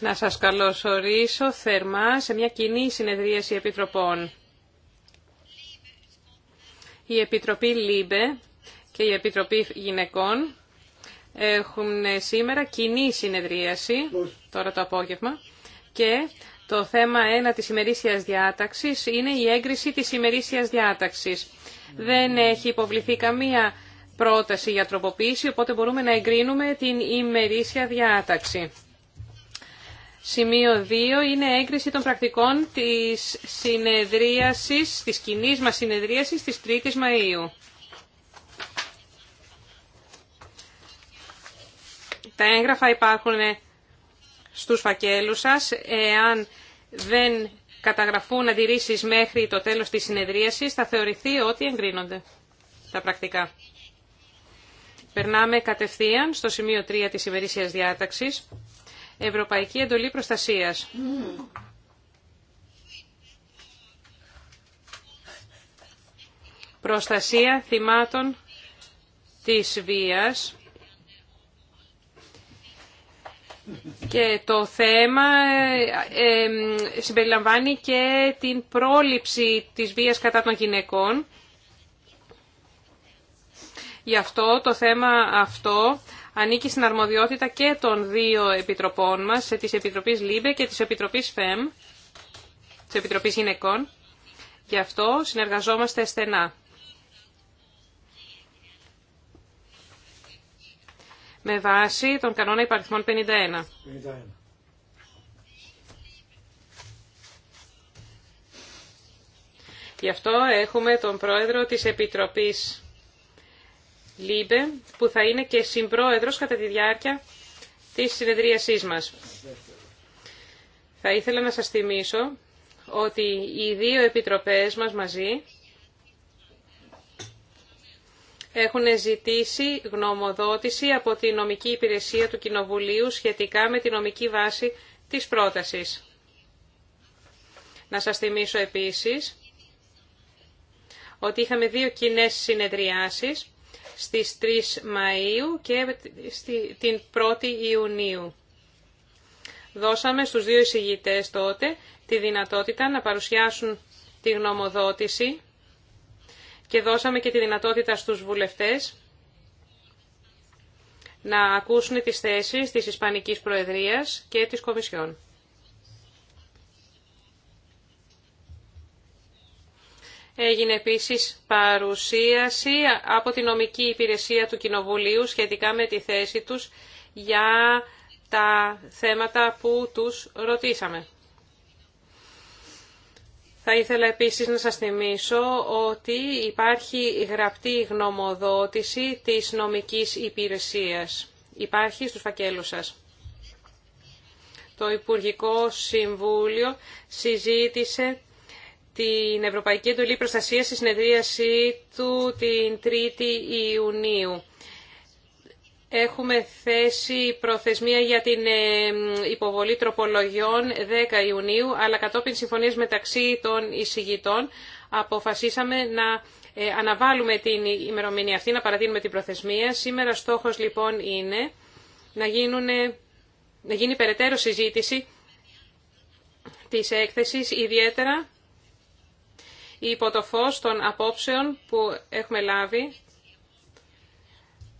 Να σας καλωσορίσω θερμά σε μια κοινή συνεδρίαση επιτροπών. Η Επιτροπή ΛΥΜΠΕ και η Επιτροπή Γυναικών έχουν σήμερα κοινή συνεδρίαση, τώρα το απόγευμα, και το θέμα ένα της ημερήσιας διάταξης είναι η έγκριση της ημερήσιας διάταξης. Δεν έχει υποβληθεί καμία πρόταση για τροποποίηση, οπότε μπορούμε να εγκρίνουμε την ημερήσια διάταξη. Σημείο 2 είναι έγκριση των πρακτικών της συνεδρίασης, της κοινή μας συνεδρίασης της 3ης Μαΐου. Τα έγγραφα υπάρχουν στους φακέλους σας. Εάν δεν καταγραφούν αντιρρήσεις μέχρι το τέλος της συνεδρίασης, θα θεωρηθεί ότι εγκρίνονται τα πρακτικά. Περνάμε κατευθείαν στο σημείο 3 της ημερήσιας διάταξης. Ευρωπαϊκή Εντολή Προστασίας. Προστασία θυμάτων της βίας. Και το θέμα ε, ε, συμπεριλαμβάνει και την πρόληψη της βίας κατά των γυναικών Γι' αυτό το θέμα αυτό ανήκει στην αρμοδιότητα και των δύο επιτροπών μας, της Επιτροπής ΛΥΜΠΕ και της Επιτροπής ΦΕΜ, της Επιτροπής Γυναικών. Γι' αυτό συνεργαζόμαστε στενά. με βάση τον κανόνα υπαριθμών 51. 51. Γι' αυτό έχουμε τον πρόεδρο της Επιτροπής Λίμπε, που θα είναι και συμπρόεδρος κατά τη διάρκεια της συνεδρίασής μας. Θα ήθελα να σας θυμίσω ότι οι δύο επιτροπές μας μαζί έχουν ζητήσει γνωμοδότηση από τη νομική υπηρεσία του Κοινοβουλίου σχετικά με τη νομική βάση της πρότασης. Να σας θυμίσω επίσης ότι είχαμε δύο κοινέ συνεδριάσεις στις 3 Μαΐου και την 1η Ιουνίου. Δώσαμε στους δύο εισηγητές τότε τη δυνατότητα να παρουσιάσουν τη γνωμοδότηση και δώσαμε και τη δυνατότητα στους βουλευτές να ακούσουν τις θέσεις της Ισπανικής Προεδρίας και της Κομισιόν. έγινε επίσης παρουσίαση από τη νομική υπηρεσία του Κοινοβουλίου σχετικά με τη θέση τους για τα θέματα που τους ρωτήσαμε. Θα ήθελα επίσης να σας θυμίσω ότι υπάρχει γραπτή γνωμοδότηση της νομικής υπηρεσίας. Υπάρχει στους φακέλους σας. Το Υπουργικό Συμβούλιο συζήτησε την Ευρωπαϊκή Εντολή Προστασία στη συνεδρίαση του την 3η Ιουνίου. Έχουμε θέσει προθεσμία για την ε, υποβολή τροπολογιών 10 Ιουνίου, αλλά κατόπιν συμφωνίας μεταξύ των εισηγητών αποφασίσαμε να ε, αναβάλουμε την ημερομηνία αυτή, να παραδίνουμε την προθεσμία. Σήμερα στόχος λοιπόν είναι να, γίνουν, να γίνει περαιτέρω συζήτηση της έκθεσης, ιδιαίτερα υπό το των απόψεων που έχουμε λάβει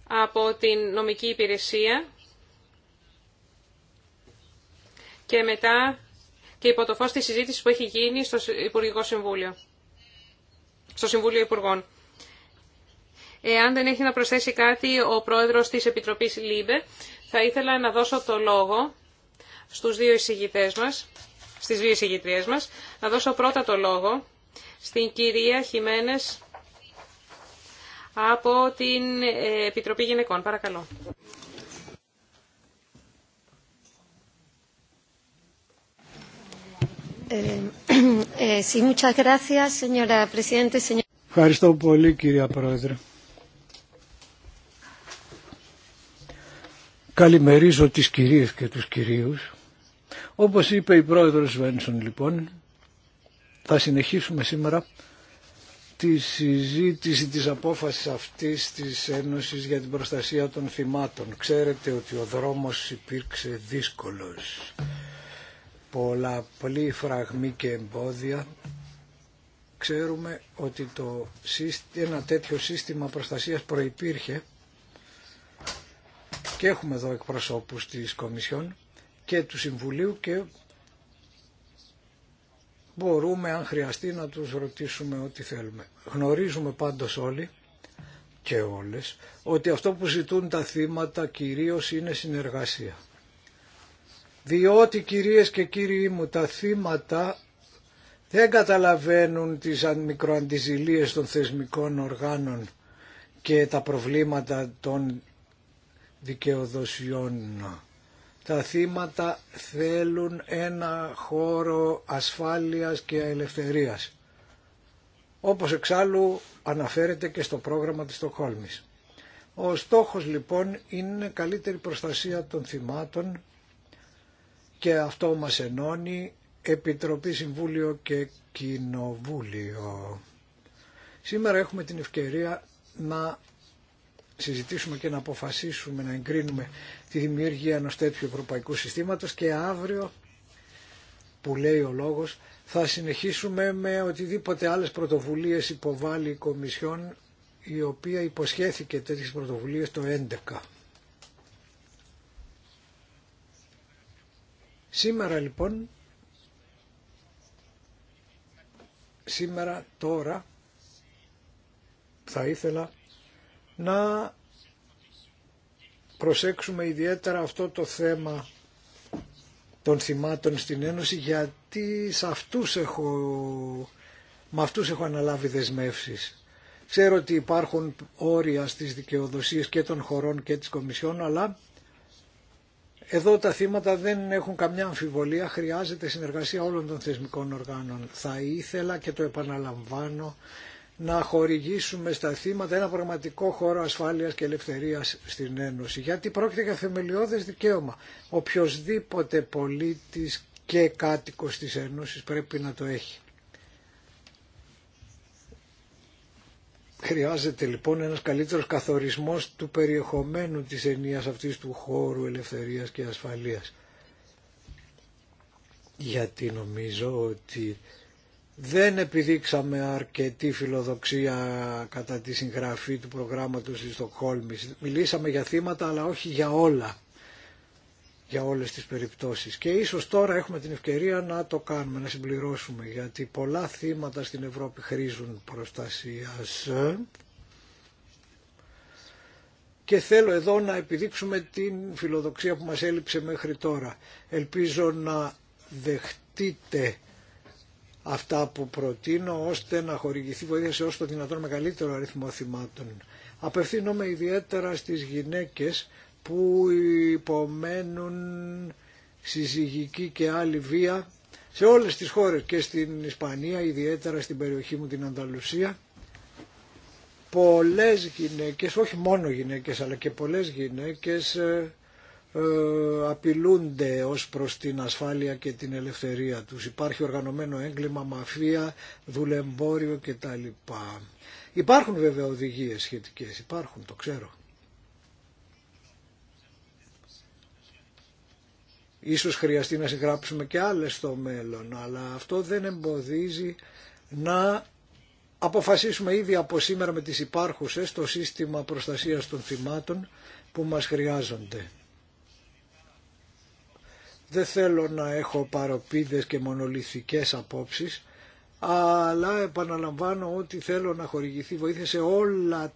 από την νομική υπηρεσία και μετά και υπό το φως της συζήτησης που έχει γίνει στο Υπουργικό Συμβούλιο, στο Συμβούλιο Υπουργών. Εάν δεν έχει να προσθέσει κάτι ο πρόεδρος της Επιτροπής ΛΥΜΠΕ, θα ήθελα να δώσω το λόγο στους δύο εισηγητές μας, στις δύο εισηγητρίες μας, να δώσω πρώτα το λόγο στην κυρία Χιμένες από την ε, Επιτροπή Γυναικών. Παρακαλώ. Ε, ε, Ευχαριστώ πολύ κυρία Πρόεδρε. Καλημερίζω τις κυρίες και τους κυρίους. Όπως είπε η πρόεδρος Βένσον λοιπόν, θα συνεχίσουμε σήμερα τη συζήτηση της απόφασης αυτής της Ένωσης για την προστασία των θυμάτων. Ξέρετε ότι ο δρόμος υπήρξε δύσκολος. Πολλαπλή φραγμή και εμπόδια. Ξέρουμε ότι το, ένα τέτοιο σύστημα προστασίας προϋπήρχε και έχουμε εδώ εκπροσώπους της Κομισιόν και του Συμβουλίου και μπορούμε αν χρειαστεί να τους ρωτήσουμε ό,τι θέλουμε. Γνωρίζουμε πάντως όλοι και όλες ότι αυτό που ζητούν τα θύματα κυρίως είναι συνεργασία. Διότι κυρίες και κύριοι μου τα θύματα δεν καταλαβαίνουν τις μικροαντιζηλίες των θεσμικών οργάνων και τα προβλήματα των δικαιοδοσιών τα θύματα θέλουν ένα χώρο ασφάλειας και ελευθερίας. Όπως εξάλλου αναφέρεται και στο πρόγραμμα της Στοχόλμης. Ο στόχος λοιπόν είναι καλύτερη προστασία των θυμάτων και αυτό μας ενώνει Επιτροπή Συμβούλιο και Κοινοβούλιο. Σήμερα έχουμε την ευκαιρία να συζητήσουμε και να αποφασίσουμε να εγκρίνουμε τη δημιουργία ενός τέτοιου ευρωπαϊκού συστήματος και αύριο που λέει ο λόγος θα συνεχίσουμε με οτιδήποτε άλλες πρωτοβουλίες υποβάλλει η Κομισιόν η οποία υποσχέθηκε τέτοιες πρωτοβουλίες το 2011. Σήμερα λοιπόν, σήμερα τώρα θα ήθελα να προσέξουμε ιδιαίτερα αυτό το θέμα των θυμάτων στην Ένωση γιατί έχω, με αυτούς έχω αναλάβει δεσμεύσεις. Ξέρω ότι υπάρχουν όρια στις δικαιοδοσίες και των χωρών και της Κομισιόν αλλά εδώ τα θύματα δεν έχουν καμιά αμφιβολία, χρειάζεται συνεργασία όλων των θεσμικών οργάνων. Θα ήθελα και το επαναλαμβάνω να χορηγήσουμε στα θύματα ένα πραγματικό χώρο ασφάλειας και ελευθερίας στην Ένωση. Γιατί πρόκειται για θεμελιώδες δικαίωμα. Οποιοδήποτε πολίτης και κάτοικος της Ένωσης πρέπει να το έχει. Χρειάζεται λοιπόν ένας καλύτερος καθορισμός του περιεχομένου της ενίας αυτής του χώρου ελευθερίας και ασφαλείας. Γιατί νομίζω ότι δεν επιδείξαμε αρκετή φιλοδοξία κατά τη συγγραφή του προγράμματος της Στοκχόλμης. Μιλήσαμε για θύματα αλλά όχι για όλα, για όλες τις περιπτώσεις. Και ίσως τώρα έχουμε την ευκαιρία να το κάνουμε, να συμπληρώσουμε, γιατί πολλά θύματα στην Ευρώπη χρήζουν προστασίας. Και θέλω εδώ να επιδείξουμε την φιλοδοξία που μας έλειψε μέχρι τώρα. Ελπίζω να δεχτείτε αυτά που προτείνω ώστε να χορηγηθεί βοήθεια σε όσο το δυνατόν μεγαλύτερο αριθμό θυμάτων. Απευθύνομαι ιδιαίτερα στις γυναίκες που υπομένουν συζυγική και άλλη βία σε όλες τις χώρες και στην Ισπανία, ιδιαίτερα στην περιοχή μου την Ανταλουσία. Πολλές γυναίκες, όχι μόνο γυναίκες αλλά και πολλές γυναίκες ε, ε, απειλούνται ως προς την ασφάλεια και την ελευθερία τους. Υπάρχει οργανωμένο έγκλημα, μαφία, δουλεμπόριο κτλ. Υπάρχουν βέβαια οδηγίες σχετικές, υπάρχουν, το ξέρω. Ίσως χρειαστεί να συγγράψουμε και άλλες στο μέλλον, αλλά αυτό δεν εμποδίζει να αποφασίσουμε ήδη από σήμερα με τις υπάρχουσες το σύστημα προστασίας των θυμάτων που μας χρειάζονται. Δεν θέλω να έχω παροπίδες και μονολυθικές απόψεις, αλλά επαναλαμβάνω ότι θέλω να χορηγηθεί βοήθεια σε, όλα,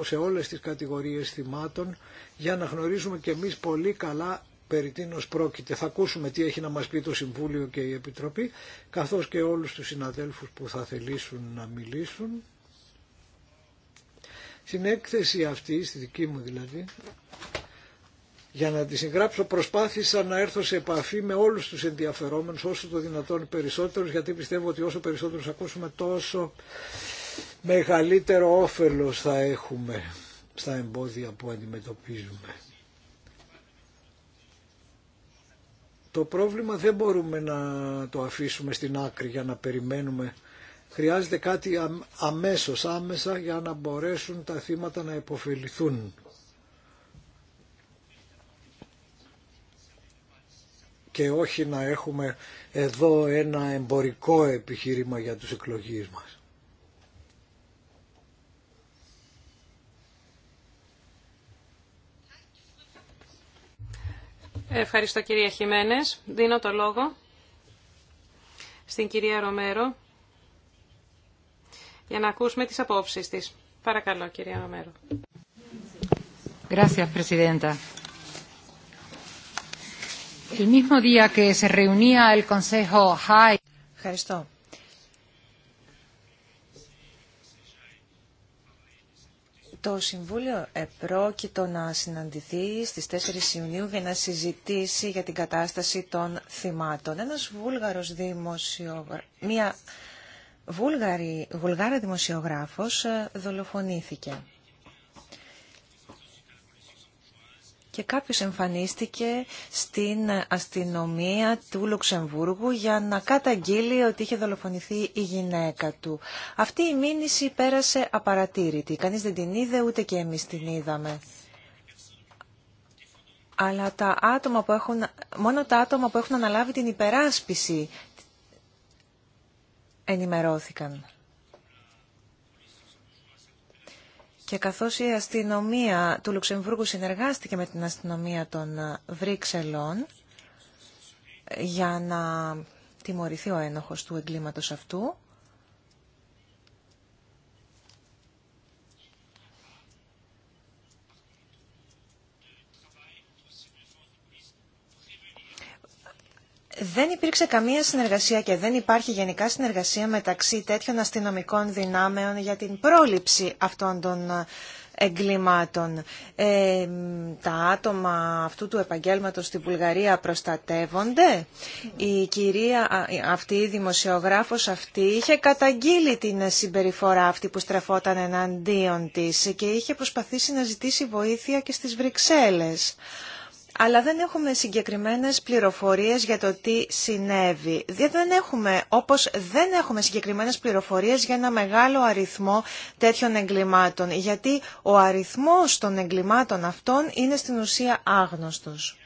σε όλες τις κατηγορίες θυμάτων για να γνωρίζουμε και εμείς πολύ καλά περί τίνος πρόκειται. Θα ακούσουμε τι έχει να μας πει το Συμβούλιο και η Επιτροπή, καθώς και όλους τους συναδέλφους που θα θελήσουν να μιλήσουν. Στην έκθεση αυτή, στη δική μου δηλαδή, για να τη συγγράψω προσπάθησα να έρθω σε επαφή με όλους τους ενδιαφερόμενους όσο το δυνατόν περισσότερους γιατί πιστεύω ότι όσο περισσότερους ακούσουμε τόσο μεγαλύτερο όφελος θα έχουμε στα εμπόδια που αντιμετωπίζουμε. Το πρόβλημα δεν μπορούμε να το αφήσουμε στην άκρη για να περιμένουμε. Χρειάζεται κάτι αμέσως, άμεσα για να μπορέσουν τα θύματα να υποφεληθούν. και όχι να έχουμε εδώ ένα εμπορικό επιχείρημα για τους εκλογείς μας. Ευχαριστώ κυρία Χιμένες. Δίνω το λόγο στην κυρία Ρομέρο για να ακούσουμε τις απόψεις της. Παρακαλώ κυρία Ρομέρο. Gracias, Presidenta. Ευχαριστώ. Το Συμβούλιο επρόκειτο να συναντηθεί στις 4 Ιουνίου για να συζητήσει για την κατάσταση των θυμάτων. Ένας βούλγαρος δημοσιογράφος, μία βούλγαρη, βουλγάρα δημοσιογράφος ε, δολοφονήθηκε. και κάποιος εμφανίστηκε στην αστυνομία του Λουξεμβούργου για να καταγγείλει ότι είχε δολοφονηθεί η γυναίκα του. Αυτή η μήνυση πέρασε απαρατήρητη. Κανείς δεν την είδε, ούτε και εμείς την είδαμε. Αλλά τα άτομα που έχουν, μόνο τα άτομα που έχουν αναλάβει την υπεράσπιση ενημερώθηκαν. Και καθώς η αστυνομία του Λουξεμβούργου συνεργάστηκε με την αστυνομία των ε, Βρύξελων ε, για να τιμωρηθεί ο ένοχος του εγκλήματος αυτού, δεν υπήρξε καμία συνεργασία και δεν υπάρχει γενικά συνεργασία μεταξύ τέτοιων αστυνομικών δυνάμεων για την πρόληψη αυτών των ε, εγκλημάτων. Ε, τα άτομα αυτού του επαγγέλματος στην Βουλγαρία προστατεύονται. Η κυρία αυτή, η δημοσιογράφος αυτή, είχε καταγγείλει την συμπεριφορά αυτή που στρεφόταν εναντίον της και είχε προσπαθήσει να ζητήσει βοήθεια και στις Βρυξέλλες αλλά δεν έχουμε συγκεκριμένες πληροφορίες για το τι συνέβη. Δεν έχουμε, όπως δεν έχουμε συγκεκριμένες πληροφορίες για ένα μεγάλο αριθμό τέτοιων εγκλημάτων, γιατί ο αριθμός των εγκλημάτων αυτών είναι στην ουσία άγνωστος.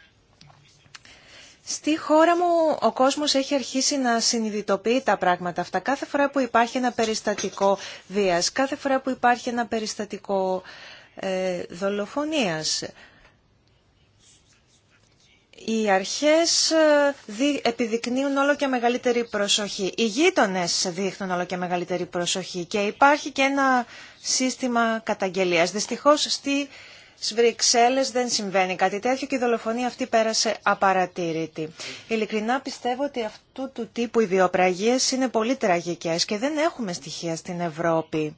Στη χώρα μου ο κόσμος έχει αρχίσει να συνειδητοποιεί τα πράγματα αυτά. Κάθε φορά που υπάρχει ένα περιστατικό βίας, κάθε φορά που υπάρχει ένα περιστατικό ε, δολοφονίας οι αρχές ε, επιδεικνύουν όλο και μεγαλύτερη προσοχή. Οι γείτονες δείχνουν όλο και μεγαλύτερη προσοχή και υπάρχει και ένα σύστημα καταγγελίας. Δυστυχώς στη Βρυξέλλες δεν συμβαίνει κάτι τέτοιο και η δολοφονία αυτή πέρασε απαρατήρητη. Ειλικρινά πιστεύω ότι αυτού του τύπου οι βιοπραγίες είναι πολύ τραγικές και δεν έχουμε στοιχεία στην Ευρώπη.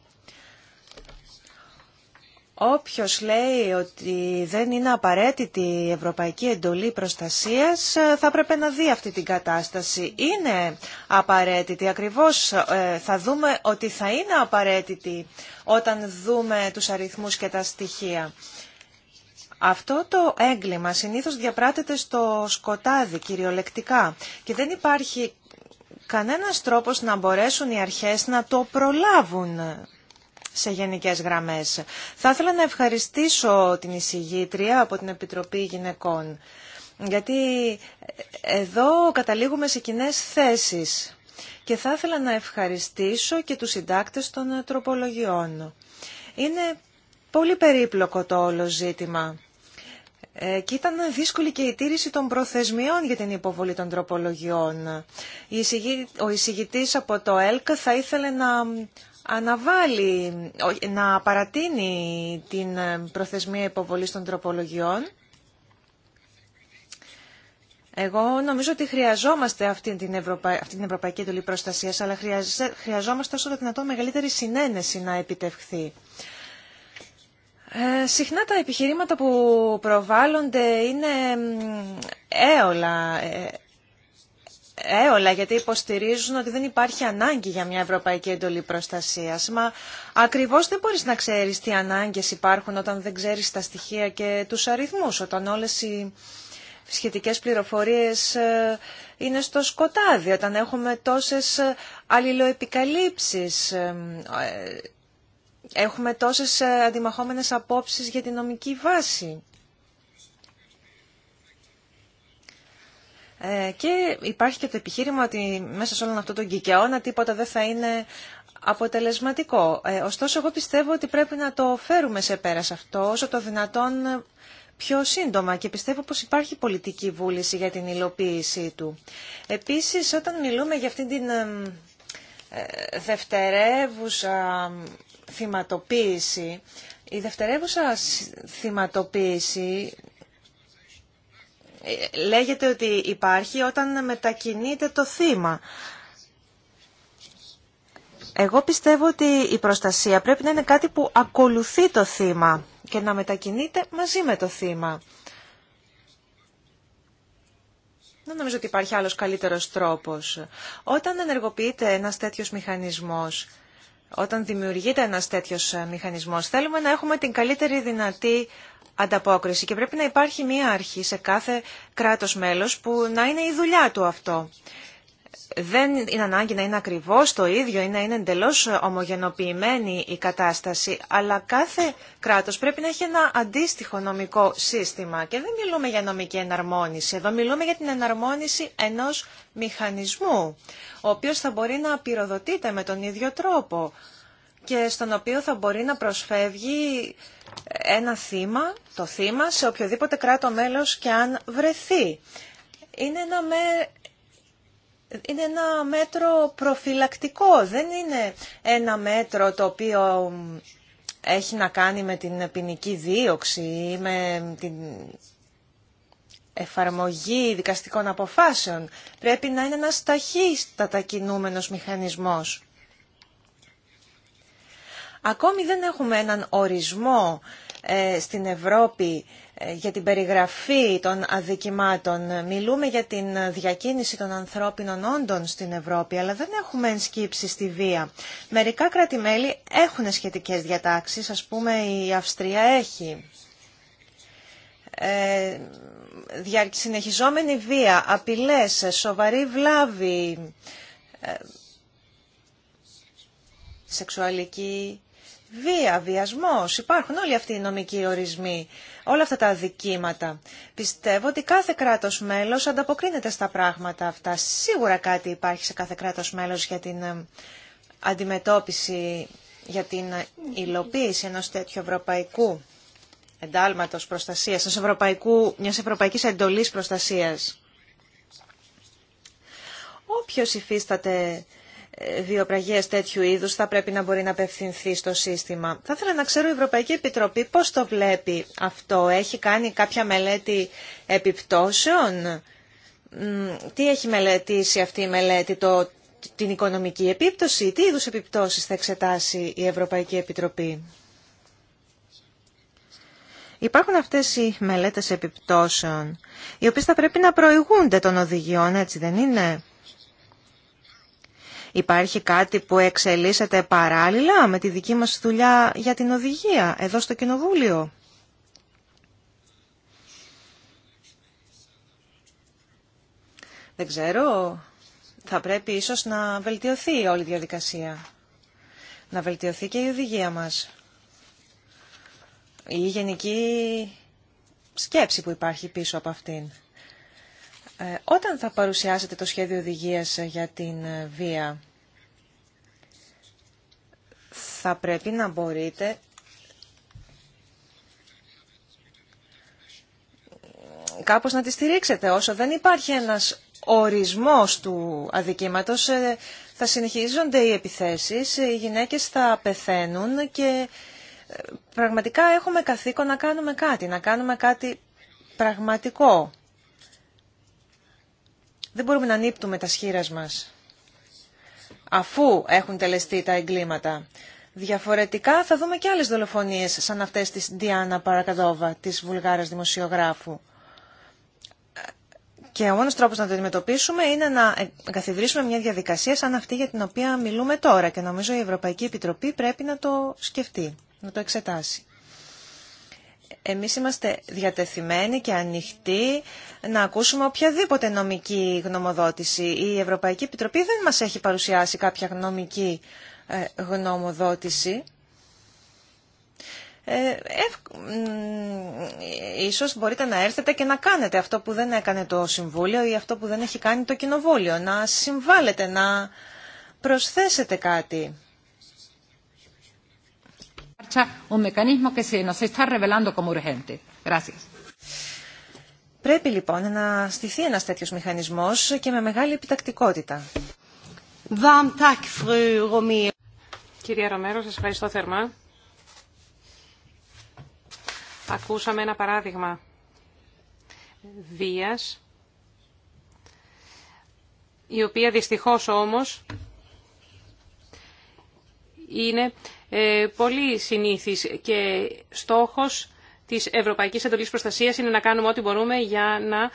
Όποιος λέει ότι δεν είναι απαραίτητη η Ευρωπαϊκή Εντολή Προστασίας ε, θα πρέπει να δει αυτή την κατάσταση. Είναι απαραίτητη. Ακριβώς ε, θα δούμε ότι θα είναι απαραίτητη όταν δούμε τους αριθμούς και τα στοιχεία. Αυτό το έγκλημα συνήθως διαπράτεται στο σκοτάδι κυριολεκτικά και δεν υπάρχει κανένας τρόπος να μπορέσουν οι αρχές να το προλάβουν σε γενικές γραμμές. Θα ήθελα να ευχαριστήσω την εισηγήτρια από την Επιτροπή Γυναικών, γιατί εδώ καταλήγουμε σε κοινέ θέσεις και θα ήθελα να ευχαριστήσω και τους συντάκτες των τροπολογιών. Είναι πολύ περίπλοκο το όλο ζήτημα. Ε, και ήταν δύσκολη και η τήρηση των προθεσμιών για την υποβολή των τροπολογιών. Ο εισηγητής από το ΕΛΚ θα ήθελε να αναβάλει, να παρατείνει την ε, προθεσμία υποβολής των τροπολογιών. Εγώ νομίζω ότι χρειαζόμαστε αυτή την, την Ευρωπαϊκή Εντολή Προστασίας, αλλά χρειαζόμαστε όσο το δυνατόν μεγαλύτερη συνένεση να επιτευχθεί. Ε, συχνά τα επιχειρήματα που προβάλλονται είναι έολα, ε, έολα γιατί υποστηρίζουν ότι δεν υπάρχει ανάγκη για μια ευρωπαϊκή εντολή προστασίας. Μα ακριβώς δεν μπορείς να ξέρεις τι ανάγκες υπάρχουν όταν δεν ξέρεις τα στοιχεία και τους αριθμούς, όταν όλες οι σχετικές πληροφορίες ε, είναι στο σκοτάδι, όταν έχουμε τόσες ε, αλληλοεπικαλύψεις, ε, έχουμε τόσες αντιμαχόμενες απόψεις για την νομική βάση. Ε, και υπάρχει και το επιχείρημα ότι μέσα σε όλο αυτό τον κυκαιώνα τίποτα δεν θα είναι αποτελεσματικό. Ε, ωστόσο, εγώ πιστεύω ότι πρέπει να το φέρουμε σε πέρα αυτό όσο το δυνατόν πιο σύντομα και πιστεύω πως υπάρχει πολιτική βούληση για την υλοποίησή του. Επίσης, όταν μιλούμε για αυτήν την ε, δευτερεύουσα θυματοποίηση, η δευτερεύουσα θυματοποίηση λέγεται ότι υπάρχει όταν μετακινείται το θύμα. Εγώ πιστεύω ότι η προστασία πρέπει να είναι κάτι που ακολουθεί το θύμα και να μετακινείται μαζί με το θύμα. Δεν νομίζω ότι υπάρχει άλλος καλύτερος τρόπος. Όταν ενεργοποιείται ένας τέτοιος μηχανισμός, όταν δημιουργείται ένας τέτοιος μηχανισμός, θέλουμε να έχουμε την καλύτερη δυνατή ανταπόκριση και πρέπει να υπάρχει μία αρχή σε κάθε κράτος μέλος που να είναι η δουλειά του αυτό. Δεν είναι ανάγκη να είναι ακριβώς το ίδιο ή να είναι εντελώς ομογενοποιημένη η κατάσταση, αλλά κάθε κράτος πρέπει να έχει ένα αντίστοιχο νομικό σύστημα. Και δεν μιλούμε για νομική εναρμόνιση, εδώ μιλούμε για την εναρμόνιση ενός μηχανισμού, ο οποίος θα μπορεί να πυροδοτείται με τον ίδιο τρόπο και στον οποίο θα μπορεί να προσφεύγει ένα θύμα, το θύμα, σε οποιοδήποτε κράτο μέλος και αν βρεθεί. Είναι ένα, μέτρο προφυλακτικό, δεν είναι ένα μέτρο το οποίο έχει να κάνει με την ποινική δίωξη ή με την εφαρμογή δικαστικών αποφάσεων. Πρέπει να είναι ένας ταχύστατα κινούμενος μηχανισμός. Ακόμη δεν έχουμε έναν ορισμό ε, στην Ευρώπη ε, για την περιγραφή των αδικημάτων. Μιλούμε για την διακίνηση των ανθρώπινων όντων στην Ευρώπη, αλλά δεν έχουμε ενσκύψει στη βία. Μερικά κράτη-μέλη έχουν σχετικές διατάξεις, ας πούμε η Αυστρία έχει. Ε, συνεχιζόμενη βία, απειλές, σοβαρή βλάβη, ε, σεξουαλική βία, βιασμός, υπάρχουν όλοι αυτοί οι νομικοί ορισμοί, όλα αυτά τα αδικήματα. Πιστεύω ότι κάθε κράτος μέλος ανταποκρίνεται στα πράγματα αυτά. Σίγουρα κάτι υπάρχει σε κάθε κράτος μέλος για την αντιμετώπιση, για την ε, υλοποίηση ενός τέτοιου ευρωπαϊκού εντάλματος προστασίας, ενός ευρωπαϊκού, μιας ευρωπαϊκής εντολής προστασίας. Όποιος υφίσταται βιοπραγίες τέτοιου είδους θα πρέπει να μπορεί να απευθυνθεί στο σύστημα. Θα ήθελα να ξέρω η Ευρωπαϊκή Επιτροπή πώς το βλέπει αυτό. Έχει κάνει κάποια μελέτη επιπτώσεων. Τι έχει μελετήσει αυτή η μελέτη, το, την οικονομική επίπτωση, τι είδους επιπτώσεις θα εξετάσει η Ευρωπαϊκή Επιτροπή. Υπάρχουν αυτές οι μελέτες επιπτώσεων, οι οποίες θα πρέπει να προηγούνται των οδηγιών, έτσι δεν είναι. Υπάρχει κάτι που εξελίσσεται παράλληλα με τη δική μας δουλειά για την οδηγία εδώ στο Κοινοβούλιο. Δεν ξέρω, θα πρέπει ίσως να βελτιωθεί όλη η διαδικασία. Να βελτιωθεί και η οδηγία μας. Η γενική σκέψη που υπάρχει πίσω από αυτήν. Ε, όταν θα παρουσιάσετε το σχέδιο οδηγίας ε, για την ε, βία, θα πρέπει να μπορείτε κάπως να τη στηρίξετε. Όσο δεν υπάρχει ένας ορισμός του αδικήματος, θα συνεχίζονται οι επιθέσεις, οι γυναίκες θα πεθαίνουν και πραγματικά έχουμε καθήκον να κάνουμε κάτι, να κάνουμε κάτι πραγματικό. Δεν μπορούμε να νύπτουμε τα σχήρας μας αφού έχουν τελεστεί τα εγκλήματα. Διαφορετικά θα δούμε και άλλες δολοφονίες σαν αυτές της Διάννα Παρακαδόβα, της Βουλγάρας δημοσιογράφου. Και ο μόνος τρόπος να το αντιμετωπίσουμε είναι να εγκαθιδρύσουμε μια διαδικασία σαν αυτή για την οποία μιλούμε τώρα και νομίζω η Ευρωπαϊκή Επιτροπή πρέπει να το σκεφτεί, να το εξετάσει εμείς είμαστε διατεθειμένοι και ανοιχτοί να ακούσουμε οποιαδήποτε νομική γνωμοδότηση. Η Ευρωπαϊκή Επιτροπή δεν μας έχει παρουσιάσει κάποια νομική ε, γνωμοδότηση. Ε, ίσως μπορείτε να έρθετε και να κάνετε αυτό που δεν έκανε το Συμβούλιο ή αυτό που δεν έχει κάνει το Κοινοβούλιο. Να συμβάλλετε, να προσθέσετε κάτι marcha un mecanismo que se nos está revelando como urgente. Gracias. Πρέπει λοιπόν να στηθεί ένας τέτοιος μηχανισμός και με μεγάλη επιτακτικότητα. Κυρία Ρομέρο, σας ευχαριστώ θερμά. Ακούσαμε ένα παράδειγμα βίας, η οποία δυστυχώς όμως είναι ε, πολύ συνήθις και στόχος της Ευρωπαϊκής Εντολής Προστασίας είναι να κάνουμε ό,τι μπορούμε για να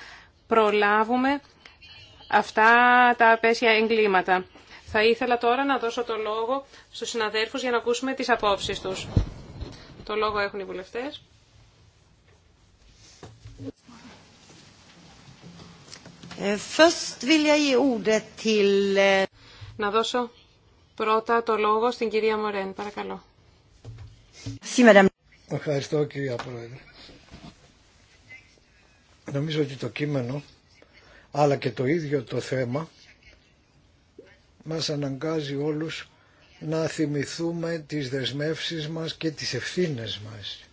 προλάβουμε αυτά τα απέσια εγκλήματα. Θα ήθελα τώρα να δώσω το λόγο στους συναδέρφους για να ακούσουμε τις απόψεις τους. Το λόγο έχουν οι βουλευτές. Ε, ε, να δώσω πρώτα το λόγο στην κυρία Μορέν. Παρακαλώ. Ευχαριστώ κυρία Πρόεδρε. Νομίζω ότι το κείμενο αλλά και το ίδιο το θέμα μας αναγκάζει όλους να θυμηθούμε τις δεσμεύσεις μας και τις ευθύνες μας.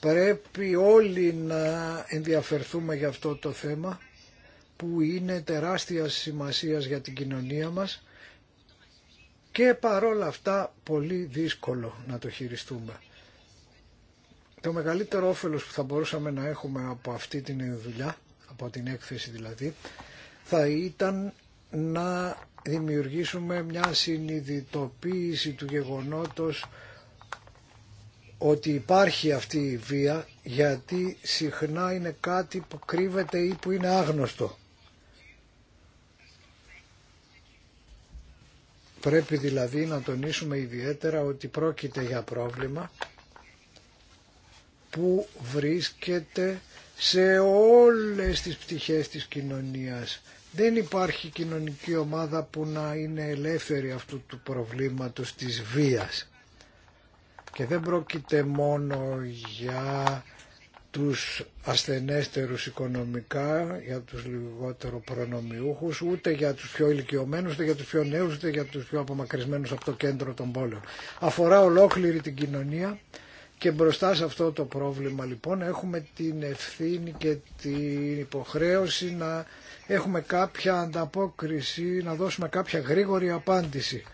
Πρέπει όλοι να ενδιαφερθούμε για αυτό το θέμα που είναι τεράστια σημασίας για την κοινωνία μας και παρόλα αυτά πολύ δύσκολο να το χειριστούμε. Το μεγαλύτερο όφελος που θα μπορούσαμε να έχουμε από αυτή την δουλειά, από την έκθεση δηλαδή, θα ήταν να δημιουργήσουμε μια συνειδητοποίηση του γεγονότος ότι υπάρχει αυτή η βία γιατί συχνά είναι κάτι που κρύβεται ή που είναι άγνωστο. Πρέπει δηλαδή να τονίσουμε ιδιαίτερα ότι πρόκειται για πρόβλημα που βρίσκεται σε όλες τις πτυχές της κοινωνίας. Δεν υπάρχει κοινωνική ομάδα που να είναι ελεύθερη αυτού του προβλήματος της βίας. Και δεν πρόκειται μόνο για τους ασθενέστερους οικονομικά, για τους λιγότερο προνομιούχους, ούτε για τους πιο ηλικιωμένους, ούτε για τους πιο νέους, ούτε για τους πιο απομακρυσμένους από το κέντρο των πόλεων. Αφορά ολόκληρη την κοινωνία και μπροστά σε αυτό το πρόβλημα λοιπόν έχουμε την ευθύνη και την υποχρέωση να έχουμε κάποια ανταπόκριση, να δώσουμε κάποια γρήγορη απάντηση.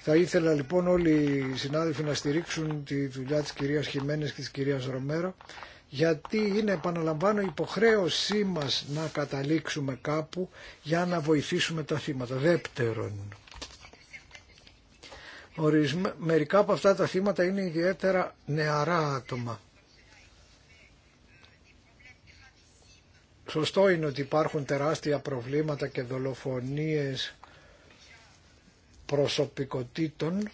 Θα ήθελα λοιπόν όλοι οι συνάδελφοι να στηρίξουν τη δουλειά της κυρίας Χιμένες και της κυρίας Ρομέρο γιατί είναι, επαναλαμβάνω, υποχρέωσή μας να καταλήξουμε κάπου για να βοηθήσουμε τα θύματα. Δεύτερον, μερικά από αυτά τα θύματα είναι ιδιαίτερα νεαρά άτομα. Σωστό είναι ότι υπάρχουν τεράστια προβλήματα και δολοφονίες προσωπικότητων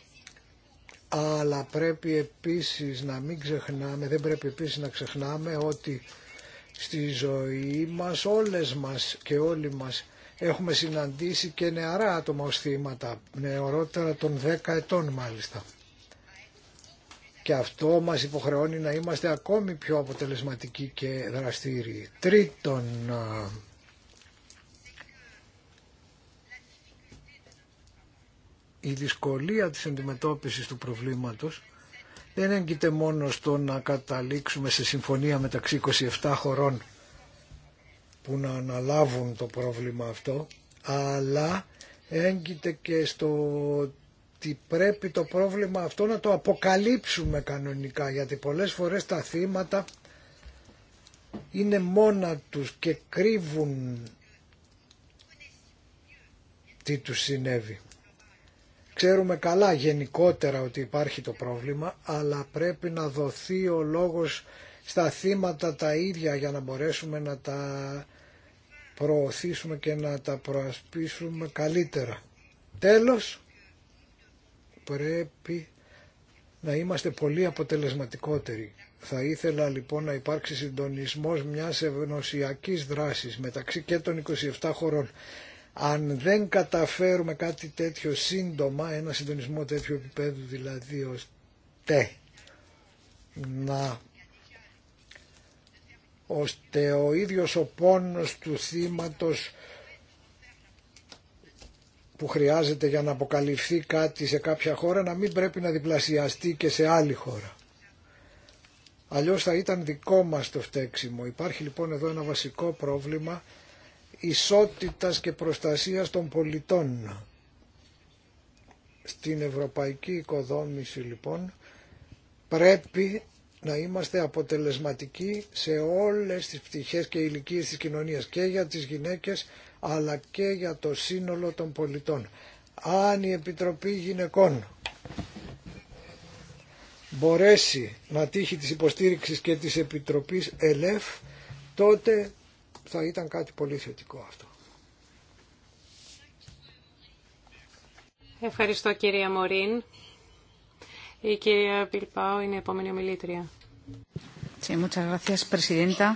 αλλά πρέπει επίσης να μην ξεχνάμε, δεν πρέπει επίσης να ξεχνάμε ότι στη ζωή μας όλες μας και όλοι μας έχουμε συναντήσει και νεαρά άτομα ως θύματα, νεωρότερα των 10 ετών μάλιστα. Και αυτό μας υποχρεώνει να είμαστε ακόμη πιο αποτελεσματικοί και δραστήριοι. Τρίτον, η δυσκολία της αντιμετώπισης του προβλήματος δεν έγκυται μόνο στο να καταλήξουμε σε συμφωνία μεταξύ 27 χωρών που να αναλάβουν το πρόβλημα αυτό, αλλά έγκυται και στο ότι πρέπει το πρόβλημα αυτό να το αποκαλύψουμε κανονικά, γιατί πολλές φορές τα θύματα είναι μόνα τους και κρύβουν τι τους συνέβη. Ξέρουμε καλά γενικότερα ότι υπάρχει το πρόβλημα, αλλά πρέπει να δοθεί ο λόγος στα θύματα τα ίδια για να μπορέσουμε να τα προωθήσουμε και να τα προασπίσουμε καλύτερα. Τέλος, πρέπει να είμαστε πολύ αποτελεσματικότεροι. Θα ήθελα λοιπόν να υπάρξει συντονισμός μιας ευνοσιακής δράσης μεταξύ και των 27 χωρών αν δεν καταφέρουμε κάτι τέτοιο σύντομα, ένα συντονισμό τέτοιου επίπεδου δηλαδή ώστε να ώστε ο ίδιος ο πόνος του θύματος που χρειάζεται για να αποκαλυφθεί κάτι σε κάποια χώρα να μην πρέπει να διπλασιαστεί και σε άλλη χώρα. Αλλιώς θα ήταν δικό μας το φταίξιμο. Υπάρχει λοιπόν εδώ ένα βασικό πρόβλημα ισότητας και προστασίας των πολιτών. Στην ευρωπαϊκή οικοδόμηση λοιπόν πρέπει να είμαστε αποτελεσματικοί σε όλες τις πτυχές και ηλικίες της κοινωνίας και για τις γυναίκες αλλά και για το σύνολο των πολιτών. Αν η Επιτροπή Γυναικών μπορέσει να τύχει της υποστήριξης και της Επιτροπής ΕΛΕΦ τότε θα ήταν κάτι πολύ θετικό αυτό. Ευχαριστώ κυρία Μωρίν. Η κυρία Πιλπάου είναι η επόμενη ομιλήτρια. Sí, muchas gracias, Presidenta.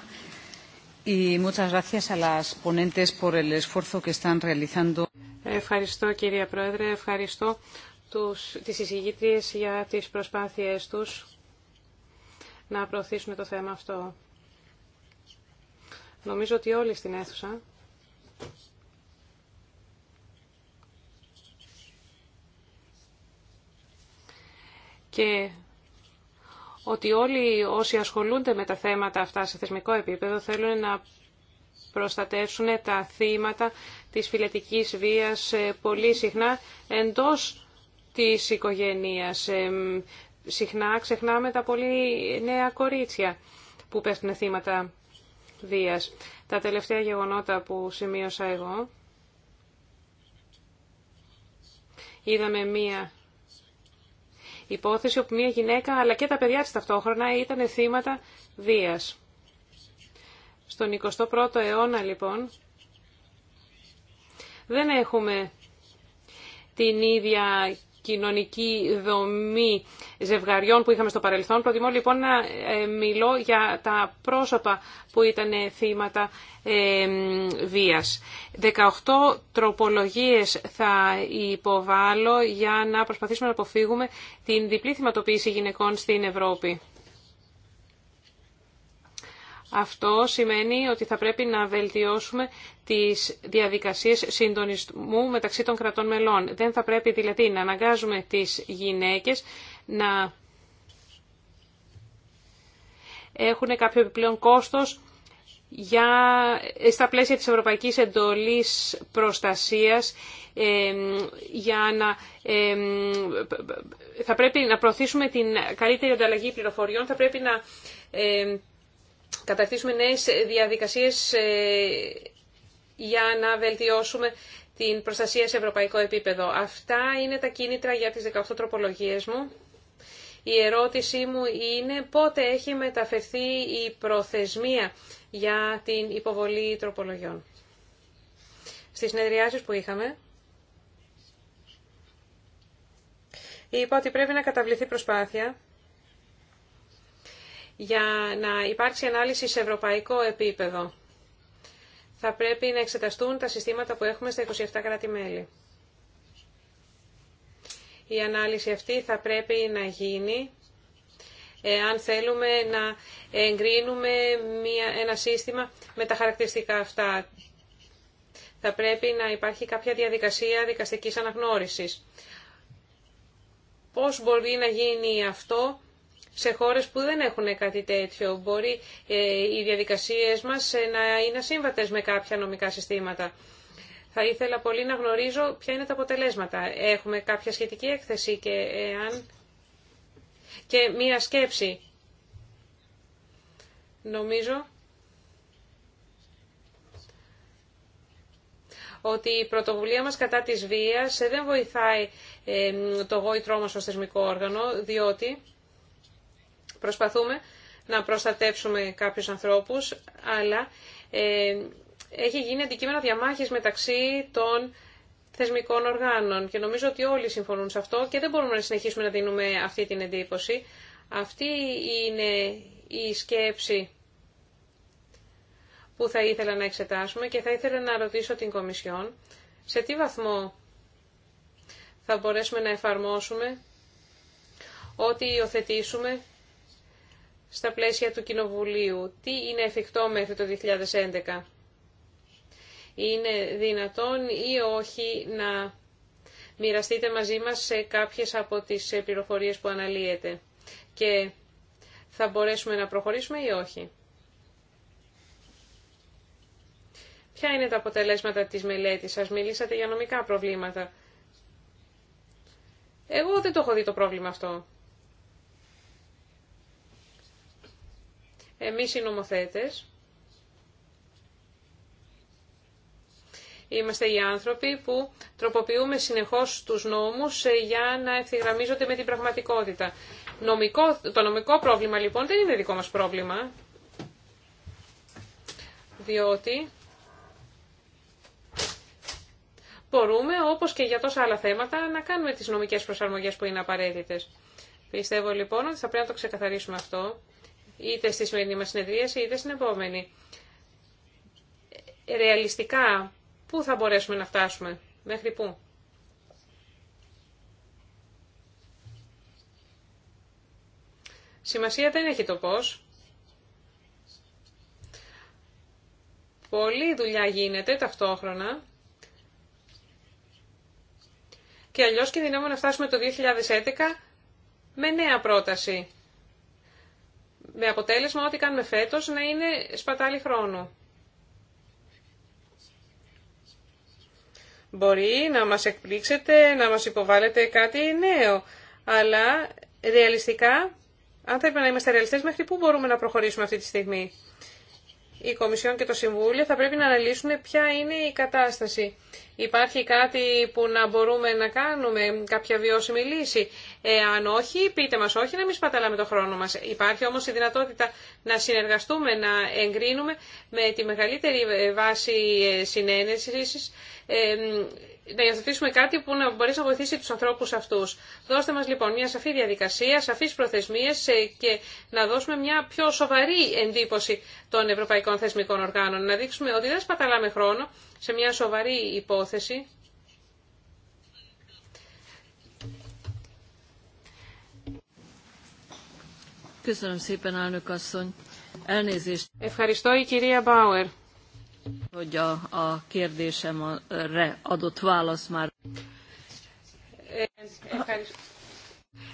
Y muchas gracias a las ponentes por el esfuerzo que están realizando. Ευχαριστώ, κυρία Πρόεδρε. Ευχαριστώ τους, τις συζητήσεις για τις προσπάθειές τους να προωθήσουν το θέμα αυτό. Νομίζω ότι όλοι στην αίθουσα και ότι όλοι όσοι ασχολούνται με τα θέματα αυτά σε θεσμικό επίπεδο θέλουν να προστατεύσουν τα θύματα της φυλετικής βίας ε, πολύ συχνά εντός της οικογένειας. Ε, συχνά ξεχνάμε τα πολύ νέα κορίτσια που πέφτουν θύματα βίας. Τα τελευταία γεγονότα που σημείωσα εγώ, είδαμε μία υπόθεση όπου μία γυναίκα αλλά και τα παιδιά της ταυτόχρονα ήταν θύματα βίας. Στον 21ο αιώνα λοιπόν δεν έχουμε την ίδια κοινωνική δομή ζευγαριών που είχαμε στο παρελθόν. Προτιμώ λοιπόν να ε, μιλώ για τα πρόσωπα που ήταν ε, θύματα ε, βίας. 18 τροπολογίες θα υποβάλω για να προσπαθήσουμε να αποφύγουμε την διπλή θυματοποίηση γυναικών στην Ευρώπη. Αυτό σημαίνει ότι θα πρέπει να βελτιώσουμε τις διαδικασίες συντονισμού μεταξύ των κρατών μελών. Δεν θα πρέπει δηλαδή να αναγκάζουμε τις γυναίκες να έχουν κάποιο επιπλέον κόστος για, στα πλαίσια της Ευρωπαϊκής Εντολής Προστασίας για να, ε, θα πρέπει να προωθήσουμε την καλύτερη ανταλλαγή πληροφοριών, θα πρέπει να κατακτήσουμε νέες διαδικασίες ε, για να βελτιώσουμε την προστασία σε ευρωπαϊκό επίπεδο. Αυτά είναι τα κίνητρα για τις 18 τροπολογίες μου. Η ερώτησή μου είναι πότε έχει μεταφερθεί η προθεσμία για την υποβολή τροπολογιών. Στις συνεδριάσεις που είχαμε, είπα ότι πρέπει να καταβληθεί προσπάθεια για να υπάρξει ανάλυση σε ευρωπαϊκό επίπεδο. Θα πρέπει να εξεταστούν τα συστήματα που έχουμε στα 27 κράτη-μέλη. Η ανάλυση αυτή θα πρέπει να γίνει ε, αν θέλουμε να εγκρίνουμε μια, ένα σύστημα με τα χαρακτηριστικά αυτά. Θα πρέπει να υπάρχει κάποια διαδικασία δικαστικής αναγνώρισης. Πώς μπορεί να γίνει αυτό σε χώρες που δεν έχουν κάτι τέτοιο. Μπορεί ε, οι διαδικασίες μας ε, να είναι σύμβατες με κάποια νομικά συστήματα. Θα ήθελα πολύ να γνωρίζω ποια είναι τα αποτελέσματα. Έχουμε κάποια σχετική έκθεση και, και μία σκέψη. Νομίζω ότι η πρωτοβουλία μας κατά της βίας ε, δεν βοηθάει το γόητρό μας ως θεσμικό όργανο, διότι Προσπαθούμε να προστατεύσουμε κάποιους ανθρώπους, αλλά ε, έχει γίνει αντικείμενο διαμάχης μεταξύ των θεσμικών οργάνων και νομίζω ότι όλοι συμφωνούν σε αυτό και δεν μπορούμε να συνεχίσουμε να δίνουμε αυτή την εντύπωση. Αυτή είναι η σκέψη που θα ήθελα να εξετάσουμε και θα ήθελα να ρωτήσω την Κομισιόν σε τι βαθμό θα μπορέσουμε να εφαρμόσουμε ό,τι υιοθετήσουμε στα πλαίσια του Κοινοβουλίου. Τι είναι εφικτό μέχρι το 2011. Είναι δυνατόν ή όχι να μοιραστείτε μαζί μας σε κάποιες από τις πληροφορίες που αναλύετε και θα μπορέσουμε να προχωρήσουμε ή όχι. Ποια είναι τα αποτελέσματα της μελέτης σας. Μιλήσατε για νομικά προβλήματα. Εγώ δεν το έχω δει το πρόβλημα αυτό. Εμείς οι νομοθέτες είμαστε οι άνθρωποι που τροποποιούμε συνεχώς τους νόμους ε, για να ευθυγραμμίζονται με την πραγματικότητα. Νομικό, το νομικό πρόβλημα λοιπόν δεν είναι δικό μας πρόβλημα, διότι μπορούμε όπως και για τόσα άλλα θέματα να κάνουμε τις νομικές προσαρμογές που είναι απαραίτητες. Πιστεύω λοιπόν ότι θα πρέπει να το ξεκαθαρίσουμε αυτό είτε στη σημερινή μας συνεδρίαση είτε στην επόμενη. Ρεαλιστικά, πού θα μπορέσουμε να φτάσουμε, μέχρι πού. Σημασία δεν έχει το πώς. Πολλή δουλειά γίνεται ταυτόχρονα και αλλιώς κινδυνεύουμε να φτάσουμε το 2011 με νέα πρόταση με αποτέλεσμα ό,τι κάνουμε φέτος να είναι σπατάλη χρόνου. Μπορεί να μας εκπλήξετε, να μας υποβάλλετε κάτι νέο, αλλά ρεαλιστικά, αν θέλουμε να είμαστε ρεαλιστές, μέχρι πού μπορούμε να προχωρήσουμε αυτή τη στιγμή η Κομισιόν και το Συμβούλιο θα πρέπει να αναλύσουν ποια είναι η κατάσταση. Υπάρχει κάτι που να μπορούμε να κάνουμε, κάποια βιώσιμη λύση. Ε, αν όχι, πείτε μας όχι, να μην σπαταλάμε το χρόνο μας. Υπάρχει όμως η δυνατότητα να συνεργαστούμε, να εγκρίνουμε με τη μεγαλύτερη βάση ε, συνένεσης ε, να υιοθετήσουμε κάτι που να μπορεί να βοηθήσει του ανθρώπου αυτού. Δώστε μα λοιπόν μια σαφή διαδικασία, σαφείς προθεσμίε ε, και να δώσουμε μια πιο σοβαρή εντύπωση των ευρωπαϊκών θεσμικών οργάνων. Να δείξουμε ότι δεν σπαταλάμε χρόνο σε μια σοβαρή υπόθεση. Ευχαριστώ η κυρία Μπάουερ.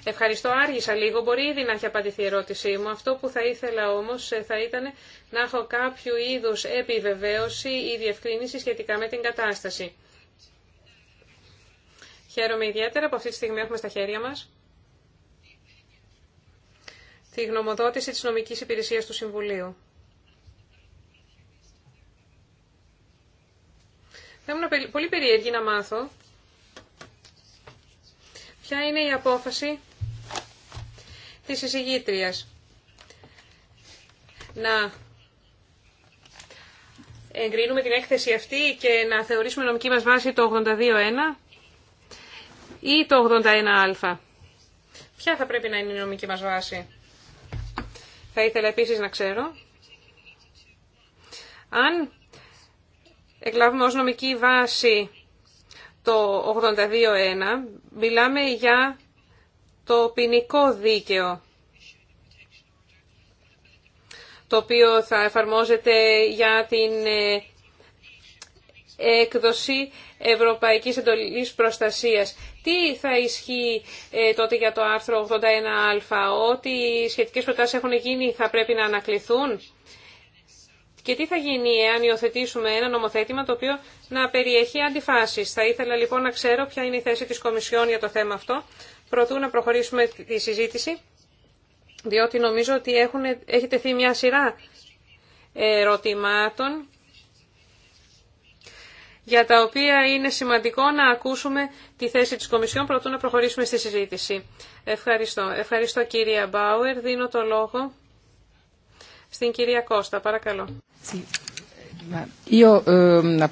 Ευχαριστώ. άργησα λίγο. Μπορεί ήδη να έχει απαντηθεί η ερώτησή μου. Αυτό που θα ήθελα όμως ε, θα ήταν να έχω κάποιο είδους επιβεβαίωση ή διευκρίνηση σχετικά με την κατάσταση. Χαίρομαι ιδιαίτερα που αυτή τη στιγμή έχουμε στα χέρια μας τη γνωμοδότηση της νομικής υπηρεσίας του Συμβουλίου. Θα ήμουν πολύ περίεργη να μάθω ποια είναι η απόφαση της εισηγήτριας να εγκρίνουμε την έκθεση αυτή και να θεωρήσουμε νομική μας βάση το 82.1 ή το 81α. Ποια θα πρέπει να είναι η νομική μας βάση. Θα ήθελα επίσης να ξέρω αν εκλάβουμε ως νομική βάση το 82.1, μιλάμε για το ποινικό δίκαιο, το οποίο θα εφαρμόζεται για την ε, έκδοση Ευρωπαϊκής Εντολής Προστασίας. Τι θα ισχύει ε, τότε για το άρθρο 81α, ότι οι σχετικές προτάσεις έχουν γίνει θα πρέπει να ανακληθούν. Και τι θα γίνει εάν υιοθετήσουμε ένα νομοθέτημα το οποίο να περιέχει αντιφάσεις. Θα ήθελα λοιπόν να ξέρω ποια είναι η θέση της Κομισιόν για το θέμα αυτό, προτού να προχωρήσουμε τη συζήτηση, διότι νομίζω ότι έχουν, έχει τεθεί μια σειρά ερωτημάτων για τα οποία είναι σημαντικό να ακούσουμε τη θέση της Κομισιόν προτού να προχωρήσουμε στη συζήτηση. Ευχαριστώ. Ευχαριστώ κυρία Μπάουερ. Δίνω το λόγο στην κυρία Κώστα. Παρακαλώ. Ehm,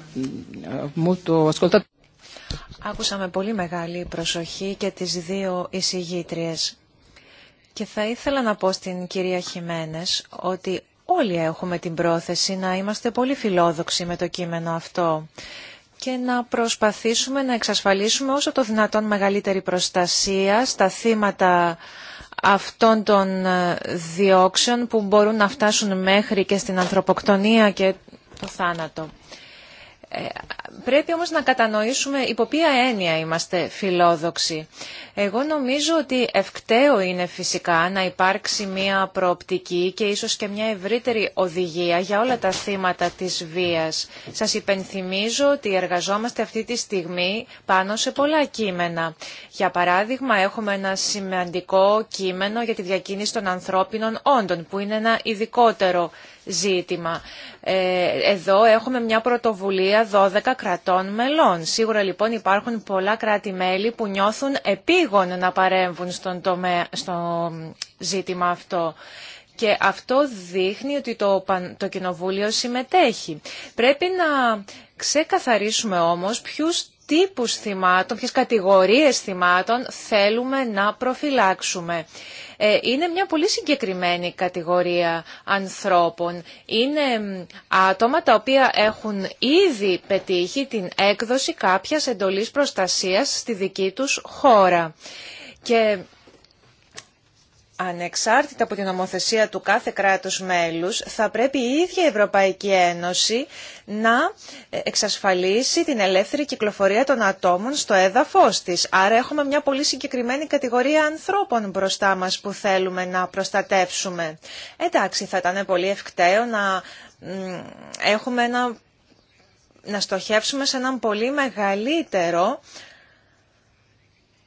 Άκουσα με πολύ μεγάλη προσοχή και τις δύο εισηγήτριες. Και θα ήθελα να πω στην κυρία Χιμένες ότι όλοι έχουμε την πρόθεση να είμαστε πολύ φιλόδοξοι με το κείμενο αυτό και να προσπαθήσουμε να εξασφαλίσουμε όσο το δυνατόν μεγαλύτερη προστασία στα θύματα αυτών των ε, διώξεων που μπορούν να φτάσουν μέχρι και στην ανθρωποκτονία και το θάνατο. Ε, πρέπει όμως να κατανοήσουμε υπό ποια έννοια είμαστε φιλόδοξοι. Εγώ νομίζω ότι ευκταίο είναι φυσικά να υπάρξει μια προοπτική και ίσως και μια ευρύτερη οδηγία για όλα τα θύματα της βίας. Σας υπενθυμίζω ότι εργαζόμαστε αυτή τη στιγμή πάνω σε πολλά κείμενα. Για παράδειγμα έχουμε ένα σημαντικό κείμενο για τη διακίνηση των ανθρώπινων όντων που είναι ένα ειδικότερο ζήτημα. Ε, εδώ έχουμε μια πρωτοβουλία 12 κρατών μελών. Σίγουρα λοιπόν υπάρχουν πολλά κράτη-μέλη που νιώθουν επίγον να παρέμβουν στον τομέα, στο ζήτημα αυτό. Και αυτό δείχνει ότι το, το Κοινοβούλιο συμμετέχει. Πρέπει να ξεκαθαρίσουμε όμως ποιους τύπους θυμάτων, ποιες κατηγορίες θυμάτων θέλουμε να προφυλάξουμε. Ε, είναι μια πολύ συγκεκριμένη κατηγορία ανθρώπων. Είναι άτομα τα οποία έχουν ήδη πετύχει την έκδοση κάποιας εντολής προστασίας στη δική τους χώρα. Και ανεξάρτητα από την νομοθεσία του κάθε κράτους μέλους, θα πρέπει η ίδια η Ευρωπαϊκή Ένωση να εξασφαλίσει την ελεύθερη κυκλοφορία των ατόμων στο έδαφος της. Άρα έχουμε μια πολύ συγκεκριμένη κατηγορία ανθρώπων μπροστά μας που θέλουμε να προστατεύσουμε. Εντάξει, θα ήταν πολύ ευκταίο να έχουμε να στοχεύσουμε σε έναν πολύ μεγαλύτερο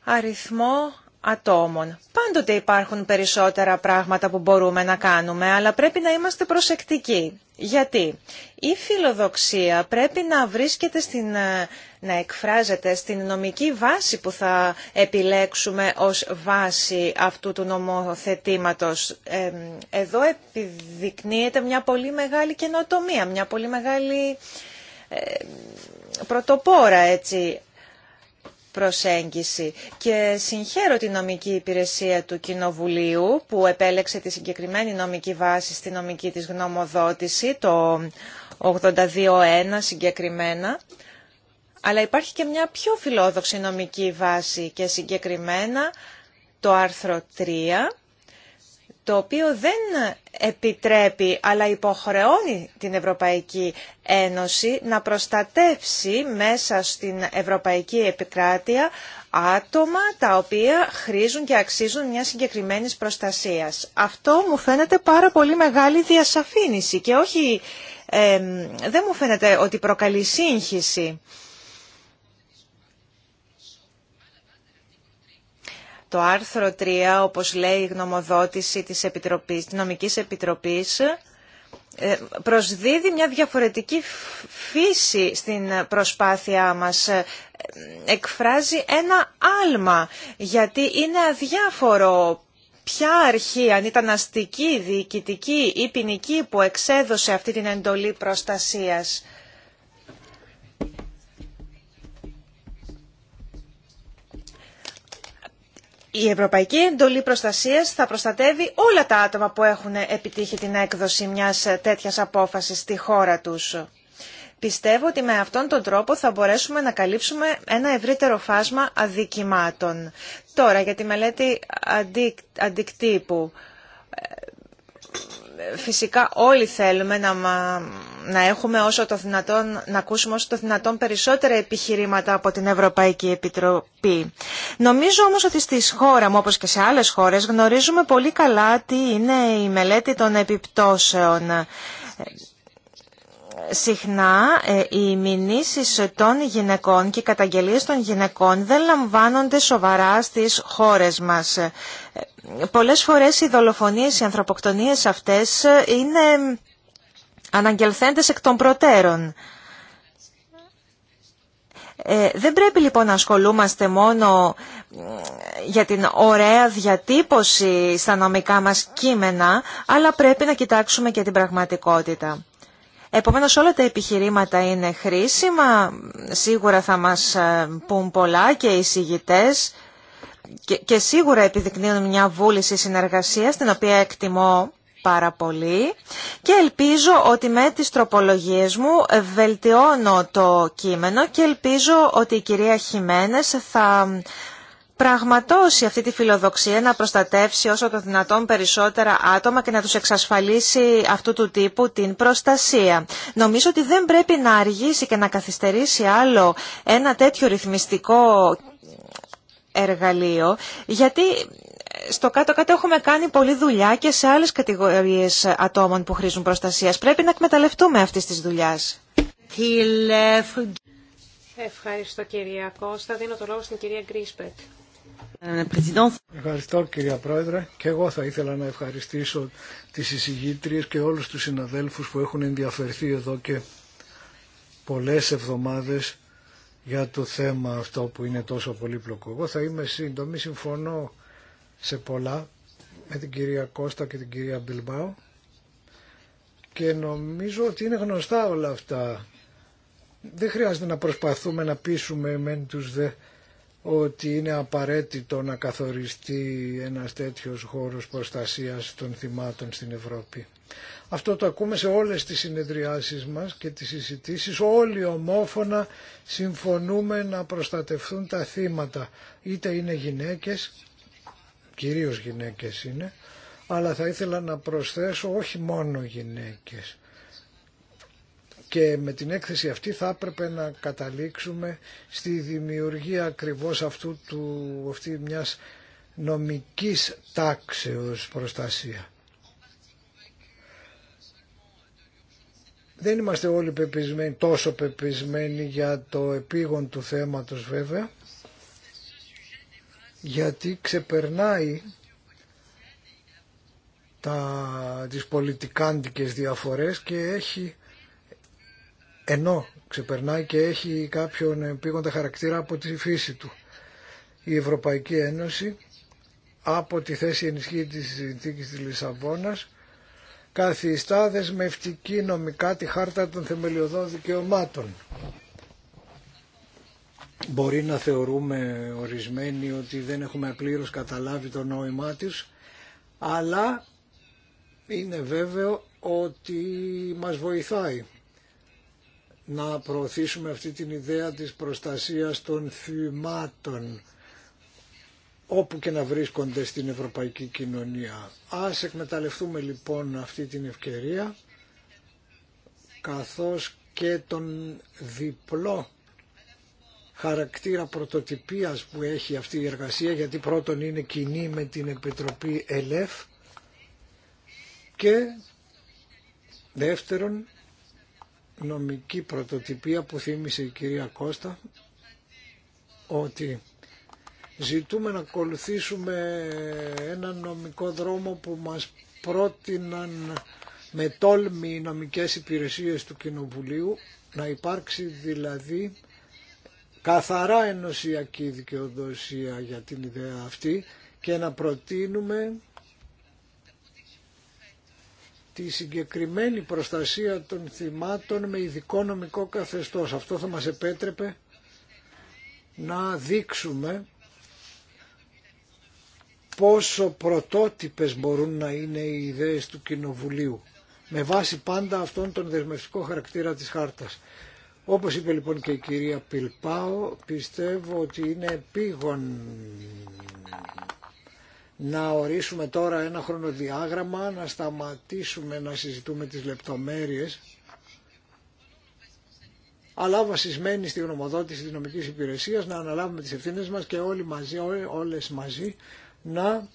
αριθμό ατόμων. Πάντοτε υπάρχουν περισσότερα πράγματα που μπορούμε να κάνουμε, αλλά πρέπει να είμαστε προσεκτικοί. Γιατί η φιλοδοξία πρέπει να βρίσκεται στην, ε, να εκφράζεται στην νομική βάση που θα επιλέξουμε ως βάση αυτού του νομοθετήματος. Ε, εδώ επιδεικνύεται μια πολύ μεγάλη καινοτομία, μια πολύ μεγάλη ε, πρωτοπόρα έτσι προσέγγιση. Και συγχαίρω τη νομική υπηρεσία του Κοινοβουλίου που επέλεξε τη συγκεκριμένη νομική βάση στη νομική της γνωμοδότηση, το 82.1 συγκεκριμένα. Αλλά υπάρχει και μια πιο φιλόδοξη νομική βάση και συγκεκριμένα το άρθρο 3 το οποίο δεν επιτρέπει αλλά υποχρεώνει την Ευρωπαϊκή Ένωση να προστατεύσει μέσα στην Ευρωπαϊκή Επικράτεια άτομα τα οποία χρήζουν και αξίζουν μια συγκεκριμένη προστασία. Αυτό μου φαίνεται πάρα πολύ μεγάλη διασαφήνιση και όχι, δεν μου φαίνεται ότι προκαλεί σύγχυση. Το άρθρο 3, όπως λέει η γνωμοδότηση της, Επιτροπής, της Νομικής Επιτροπής, ε, προσδίδει μια διαφορετική φύση στην προσπάθειά μας. Ε, εκφράζει ένα άλμα, γιατί είναι αδιάφορο ποια αρχή, αν ήταν αστική, διοικητική ή ποινική, που εξέδωσε αυτή την εντολή προστασίας. Η Ευρωπαϊκή Εντολή Προστασίας θα προστατεύει όλα τα άτομα που έχουν επιτύχει την έκδοση μιας τέτοιας απόφασης στη χώρα τους. Πιστεύω ότι με αυτόν τον τρόπο θα μπορέσουμε να καλύψουμε ένα ευρύτερο φάσμα αδικημάτων. Τώρα για τη μελέτη αντικ... αντικτύπου φυσικά όλοι θέλουμε να, να έχουμε όσο το δυνατόν, να ακούσουμε όσο το δυνατόν περισσότερα επιχειρήματα από την Ευρωπαϊκή Επιτροπή. Νομίζω όμως ότι στη χώρα μου, όπως και σε άλλες χώρες, γνωρίζουμε πολύ καλά τι είναι η μελέτη των επιπτώσεων συχνά ε, οι μηνύσεις των γυναικών και οι καταγγελίες των γυναικών δεν λαμβάνονται σοβαρά στις χώρες μας. Ε, πολλές φορές οι δολοφονίες, οι ανθρωποκτονίες αυτές ε, είναι αναγγελθέντες εκ των προτέρων. δεν πρέπει λοιπόν να ασχολούμαστε μόνο για την ωραία διατύπωση στα νομικά μας κείμενα, αλλά πρέπει να κοιτάξουμε και την πραγματικότητα. Επομένως όλα τα επιχειρήματα είναι χρήσιμα, σίγουρα θα μας ε, πούν πολλά και οι συγητές και, σίγουρα επιδεικνύουν μια βούληση συνεργασίας την οποία εκτιμώ πάρα πολύ και ελπίζω ότι με τις τροπολογίες μου βελτιώνω το κείμενο και ελπίζω ότι η κυρία Χιμένες θα πραγματώσει αυτή τη φιλοδοξία να προστατεύσει όσο το δυνατόν περισσότερα άτομα και να τους εξασφαλίσει αυτού του τύπου την προστασία. Νομίζω ότι δεν πρέπει να αργήσει και να καθυστερήσει άλλο ένα τέτοιο ρυθμιστικό εργαλείο, γιατί στο κάτω-κάτω έχουμε κάνει πολλή δουλειά και σε άλλες κατηγορίες ατόμων που χρήζουν προστασίας. Πρέπει να εκμεταλλευτούμε αυτή τη δουλειά. Ευχαριστώ κυρία Κώστα. Δίνω το λόγο στην κυρία Γκρίσπετ. Ευχαριστώ κυρία Πρόεδρε και εγώ θα ήθελα να ευχαριστήσω τις εισηγήτριες και όλους τους συναδέλφους που έχουν ενδιαφερθεί εδώ και πολλές εβδομάδες για το θέμα αυτό που είναι τόσο πολύπλοκο. Εγώ θα είμαι σύντομη, συμφωνώ σε πολλά με την κυρία Κώστα και την κυρία Μπιλμπάου και νομίζω ότι είναι γνωστά όλα αυτά. Δεν χρειάζεται να προσπαθούμε να πείσουμε μεν τους δε ότι είναι απαραίτητο να καθοριστεί ένας τέτοιος χώρος προστασίας των θυμάτων στην Ευρώπη. Αυτό το ακούμε σε όλες τις συνεδριάσεις μας και τις συζητήσεις. Όλοι ομόφωνα συμφωνούμε να προστατευτούν τα θύματα. Είτε είναι γυναίκες, κυρίως γυναίκες είναι, αλλά θα ήθελα να προσθέσω όχι μόνο γυναίκες. Και με την έκθεση αυτή θα έπρεπε να καταλήξουμε στη δημιουργία ακριβώς αυτού του, αυτή μιας νομικής τάξεως προστασία. Δεν είμαστε όλοι πεπισμένοι, τόσο πεπισμένοι για το επίγον του θέματος βέβαια, γιατί ξεπερνάει τα, τις πολιτικάντικες διαφορές και έχει ενώ ξεπερνάει και έχει κάποιον επίγοντα χαρακτήρα από τη φύση του. Η Ευρωπαϊκή Ένωση από τη θέση ενισχύει της συνθήκης της Λισαβόνας καθιστά δεσμευτική νομικά τη χάρτα των θεμελιωδών δικαιωμάτων. Μπορεί να θεωρούμε ορισμένοι ότι δεν έχουμε πλήρως καταλάβει το νόημά της, αλλά είναι βέβαιο ότι μας βοηθάει να προωθήσουμε αυτή την ιδέα της προστασίας των θυμάτων όπου και να βρίσκονται στην ευρωπαϊκή κοινωνία. Ας εκμεταλλευτούμε λοιπόν αυτή την ευκαιρία καθώς και τον διπλό χαρακτήρα πρωτοτυπίας που έχει αυτή η εργασία γιατί πρώτον είναι κοινή με την Επιτροπή ΕΛΕΦ και δεύτερον νομική πρωτοτυπία που θύμισε η κυρία Κώστα ότι ζητούμε να ακολουθήσουμε ένα νομικό δρόμο που μας πρότειναν με τόλμη οι νομικές υπηρεσίες του Κοινοβουλίου να υπάρξει δηλαδή καθαρά ενωσιακή δικαιοδοσία για την ιδέα αυτή και να προτείνουμε τη συγκεκριμένη προστασία των θυμάτων με ειδικό νομικό καθεστώς. Αυτό θα μας επέτρεπε να δείξουμε πόσο πρωτότυπες μπορούν να είναι οι ιδέες του Κοινοβουλίου με βάση πάντα αυτόν τον δεσμευτικό χαρακτήρα της χάρτας. Όπως είπε λοιπόν και η κυρία Πιλπάο, πιστεύω ότι είναι επίγον να ορίσουμε τώρα ένα χρονοδιάγραμμα, να σταματήσουμε να συζητούμε τις λεπτομέρειες, αλλά βασισμένοι στη γνωμοδότηση της νομικής υπηρεσίας να αναλάβουμε τις ευθύνες μας και όλοι μαζί, όλες μαζί να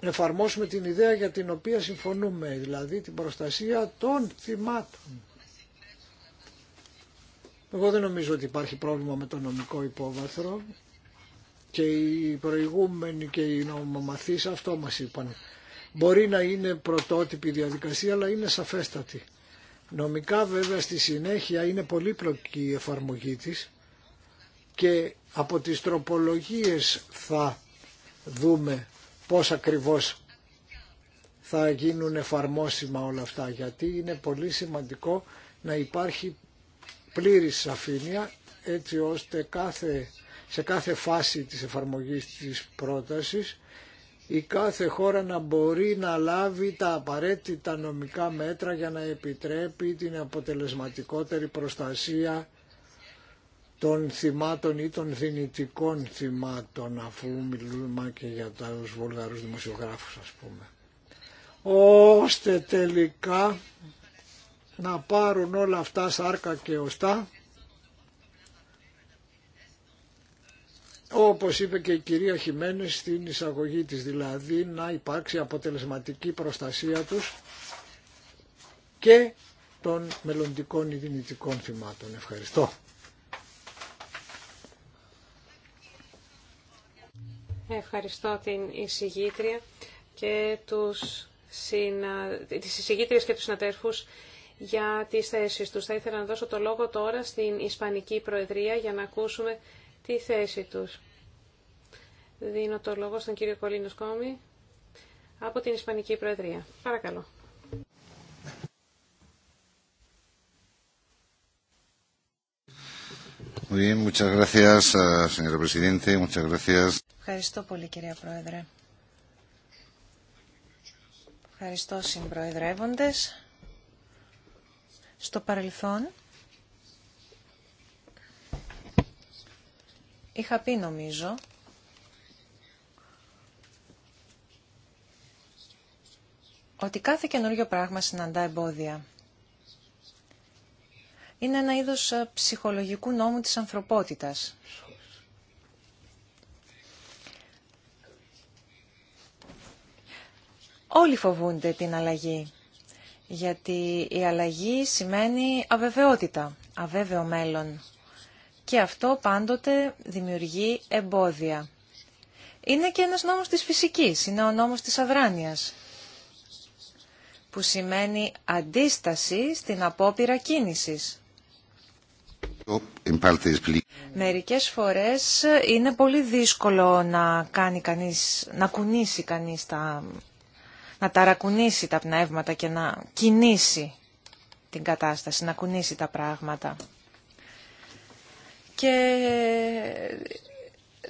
εφαρμόσουμε την ιδέα για την οποία συμφωνούμε, δηλαδή την προστασία των θυμάτων. Εγώ δεν νομίζω ότι υπάρχει πρόβλημα με το νομικό υπόβαθρο και οι προηγούμενοι και οι νομομαθείς αυτό μας είπαν. Μπορεί να είναι πρωτότυπη διαδικασία αλλά είναι σαφέστατη. Νομικά βέβαια στη συνέχεια είναι πολύπλοκη η εφαρμογή της και από τις τροπολογίες θα δούμε πώς ακριβώς θα γίνουν εφαρμόσιμα όλα αυτά γιατί είναι πολύ σημαντικό να υπάρχει πλήρης σαφήνεια έτσι ώστε κάθε σε κάθε φάση της εφαρμογής της πρότασης η κάθε χώρα να μπορεί να λάβει τα απαραίτητα νομικά μέτρα για να επιτρέπει την αποτελεσματικότερη προστασία των θυμάτων ή των δυνητικών θυμάτων αφού μιλούμε και για τους βουλγαρούς δημοσιογράφους ας πούμε ώστε τελικά να πάρουν όλα αυτά σάρκα και οστά όπως είπε και η κυρία Χιμένες στην εισαγωγή της, δηλαδή να υπάρξει αποτελεσματική προστασία τους και των μελλοντικών δυνητικών θυμάτων. Ευχαριστώ. Ευχαριστώ την εισηγήτρια και τους συνα... τις και τους συναδέρφους για τις θέσεις τους. Θα ήθελα να δώσω το λόγο τώρα στην Ισπανική Προεδρία για να ακούσουμε τη θέση τους. Δίνω το λόγο στον κύριο Κολίνο κόμη; από την Ισπανική Προεδρία. Παρακαλώ. Eh, Ευχαριστώ πολύ κυρία Πρόεδρε. Ευχαριστώ συμπροεδρεύοντες. Στο παρελθόν, Είχα πει νομίζω ότι κάθε καινούριο πράγμα συναντά εμπόδια. Είναι ένα είδος ε, ψυχολογικού νόμου της ανθρωπότητας. Όλοι φοβούνται την αλλαγή, γιατί η αλλαγή σημαίνει αβεβαιότητα, αβέβαιο μέλλον και αυτό πάντοτε δημιουργεί εμπόδια. Είναι και ένας νόμος της φυσικής, είναι ο νόμος της αδράνειας, που σημαίνει αντίσταση στην απόπειρα κίνησης. Μερικές φορές είναι πολύ δύσκολο να, κάνει να κουνήσει κανείς τα, να ταρακουνήσει τα πνεύματα και να κινήσει την κατάσταση, να κουνήσει τα πράγματα. Και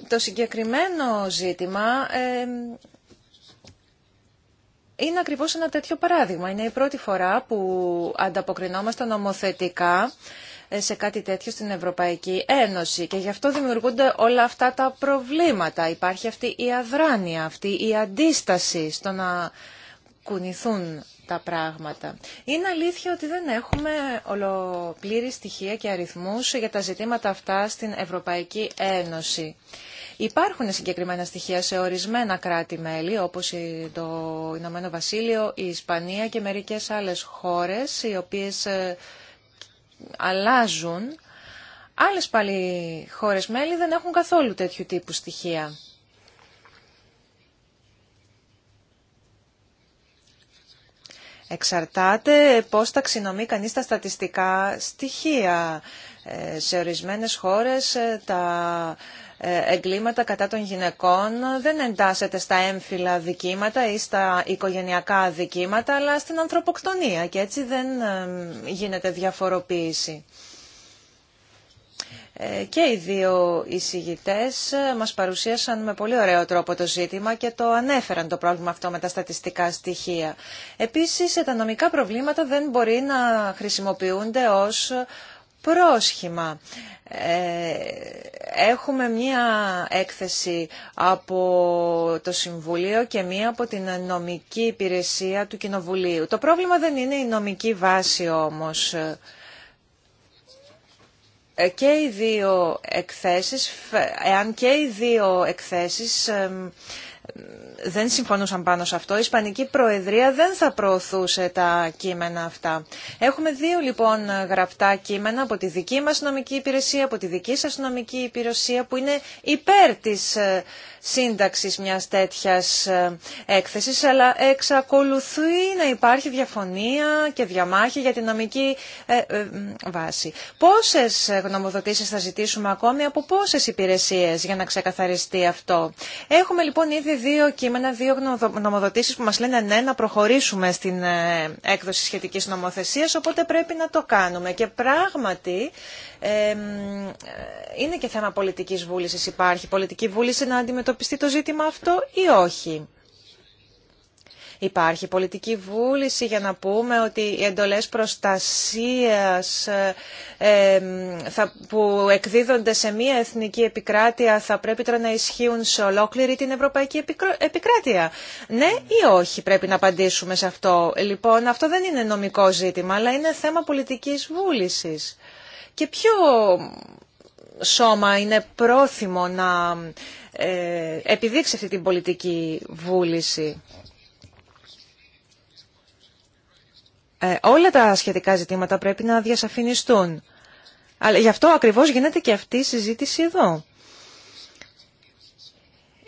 το συγκεκριμένο ζήτημα ε, είναι ακριβώς ένα τέτοιο παράδειγμα. Είναι η πρώτη φορά που ανταποκρινόμαστε νομοθετικά ε, σε κάτι τέτοιο στην Ευρωπαϊκή Ένωση και γι' αυτό δημιουργούνται όλα αυτά τα προβλήματα. Υπάρχει αυτή η αδράνεια, αυτή η αντίσταση στο να κουνηθούν τα πράγματα. Είναι αλήθεια ότι δεν έχουμε ολοπλήρη στοιχεία και αριθμούς για τα ζητήματα αυτά στην Ευρωπαϊκή Ένωση. Υπάρχουν συγκεκριμένα στοιχεία σε ορισμένα κράτη-μέλη, όπως το Ηνωμένο Βασίλειο, η Ισπανία και μερικές άλλες χώρες, οι οποίες ε, αλλάζουν. Άλλες πάλι χώρες-μέλη δεν έχουν καθόλου τέτοιου τύπου στοιχεία. Εξαρτάται πώς ταξινομεί κανείς τα στατιστικά στοιχεία. Ε, σε ορισμένες χώρες ε, τα ε, εγκλήματα κατά των γυναικών δεν εντάσσεται στα έμφυλα δικήματα ή στα οικογενειακά δικήματα, αλλά στην ανθρωποκτονία και έτσι δεν γίνεται διαφοροποίηση και οι δύο εισηγητέ μας παρουσίασαν με πολύ ωραίο τρόπο το ζήτημα και το ανέφεραν το πρόβλημα αυτό με τα στατιστικά στοιχεία. Επίσης, τα νομικά προβλήματα δεν μπορεί να χρησιμοποιούνται ως πρόσχημα. Ε, έχουμε μία έκθεση από το Συμβουλίο και μία από την νομική υπηρεσία του Κοινοβουλίου. Το πρόβλημα δεν είναι η νομική βάση όμως. Ε, και οι δύο εκθέσεις, εάν και οι δύο εκθέσεις δεν συμφωνούσαν πάνω σε αυτό. Η Ισπανική Προεδρία δεν θα προωθούσε τα κείμενα αυτά. Έχουμε δύο λοιπόν γραπτά κείμενα από τη δική μας νομική υπηρεσία, από τη δική σας νομική υπηρεσία που είναι υπέρ της ε, σύνταξης μιας τέτοιας ε, έκθεσης, αλλά εξακολουθεί να υπάρχει διαφωνία και διαμάχη για την νομική ε, βάση. Πόσες γνωμοδοτήσεις θα ζητήσουμε ακόμη από πόσες υπηρεσίες για να ξεκαθαριστεί αυτό. Έχουμε λοιπόν ήδη δύο κείμενα κείμενα, δύο νομοδοτήσεις που μας λένε ναι να προχωρήσουμε στην ε, έκδοση σχετικής νομοθεσίας, οπότε πρέπει να το κάνουμε. Και πράγματι ε, είναι και θέμα πολιτικής βούλησης. Υπάρχει πολιτική βούληση να αντιμετωπιστεί το ζήτημα αυτό ή όχι. Υπάρχει πολιτική βούληση για να πούμε ότι οι εντολές προστασίας ε, που εκδίδονται σε μία εθνική επικράτεια θα πρέπει τώρα να ισχύουν σε ολόκληρη την ευρωπαϊκή επικράτεια. Ναι ή όχι πρέπει να απαντήσουμε σε αυτό. Λοιπόν, αυτό δεν είναι νομικό ζήτημα, αλλά είναι θέμα πολιτικής βούλησης. Και ποιο σώμα είναι πρόθυμο να ε, επιδείξει αυτή την πολιτική βούληση. Ε, όλα τα σχετικά ζητήματα πρέπει να διασαφινιστούν. Αλλά γι' αυτό ακριβώς γίνεται και αυτή η συζήτηση εδώ.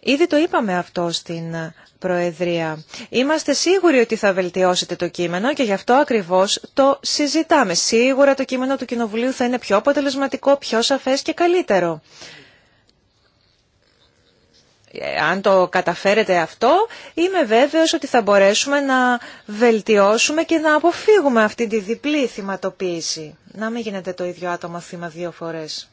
Ήδη το είπαμε αυτό στην Προεδρία. Είμαστε σίγουροι ότι θα βελτιώσετε το κείμενο και γι' αυτό ακριβώς το συζητάμε. Σίγουρα το κείμενο του Κοινοβουλίου θα είναι πιο αποτελεσματικό, πιο σαφές και καλύτερο αν το καταφέρετε αυτό, είμαι βέβαιος ότι θα μπορέσουμε να βελτιώσουμε και να αποφύγουμε αυτή τη διπλή θυματοποίηση. Να μην γίνεται το ίδιο άτομο θύμα δύο φορές.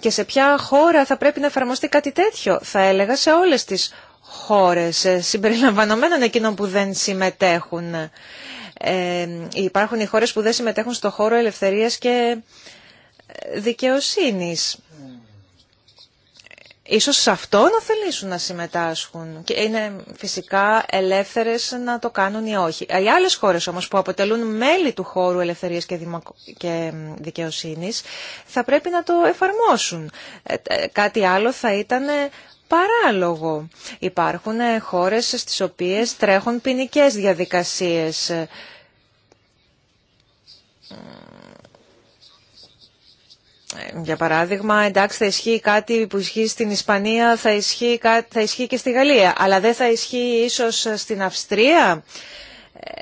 Και σε ποια χώρα θα πρέπει να εφαρμοστεί κάτι τέτοιο, θα έλεγα σε όλες τις χώρες, ε, συμπεριλαμβανομένων εκείνων που δεν συμμετέχουν. Ε, υπάρχουν οι χώρες που δεν συμμετέχουν στο χώρο ελευθερίας και ε, δικαιοσύνης ίσως σε αυτό να θελήσουν να συμμετάσχουν και είναι φυσικά ελεύθερες να το κάνουν ή όχι. Οι άλλες χώρες όμως που αποτελούν μέλη του χώρου ελευθερίας και, και δικαιοσύνης θα πρέπει να το εφαρμόσουν. Ε, ε, κάτι άλλο θα ήταν παράλογο. Υπάρχουν ε, χώρες στις οποίες τρέχουν ποινικέ διαδικασίες για παράδειγμα, εντάξει θα ισχύει κάτι που ισχύει στην Ισπανία, θα ισχύει, θα ισχύει και στη Γαλλία, αλλά δεν θα ισχύει ίσως στην Αυστρία.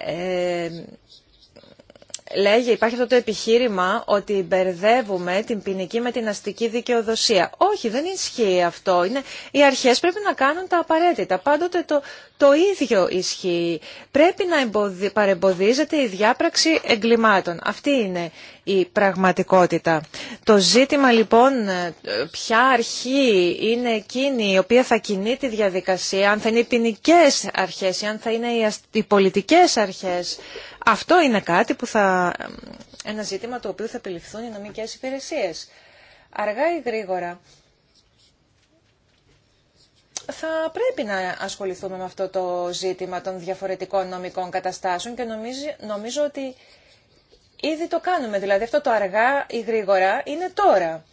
Ε, υπάρχει αυτό το επιχείρημα ότι μπερδεύουμε την ποινική με την αστική δικαιοδοσία. Όχι, δεν ισχύει αυτό. οι αρχές πρέπει να κάνουν τα απαραίτητα. Πάντοτε το, το ίδιο ισχύει. Πρέπει να παρεμποδίζεται η διάπραξη εγκλημάτων. Αυτή είναι η πραγματικότητα. Το ζήτημα λοιπόν ε, ποια αρχή είναι εκείνη η οποία θα κινεί τη διαδικασία, αν θα είναι οι ποινικέ αρχές ή αν θα είναι οι πολιτικές αρχές. Αυτό είναι κάτι που θα... Ε, ένα ζήτημα το οποίο θα επιληφθούν οι νομικές υπηρεσίες. Αργά ή γρήγορα θα πρέπει να ασχοληθούμε με αυτό το ζήτημα των διαφορετικών νομικών καταστάσεων και νομίζω, νομίζω ότι ήδη το κάνουμε. Δηλαδή αυτό το αργά ή γρήγορα είναι τώρα.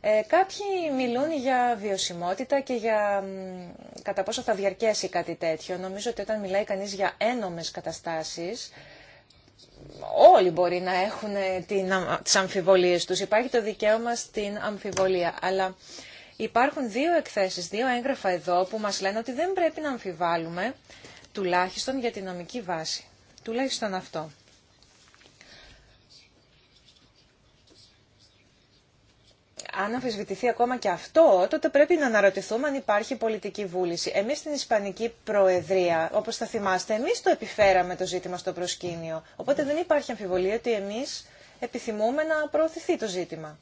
Ε, κάποιοι μιλούν για βιωσιμότητα και για κατά πόσο θα διαρκέσει κάτι τέτοιο. Νομίζω ότι όταν μιλάει κανείς για ένομες καταστάσεις, όλοι μπορεί να έχουν την, τις αμφιβολίες τους. Υπάρχει το δικαίωμα στην αμφιβολία. Αλλά Υπάρχουν δύο εκθέσεις, δύο έγγραφα εδώ που μας λένε ότι δεν πρέπει να αμφιβάλλουμε τουλάχιστον για τη νομική βάση. Τουλάχιστον αυτό. αν αμφισβητηθεί ακόμα και αυτό, τότε πρέπει να αναρωτηθούμε αν υπάρχει πολιτική βούληση. Εμείς στην Ισπανική Προεδρία, όπως θα θυμάστε, εμείς το επιφέραμε το ζήτημα στο προσκήνιο. Οπότε δεν υπάρχει αμφιβολία ότι εμείς επιθυμούμε να προωθηθεί το ζήτημα.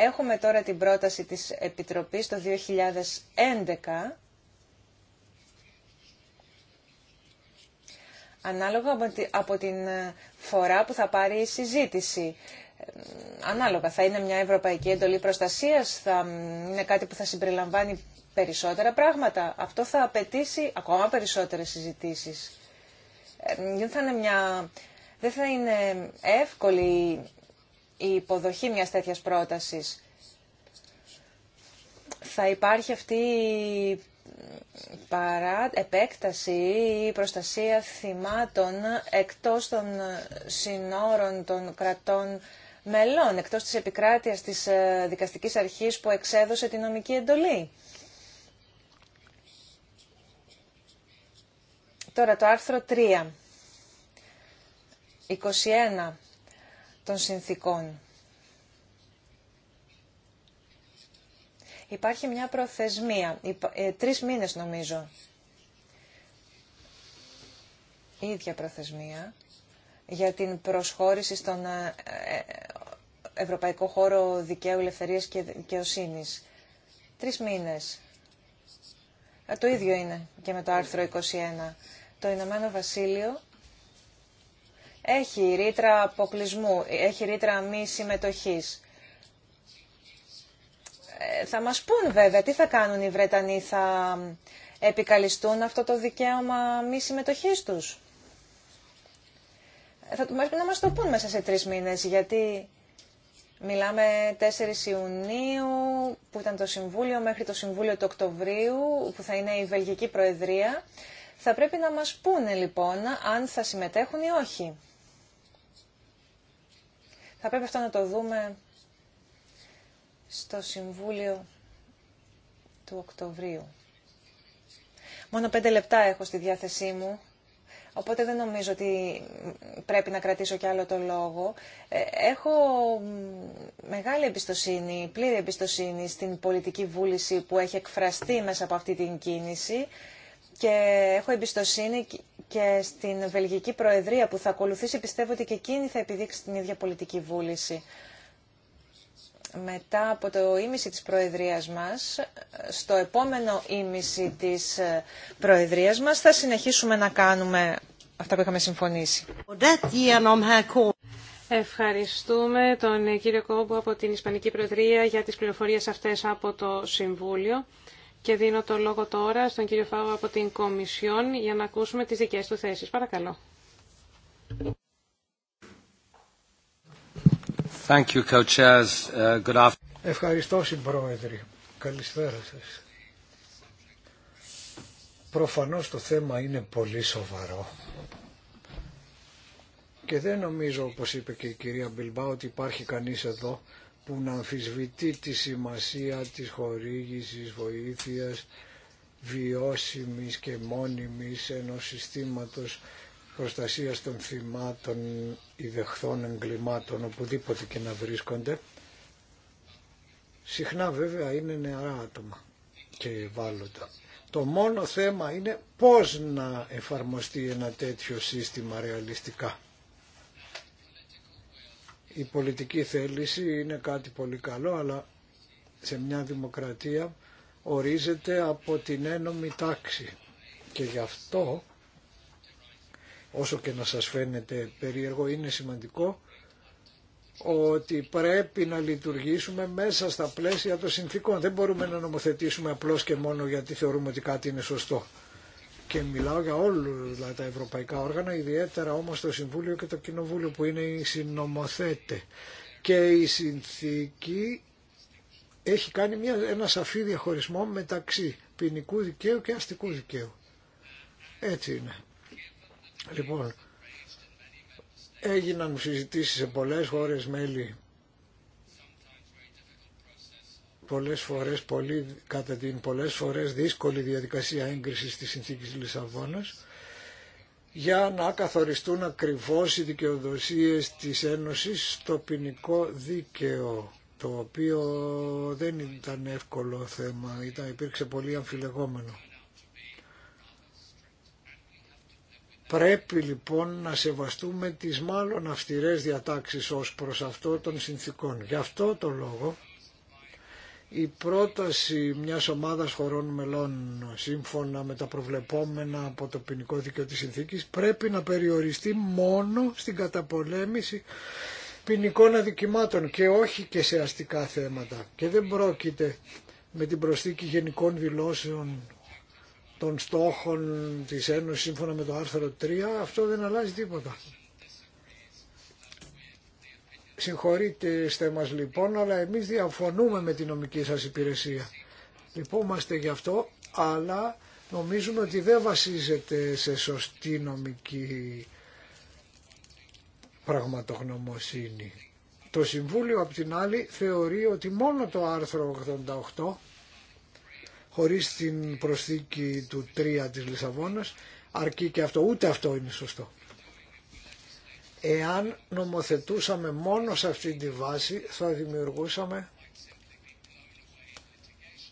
Έχουμε τώρα την πρόταση της Επιτροπής το 2011 ανάλογα από την φορά που θα πάρει η συζήτηση. Ε, ανάλογα, θα είναι μια ευρωπαϊκή εντολή προστασίας, θα είναι κάτι που θα συμπεριλαμβάνει περισσότερα πράγματα. Αυτό θα απαιτήσει ακόμα περισσότερες συζητήσεις. Ε, δεν θα είναι, Δεν θα είναι εύκολη η υποδοχή μιας τέτοιας πρότασης. Θα υπάρχει αυτή η παρά επέκταση ή προστασία θυμάτων εκτός των συνόρων των κρατών μελών, εκτός της επικράτειας της ε, δικαστικής αρχής που εξέδωσε την νομική εντολή. Τώρα το άρθρο 3, 21 των συνθήκων. Υπάρχει μια προθεσμία, ε, τρεις μήνες νομίζω. Η ίδια προθεσμία για την προσχώρηση στον ε, ε, Ευρωπαϊκό Χώρο Δικαίου, Ελευθερίας και Δικαιοσύνης. Τρεις μήνες. Το ίδιο είναι και με το άρθρο 21. Το Ηνωμένο Βασίλειο έχει ρήτρα αποκλεισμού, έχει ρήτρα μη συμμετοχής. Ε, θα μας πούν βέβαια τι θα κάνουν οι Βρετανοί, θα επικαλιστούν αυτό το δικαίωμα μη συμμετοχή τους. Ε, θα πρέπει να μας το πούν μέσα σε τρεις μήνες, γιατί Μιλάμε 4 Ιουνίου που ήταν το Συμβούλιο μέχρι το Συμβούλιο του Οκτωβρίου που θα είναι η Βελγική Προεδρία. Θα πρέπει να μας πούνε λοιπόν αν θα συμμετέχουν ή όχι. Θα πρέπει αυτό να το δούμε στο Συμβούλιο του Οκτωβρίου. Μόνο πέντε λεπτά έχω στη διάθεσή μου, οπότε δεν νομίζω ότι πρέπει να κρατήσω κι άλλο το λόγο. Ε, έχω μεγάλη εμπιστοσύνη, πλήρη εμπιστοσύνη στην πολιτική βούληση που έχει εκφραστεί μέσα από αυτή την κίνηση και έχω εμπιστοσύνη και στην Βελγική Προεδρία που θα ακολουθήσει πιστεύω ότι και εκείνη θα επιδείξει την ίδια πολιτική βούληση. Μετά από το ίμιση της Προεδρίας μας, στο επόμενο ίμιση της ε, Προεδρίας μας θα συνεχίσουμε να κάνουμε αυτά που είχαμε συμφωνήσει. Ευχαριστούμε τον κύριο Κόμπο από την Ισπανική Προεδρία για τις πληροφορίες αυτές από το Συμβούλιο. Και δίνω το λόγο τώρα στον κύριο Φάου από την Κομισιόν για να ακούσουμε τις δικές του θέσεις. Παρακαλώ. Thank you, uh, Good Ευχαριστώ, Συμπρόεδρε. Καλησπέρα σας. Προφανώς το θέμα είναι πολύ σοβαρό. Και δεν νομίζω, όπως είπε και η κυρία Μπιλμπά, ότι υπάρχει κανείς εδώ που να αμφισβητεί τη σημασία της χορήγησης βοήθειας βιώσιμης και μόνιμης ενός συστήματος προστασίας των θυμάτων ή δεχθών εγκλημάτων οπουδήποτε και να βρίσκονται. Συχνά βέβαια είναι νεαρά άτομα και ευάλωτα. Το μόνο θέμα είναι πώς να εφαρμοστεί ένα τέτοιο σύστημα ρεαλιστικά η πολιτική θέληση είναι κάτι πολύ καλό, αλλά σε μια δημοκρατία ορίζεται από την ένομη τάξη. Και γι' αυτό, όσο και να σας φαίνεται περίεργο, είναι σημαντικό ότι πρέπει να λειτουργήσουμε μέσα στα πλαίσια των συνθήκων. Δεν μπορούμε να νομοθετήσουμε απλώς και μόνο γιατί θεωρούμε ότι κάτι είναι σωστό και μιλάω για όλα δηλαδή, τα ευρωπαϊκά όργανα, ιδιαίτερα όμως το Συμβούλιο και το Κοινοβούλιο που είναι οι συνομοθέτε. Και η συνθήκη έχει κάνει μια, ένα σαφή διαχωρισμό μεταξύ ποινικού δικαίου και αστικού δικαίου. Έτσι είναι. Λοιπόν, έγιναν συζητήσεις σε πολλές χώρες μέλη πολλές φορές, πολύ, κατά την πολλές φορές δύσκολη διαδικασία έγκρισης της συνθήκης Λισαβόνας για να καθοριστούν ακριβώς οι δικαιοδοσίες της Ένωσης στο ποινικό δίκαιο το οποίο δεν ήταν εύκολο θέμα, ήταν, υπήρξε πολύ αμφιλεγόμενο. Πρέπει λοιπόν να σεβαστούμε τις μάλλον αυστηρές διατάξεις ως προς αυτό των συνθήκων. Γι' αυτό το λόγο η πρόταση μιας ομάδας χωρών μελών σύμφωνα με τα προβλεπόμενα από το ποινικό δίκαιο της συνθήκης πρέπει να περιοριστεί μόνο στην καταπολέμηση ποινικών αδικημάτων και όχι και σε αστικά θέματα. Και δεν πρόκειται με την προσθήκη γενικών δηλώσεων των στόχων της Ένωσης σύμφωνα με το άρθρο 3, αυτό δεν αλλάζει τίποτα. Συγχωρείτε μα λοιπόν, αλλά εμείς διαφωνούμε με την νομική σας υπηρεσία. Λυπόμαστε γι' αυτό, αλλά νομίζουμε ότι δεν βασίζεται σε σωστή νομική πραγματογνωμοσύνη. Το Συμβούλιο απ' την άλλη θεωρεί ότι μόνο το άρθρο 88 χωρίς την προσθήκη του 3 της Λισαβόνας αρκεί και αυτό. Ούτε αυτό είναι σωστό. Εάν νομοθετούσαμε μόνο σε αυτή τη βάση θα δημιουργούσαμε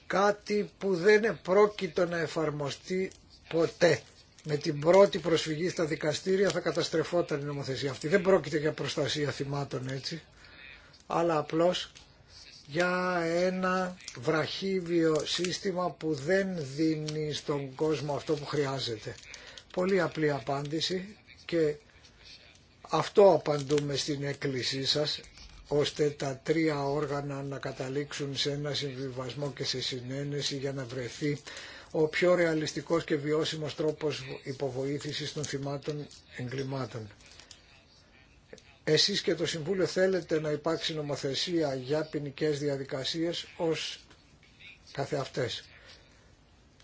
κάτι που δεν επρόκειτο να εφαρμοστεί ποτέ. Με την πρώτη προσφυγή στα δικαστήρια θα καταστρεφόταν η νομοθεσία αυτή. Δεν πρόκειται για προστασία θυμάτων έτσι, αλλά απλώς για ένα βραχύβιο σύστημα που δεν δίνει στον κόσμο αυτό που χρειάζεται. Πολύ απλή απάντηση και αυτό απαντούμε στην έκκλησή σας, ώστε τα τρία όργανα να καταλήξουν σε ένα συμβιβασμό και σε συνένεση για να βρεθεί ο πιο ρεαλιστικός και βιώσιμος τρόπος υποβοήθησης των θυμάτων εγκλημάτων. Εσείς και το Συμβούλιο θέλετε να υπάρξει νομοθεσία για ποινικέ διαδικασίες ως καθεαυτές.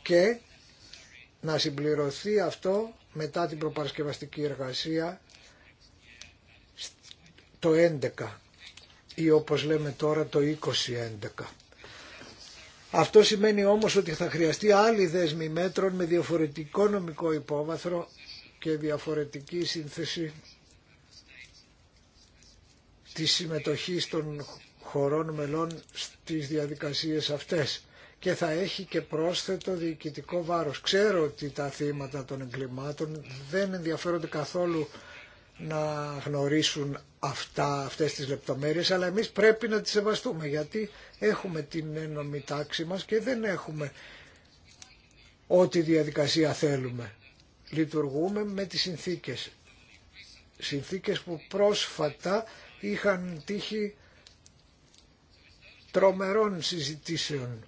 Και να συμπληρωθεί αυτό μετά την προπαρασκευαστική εργασία το 11 ή όπως λέμε τώρα το 2011. Αυτό σημαίνει όμως ότι θα χρειαστεί άλλη δέσμη μέτρων με διαφορετικό νομικό υπόβαθρο και διαφορετική σύνθεση της συμμετοχής των χωρών μελών στις διαδικασίες αυτές και θα έχει και πρόσθετο διοικητικό βάρος. Ξέρω ότι τα θύματα των εγκλημάτων δεν ενδιαφέρονται καθόλου να γνωρίσουν αυτά, αυτές τις λεπτομέρειες, αλλά εμείς πρέπει να τις σεβαστούμε, γιατί έχουμε την ένωμη τάξη μας και δεν έχουμε ό,τι διαδικασία θέλουμε. Λειτουργούμε με τις συνθήκες. Συνθήκες που πρόσφατα είχαν τύχει τρομερών συζητήσεων.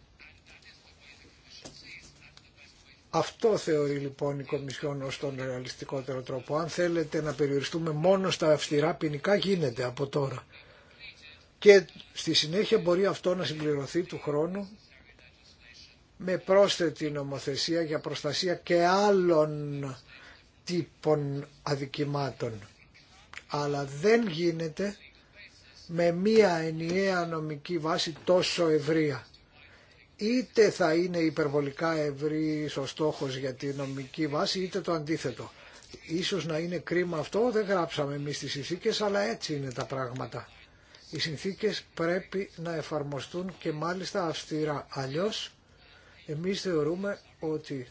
Αυτό θεωρεί λοιπόν η Κομισιόν ως τον ρεαλιστικότερο τρόπο. Αν θέλετε να περιοριστούμε μόνο στα αυστηρά ποινικά γίνεται από τώρα. Και στη συνέχεια μπορεί αυτό να συμπληρωθεί του χρόνου με πρόσθετη νομοθεσία για προστασία και άλλων τύπων αδικημάτων. Αλλά δεν γίνεται με μία ενιαία νομική βάση τόσο ευρεία είτε θα είναι υπερβολικά ευρύ ο στόχος για τη νομική βάση είτε το αντίθετο. Ίσως να είναι κρίμα αυτό, δεν γράψαμε εμείς τις συνθήκες, αλλά έτσι είναι τα πράγματα. Οι συνθήκες πρέπει να εφαρμοστούν και μάλιστα αυστηρά. Αλλιώς εμείς θεωρούμε ότι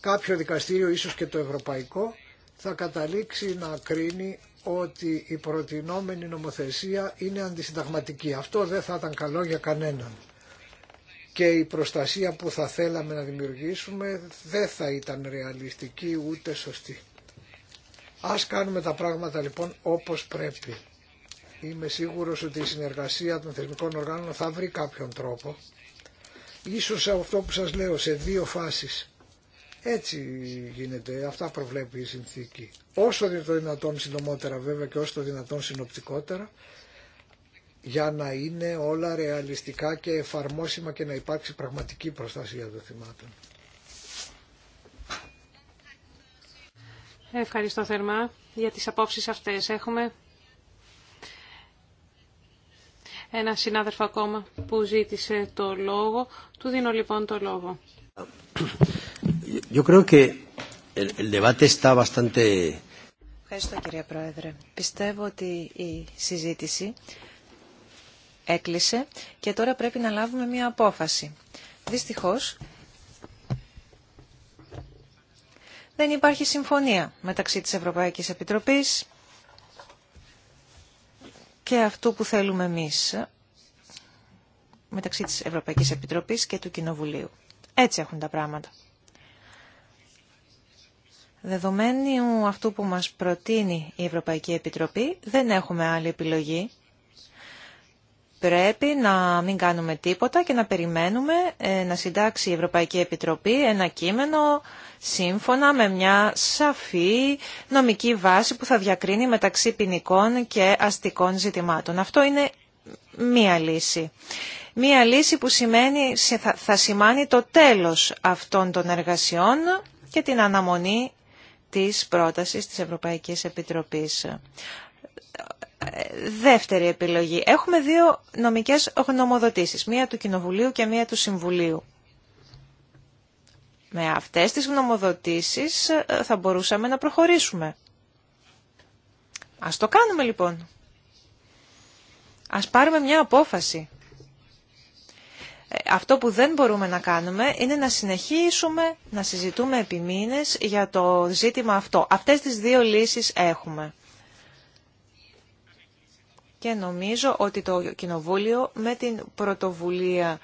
κάποιο δικαστήριο, ίσως και το ευρωπαϊκό, θα καταλήξει να κρίνει ότι η προτινόμενη νομοθεσία είναι αντισυνταγματική. Αυτό δεν θα ήταν καλό για κανέναν και η προστασία που θα θέλαμε να δημιουργήσουμε δεν θα ήταν ρεαλιστική ούτε σωστή. Ας κάνουμε τα πράγματα λοιπόν όπως πρέπει. Είμαι σίγουρος ότι η συνεργασία των θεσμικών οργάνων θα βρει κάποιον τρόπο. Ίσως αυτό που σας λέω σε δύο φάσεις. Έτσι γίνεται, αυτά προβλέπει η συνθήκη. Όσο το δυνατόν συντομότερα βέβαια και όσο δυνατόν συνοπτικότερα για να είναι όλα ρεαλιστικά και εφαρμόσιμα και να υπάρξει πραγματική προστασία των θυμάτων. Ευχαριστώ θερμά για τις απόψεις αυτές. Έχουμε ένα συνάδελφο ακόμα που ζήτησε το λόγο. Του δίνω λοιπόν το λόγο. Yo creo que el debate está bastante... Ευχαριστώ κυρία Πρόεδρε. Πιστεύω ότι η συζήτηση έκλεισε και τώρα πρέπει να λάβουμε μία απόφαση. Δυστυχώς, δεν υπάρχει συμφωνία μεταξύ της Ευρωπαϊκής Επιτροπής και αυτού που θέλουμε εμείς μεταξύ της Ευρωπαϊκής Επιτροπής και του Κοινοβουλίου. Έτσι έχουν τα πράγματα. Δεδομένου αυτού που μας προτείνει η Ευρωπαϊκή Επιτροπή, δεν έχουμε άλλη επιλογή πρέπει να μην κάνουμε τίποτα και να περιμένουμε ε, να συντάξει η Ευρωπαϊκή Επιτροπή ένα κείμενο σύμφωνα με μια σαφή νομική βάση που θα διακρίνει μεταξύ ποινικών και αστικών ζητημάτων. Αυτό είναι μία λύση. Μία λύση που σημαίνει, θα σημάνει το τέλος αυτών των εργασιών και την αναμονή της πρότασης της Ευρωπαϊκής Επιτροπής δεύτερη επιλογή. Έχουμε δύο νομικές γνωμοδοτήσεις, μία του Κοινοβουλίου και μία του Συμβουλίου. Με αυτές τις γνωμοδοτήσεις ε, θα μπορούσαμε να προχωρήσουμε. Ας το κάνουμε λοιπόν. Ας πάρουμε μια απόφαση. Ε, αυτό που δεν μπορούμε να κάνουμε είναι να συνεχίσουμε να συζητούμε επί για το ζήτημα αυτό. Αυτές τις δύο λύσεις έχουμε. Και νομίζω ότι το Κοινοβούλιο με την πρωτοβουλία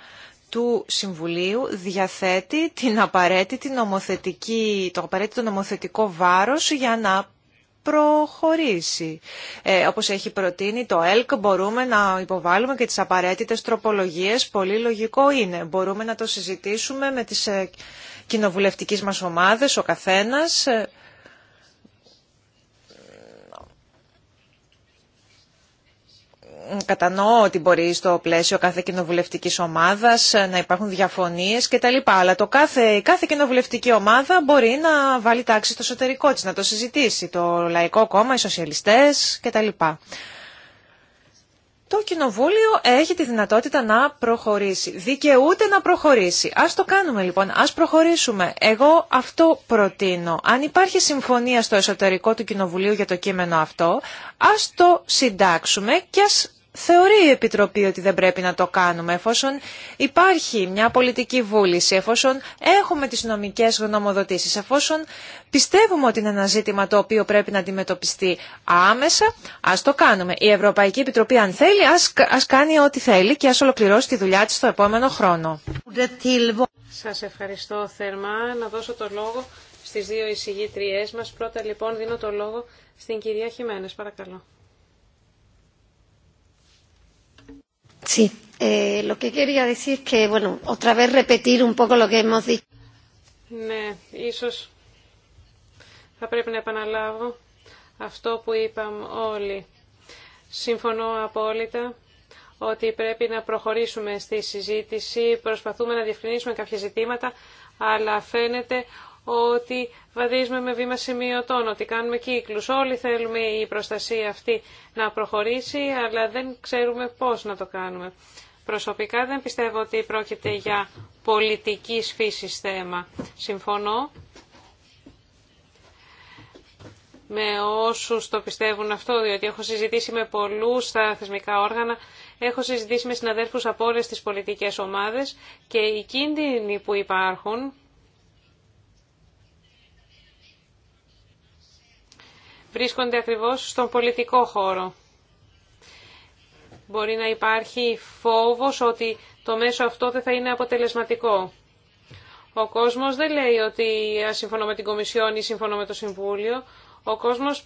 του Συμβουλίου διαθέτει την απαραίτητη νομοθετική, το απαραίτητο νομοθετικό βάρος για να προχωρήσει. Ε, όπως έχει προτείνει το ΕΛΚ μπορούμε να υποβάλουμε και τις απαραίτητες τροπολογίες. Πολύ λογικό είναι. Μπορούμε να το συζητήσουμε με τις ε, κοινοβουλευτικές μας ομάδες, ο καθένας. Ε, κατανοώ ότι μπορεί στο πλαίσιο κάθε κοινοβουλευτική ομάδα ε, να υπάρχουν διαφωνίε κτλ. Αλλά το κάθε, κάθε κοινοβουλευτική ομάδα μπορεί να βάλει τάξη στο εσωτερικό τη, να το συζητήσει. Το Λαϊκό Κόμμα, οι Σοσιαλιστέ κτλ. Το Κοινοβούλιο έχει τη δυνατότητα να προχωρήσει. Δικαιούται να προχωρήσει. Ας το κάνουμε λοιπόν, ας προχωρήσουμε. Εγώ αυτό προτείνω. Αν υπάρχει συμφωνία στο εσωτερικό του Κοινοβουλίου για το κείμενο αυτό, ας το συντάξουμε και α θεωρεί η Επιτροπή ότι δεν πρέπει να το κάνουμε, εφόσον υπάρχει μια πολιτική βούληση, εφόσον έχουμε τις νομικές γνωμοδοτήσεις, εφόσον πιστεύουμε ότι είναι ένα ζήτημα το οποίο πρέπει να αντιμετωπιστεί άμεσα, ας το κάνουμε. Η Ευρωπαϊκή Επιτροπή αν θέλει, ας, κάνει ό,τι θέλει και ας ολοκληρώσει τη δουλειά της στο επόμενο χρόνο. Σας ευχαριστώ θερμά. Να δώσω το λόγο στις δύο εισηγήτριές μας. Πρώτα λοιπόν δίνω το λόγο στην κυρία Χιμένες. Παρακαλώ. Sí, eh, lo que quería decir que, bueno, otra vez repetir un poco lo que hemos dicho. Ναι, ίσως θα πρέπει να επαναλάβω αυτό που είπαμε όλοι. Συμφωνώ απόλυτα ότι πρέπει να προχωρήσουμε στη συζήτηση. Προσπαθούμε να διευκρινίσουμε κάποια ζητήματα, αλλά φαίνεται ότι βαδίζουμε με βήμα σημειωτών, ότι κάνουμε κύκλους. Όλοι θέλουμε η προστασία αυτή να προχωρήσει, αλλά δεν ξέρουμε πώς να το κάνουμε. Προσωπικά δεν πιστεύω ότι πρόκειται για πολιτική φύση θέμα. Συμφωνώ με όσους το πιστεύουν αυτό, διότι έχω συζητήσει με πολλούς στα θεσμικά όργανα, έχω συζητήσει με συναδέλφους από όλες τις πολιτικές ομάδες και οι κίνδυνοι που υπάρχουν βρίσκονται ακριβώς στον πολιτικό χώρο. Μπορεί να υπάρχει φόβος ότι το μέσο αυτό δεν θα είναι αποτελεσματικό. Ο κόσμος δεν λέει ότι συμφωνώ με την Κομισιόν ή συμφωνώ με το Συμβούλιο. Ο κόσμος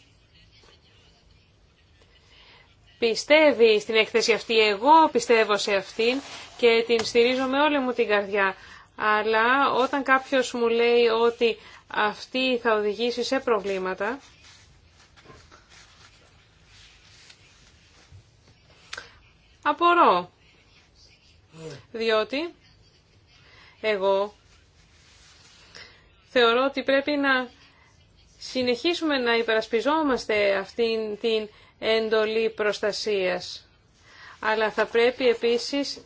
πιστεύει στην έκθεση αυτή, εγώ πιστεύω σε αυτήν και την στηρίζω με όλη μου την καρδιά. Αλλά όταν κάποιος μου λέει ότι αυτή θα οδηγήσει σε προβλήματα, Απορώ. Διότι εγώ θεωρώ ότι πρέπει να συνεχίσουμε να υπερασπιζόμαστε αυτήν την εντολή προστασίας. Αλλά θα πρέπει επίσης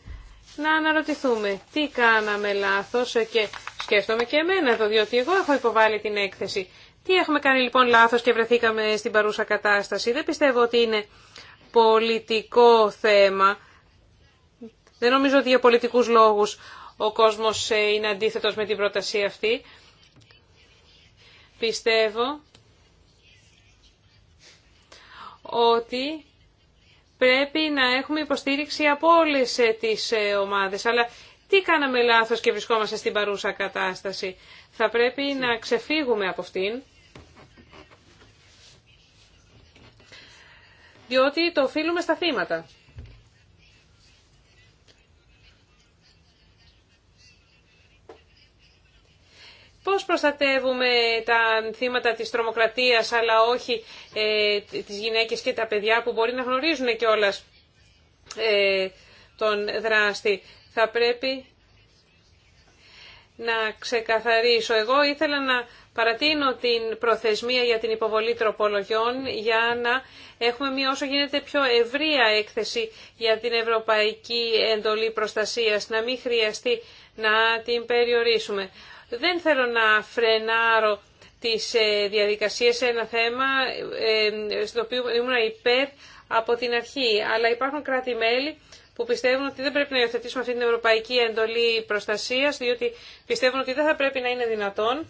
να αναρωτηθούμε τι κάναμε λάθος και σκέφτομαι και εμένα εδώ, διότι εγώ έχω υποβάλει την έκθεση. Τι έχουμε κάνει λοιπόν λάθος και βρεθήκαμε στην παρούσα κατάσταση. Δεν πιστεύω ότι είναι πολιτικό θέμα. Δεν νομίζω ότι για πολιτικούς λόγους ο κόσμος ε, είναι αντίθετος με την πρόταση αυτή. Πιστεύω ότι πρέπει να έχουμε υποστήριξη από όλες ε, τις ε, ομάδες. Αλλά τι κάναμε λάθος και βρισκόμαστε στην παρούσα κατάσταση. Θα πρέπει να ξεφύγουμε από αυτήν. διότι το οφείλουμε στα θύματα. Πώς προστατεύουμε τα θύματα της τρομοκρατίας, αλλά όχι ε, τις γυναίκες και τα παιδιά που μπορεί να γνωρίζουν και ε, τον δράστη. Θα πρέπει να ξεκαθαρίσω. Εγώ ήθελα να Παρατείνω την προθεσμία για την υποβολή τροπολογιών για να έχουμε μια όσο γίνεται πιο ευρεία έκθεση για την Ευρωπαϊκή Εντολή Προστασίας, να μην χρειαστεί να την περιορίσουμε. Δεν θέλω να φρενάρω τις ε, διαδικασίες σε ένα θέμα ε, στο οποίο ήμουν υπέρ από την αρχή, αλλά υπάρχουν κράτη-μέλη που πιστεύουν ότι δεν πρέπει να υιοθετήσουμε αυτή την Ευρωπαϊκή Εντολή Προστασίας, διότι πιστεύουν ότι δεν θα πρέπει να είναι δυνατόν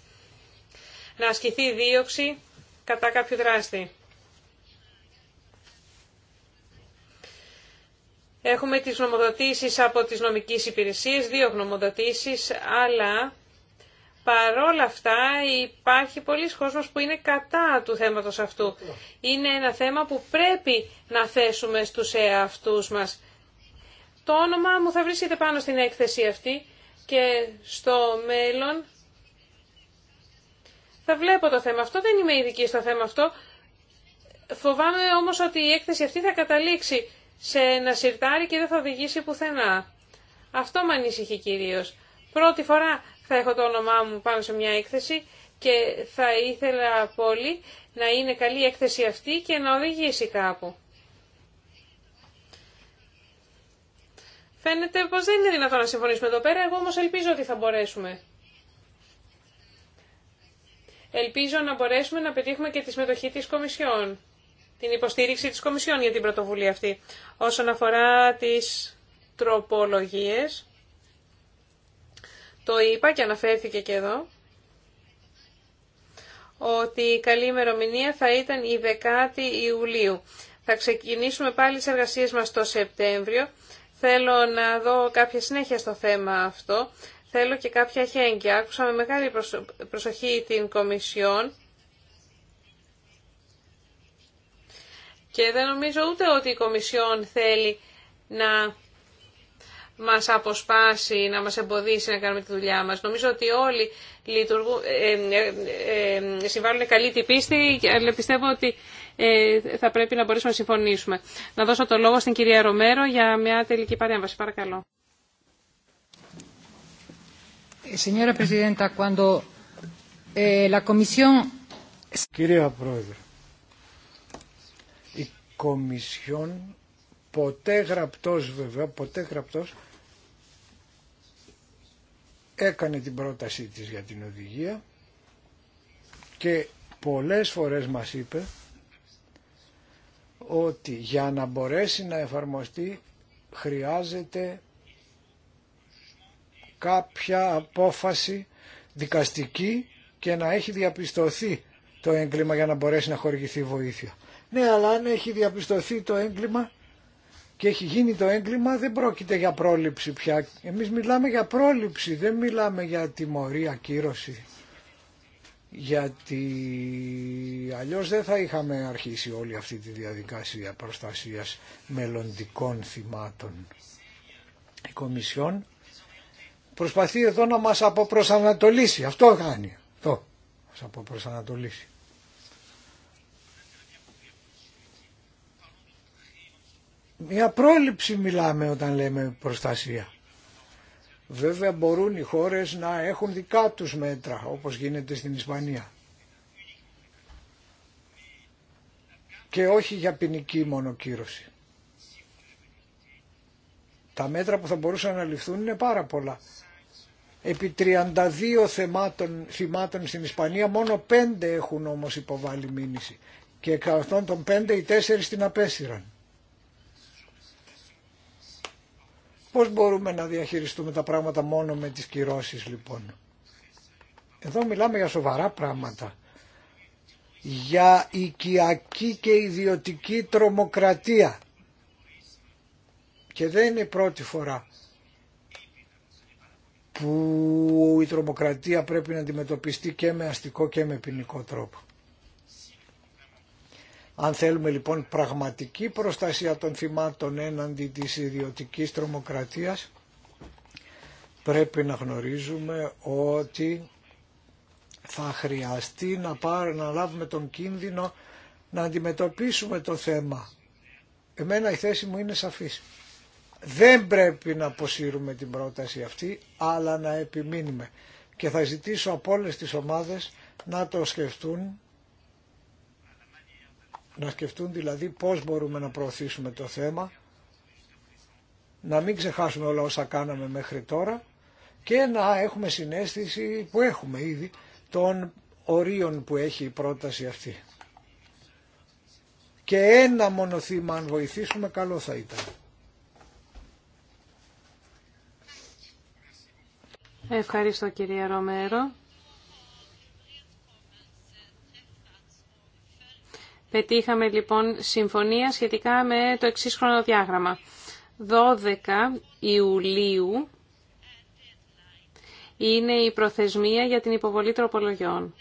να ασκηθεί δίωξη κατά κάποιο δράστη. Έχουμε τις γνωμοδοτήσεις από τις νομικές υπηρεσίες, δύο γνωμοδοτήσεις, αλλά παρόλα αυτά υπάρχει πολλοί κόσμος που είναι κατά του θέματος αυτού. Είναι ένα θέμα που πρέπει να θέσουμε στους εαυτούς μας. Το όνομα μου θα βρίσκεται πάνω στην έκθεση αυτή και στο μέλλον θα βλέπω το θέμα αυτό, δεν είμαι ειδική στο θέμα αυτό. Φοβάμαι όμως ότι η έκθεση αυτή θα καταλήξει σε ένα σιρτάρι και δεν θα οδηγήσει πουθενά. Αυτό με ανησυχεί κυρίω. Πρώτη φορά θα έχω το όνομά μου πάνω σε μια έκθεση και θα ήθελα πολύ να είναι καλή η έκθεση αυτή και να οδηγήσει κάπου. Φαίνεται πως δεν είναι δυνατόν να συμφωνήσουμε εδώ πέρα, εγώ όμως ελπίζω ότι θα μπορέσουμε ελπίζω να μπορέσουμε να πετύχουμε και τη συμμετοχή της Κομισιόν, την υποστήριξη της Κομισιόν για την πρωτοβουλία αυτή. Όσον αφορά τις τροπολογίες, το είπα και αναφέρθηκε και εδώ, ότι η καλή ημερομηνία θα ήταν η 10η Ιουλίου. Θα ξεκινήσουμε πάλι τις εργασίες μας το Σεπτέμβριο. Θέλω να δω κάποια συνέχεια στο θέμα αυτό θέλω και κάποια χέγγια. Άκουσα με μεγάλη προσοχή την Κομισιόν και δεν νομίζω ούτε ότι η Κομισιόν θέλει να μας αποσπάσει, να μας εμποδίσει να κάνουμε τη δουλειά μας. Νομίζω ότι όλοι ε, ε, ε, συμβάλλουν καλή την πίστη, αλλά πιστεύω ότι ε, θα πρέπει να μπορέσουμε να συμφωνήσουμε. Να δώσω το λόγο στην κυρία Ρομέρο για μια τελική παρέμβαση. Παρακαλώ. Señora Presidenta, cuando eh, la Comisión... Κυρία Πρόεδρε, η Κομισιόν ποτέ γραπτός βέβαια, ποτέ έκανε την πρότασή της για την οδηγία και πολλές φορές μας είπε ότι για να μπορέσει να εφαρμοστεί χρειάζεται κάποια απόφαση δικαστική και να έχει διαπιστωθεί το έγκλημα για να μπορέσει να χορηγηθεί βοήθεια. Ναι, αλλά αν έχει διαπιστωθεί το έγκλημα και έχει γίνει το έγκλημα δεν πρόκειται για πρόληψη πια. Εμείς μιλάμε για πρόληψη, δεν μιλάμε για τιμωρία, κύρωση. Γιατί αλλιώς δεν θα είχαμε αρχίσει όλη αυτή τη διαδικασία προστασίας μελλοντικών θυμάτων. Η Κομισιόν Προσπαθεί εδώ να μας αποπροσανατολίσει. Αυτό κάνει. Αυτό μας αποπροσανατολίσει. Μια πρόληψη μιλάμε όταν λέμε προστασία. Βέβαια μπορούν οι χώρες να έχουν δικά τους μέτρα όπως γίνεται στην Ισπανία. Και όχι για ποινική μονοκύρωση. Τα μέτρα που θα μπορούσαν να ληφθούν είναι πάρα πολλά. Επί 32 θεμάτων, θυμάτων στην Ισπανία μόνο 5 έχουν όμως υποβάλει μήνυση και εκ αυτών των 5 οι 4 την απέσυραν. Πώς μπορούμε να διαχειριστούμε τα πράγματα μόνο με τις κυρώσεις λοιπόν. Εδώ μιλάμε για σοβαρά πράγματα. Για οικιακή και ιδιωτική τρομοκρατία. Και δεν είναι η πρώτη φορά που η τρομοκρατία πρέπει να αντιμετωπιστεί και με αστικό και με ποινικό τρόπο. Αν θέλουμε λοιπόν πραγματική προστασία των θυμάτων έναντι της ιδιωτικής τρομοκρατίας, πρέπει να γνωρίζουμε ότι θα χρειαστεί να, πάρ, να λάβουμε τον κίνδυνο να αντιμετωπίσουμε το θέμα. Εμένα η θέση μου είναι σαφής. Δεν πρέπει να αποσύρουμε την πρόταση αυτή, αλλά να επιμείνουμε. Και θα ζητήσω από όλες τις ομάδες να το σκεφτούν, να σκεφτούν δηλαδή πώς μπορούμε να προωθήσουμε το θέμα, να μην ξεχάσουμε όλα όσα κάναμε μέχρι τώρα και να έχουμε συνέστηση που έχουμε ήδη των ορίων που έχει η πρόταση αυτή. Και ένα μονοθήμα αν βοηθήσουμε καλό θα ήταν. Ευχαριστώ κυρία Ρομέρο. Πετύχαμε λοιπόν συμφωνία σχετικά με το εξής χρονοδιάγραμμα. 12 Ιουλίου είναι η προθεσμία για την υποβολή τροπολογιών.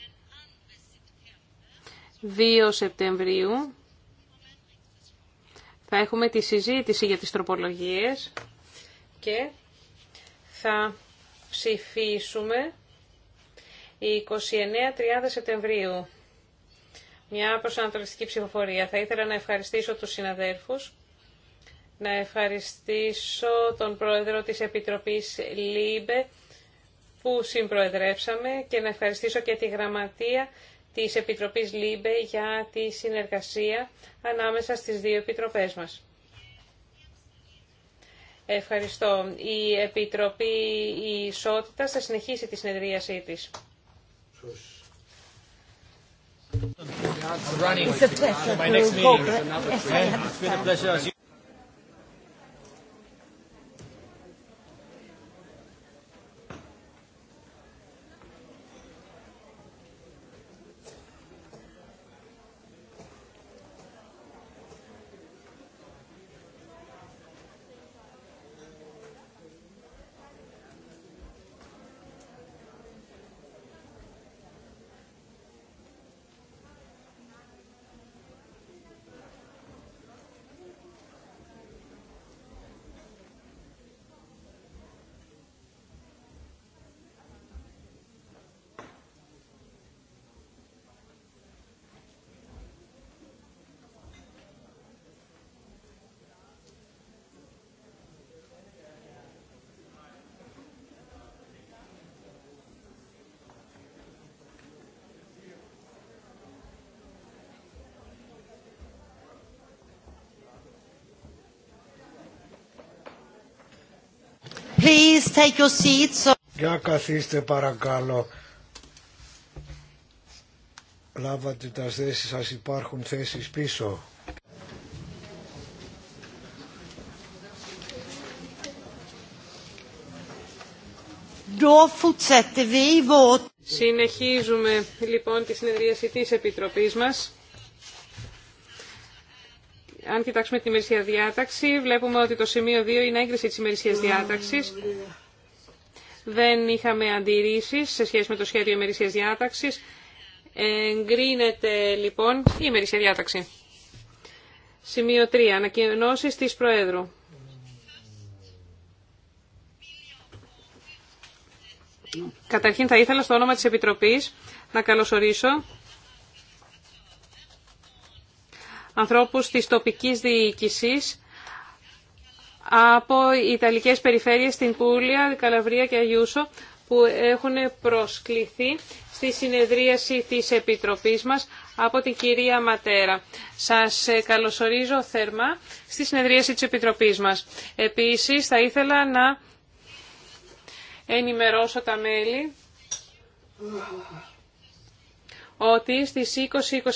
2 Σεπτεμβρίου θα έχουμε τη συζήτηση για τις τροπολογίες και θα ψηφίσουμε 29-30 Σεπτεμβρίου. Μια προσανατολιστική ψηφοφορία. Θα ήθελα να ευχαριστήσω τους συναδέρφους, να ευχαριστήσω τον πρόεδρο της Επιτροπής ΛΥΜΠΕ που συμπροεδρεύσαμε και να ευχαριστήσω και τη γραμματεία της Επιτροπής ΛΥΜΠΕ για τη συνεργασία ανάμεσα στις δύο επιτροπές μας. Ευχαριστώ. Η Επιτροπή Ισότητας θα συνεχίσει τη συνεδρίασή της. Please take Για καθίστε παρακαλώ. Λάβατε τα θέσεις σας, υπάρχουν θέσεις πίσω. Συνεχίζουμε λοιπόν τη συνεδρίαση της Επιτροπής μας αν κοιτάξουμε την ημερησία διάταξη, βλέπουμε ότι το σημείο 2 είναι έγκριση της ημερησίας διάταξης. Δεν είχαμε αντιρρήσεις σε σχέση με το σχέδιο ημερησίας διάταξης. Εγκρίνεται λοιπόν η ημερησία διάταξη. Σημείο 3. Ανακοινώσεις της Προέδρου. Καταρχήν θα ήθελα στο όνομα της Επιτροπής να καλωσορίσω ανθρώπους της τοπικής διοίκησης από Ιταλικές περιφέρειες στην Πούλια, Καλαβρία και Αγιούσο που έχουν προσκληθεί στη συνεδρίαση της Επιτροπής μας από την κυρία Ματέρα. Σας ε, καλωσορίζω θερμά στη συνεδρίαση της Επιτροπής μας. Επίσης θα ήθελα να ενημερώσω τα μέλη ότι στις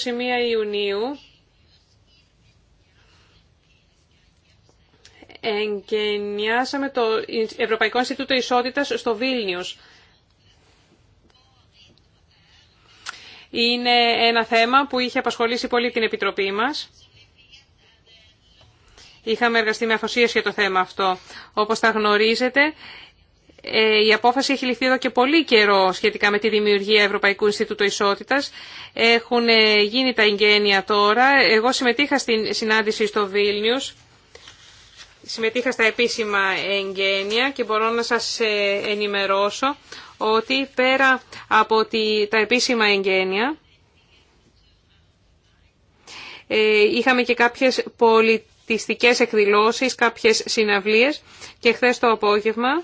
20-21 Ιουνίου εγκαινιάσαμε το Ευρωπαϊκό Ινστιτούτο Ισότητας στο Βίλνιους. Είναι ένα θέμα που είχε απασχολήσει πολύ την Επιτροπή μας. Είχαμε εργαστεί με αφοσίες για το θέμα αυτό. Όπως τα γνωρίζετε, ε, η απόφαση έχει ληφθεί εδώ και πολύ καιρό σχετικά με τη δημιουργία Ευρωπαϊκού Ινστιτούτου Ισότητας. Έχουν ε, γίνει τα εγγένεια τώρα. Εγώ συμμετείχα στην συνάντηση στο Βίλνιους συμμετείχα στα επίσημα εγγένεια και μπορώ να σας ε, ενημερώσω ότι πέρα από τα επίσημα εγγένεια ε, είχαμε και κάποιες πολιτιστικές εκδηλώσεις, κάποιες συναυλίες και χθες το απόγευμα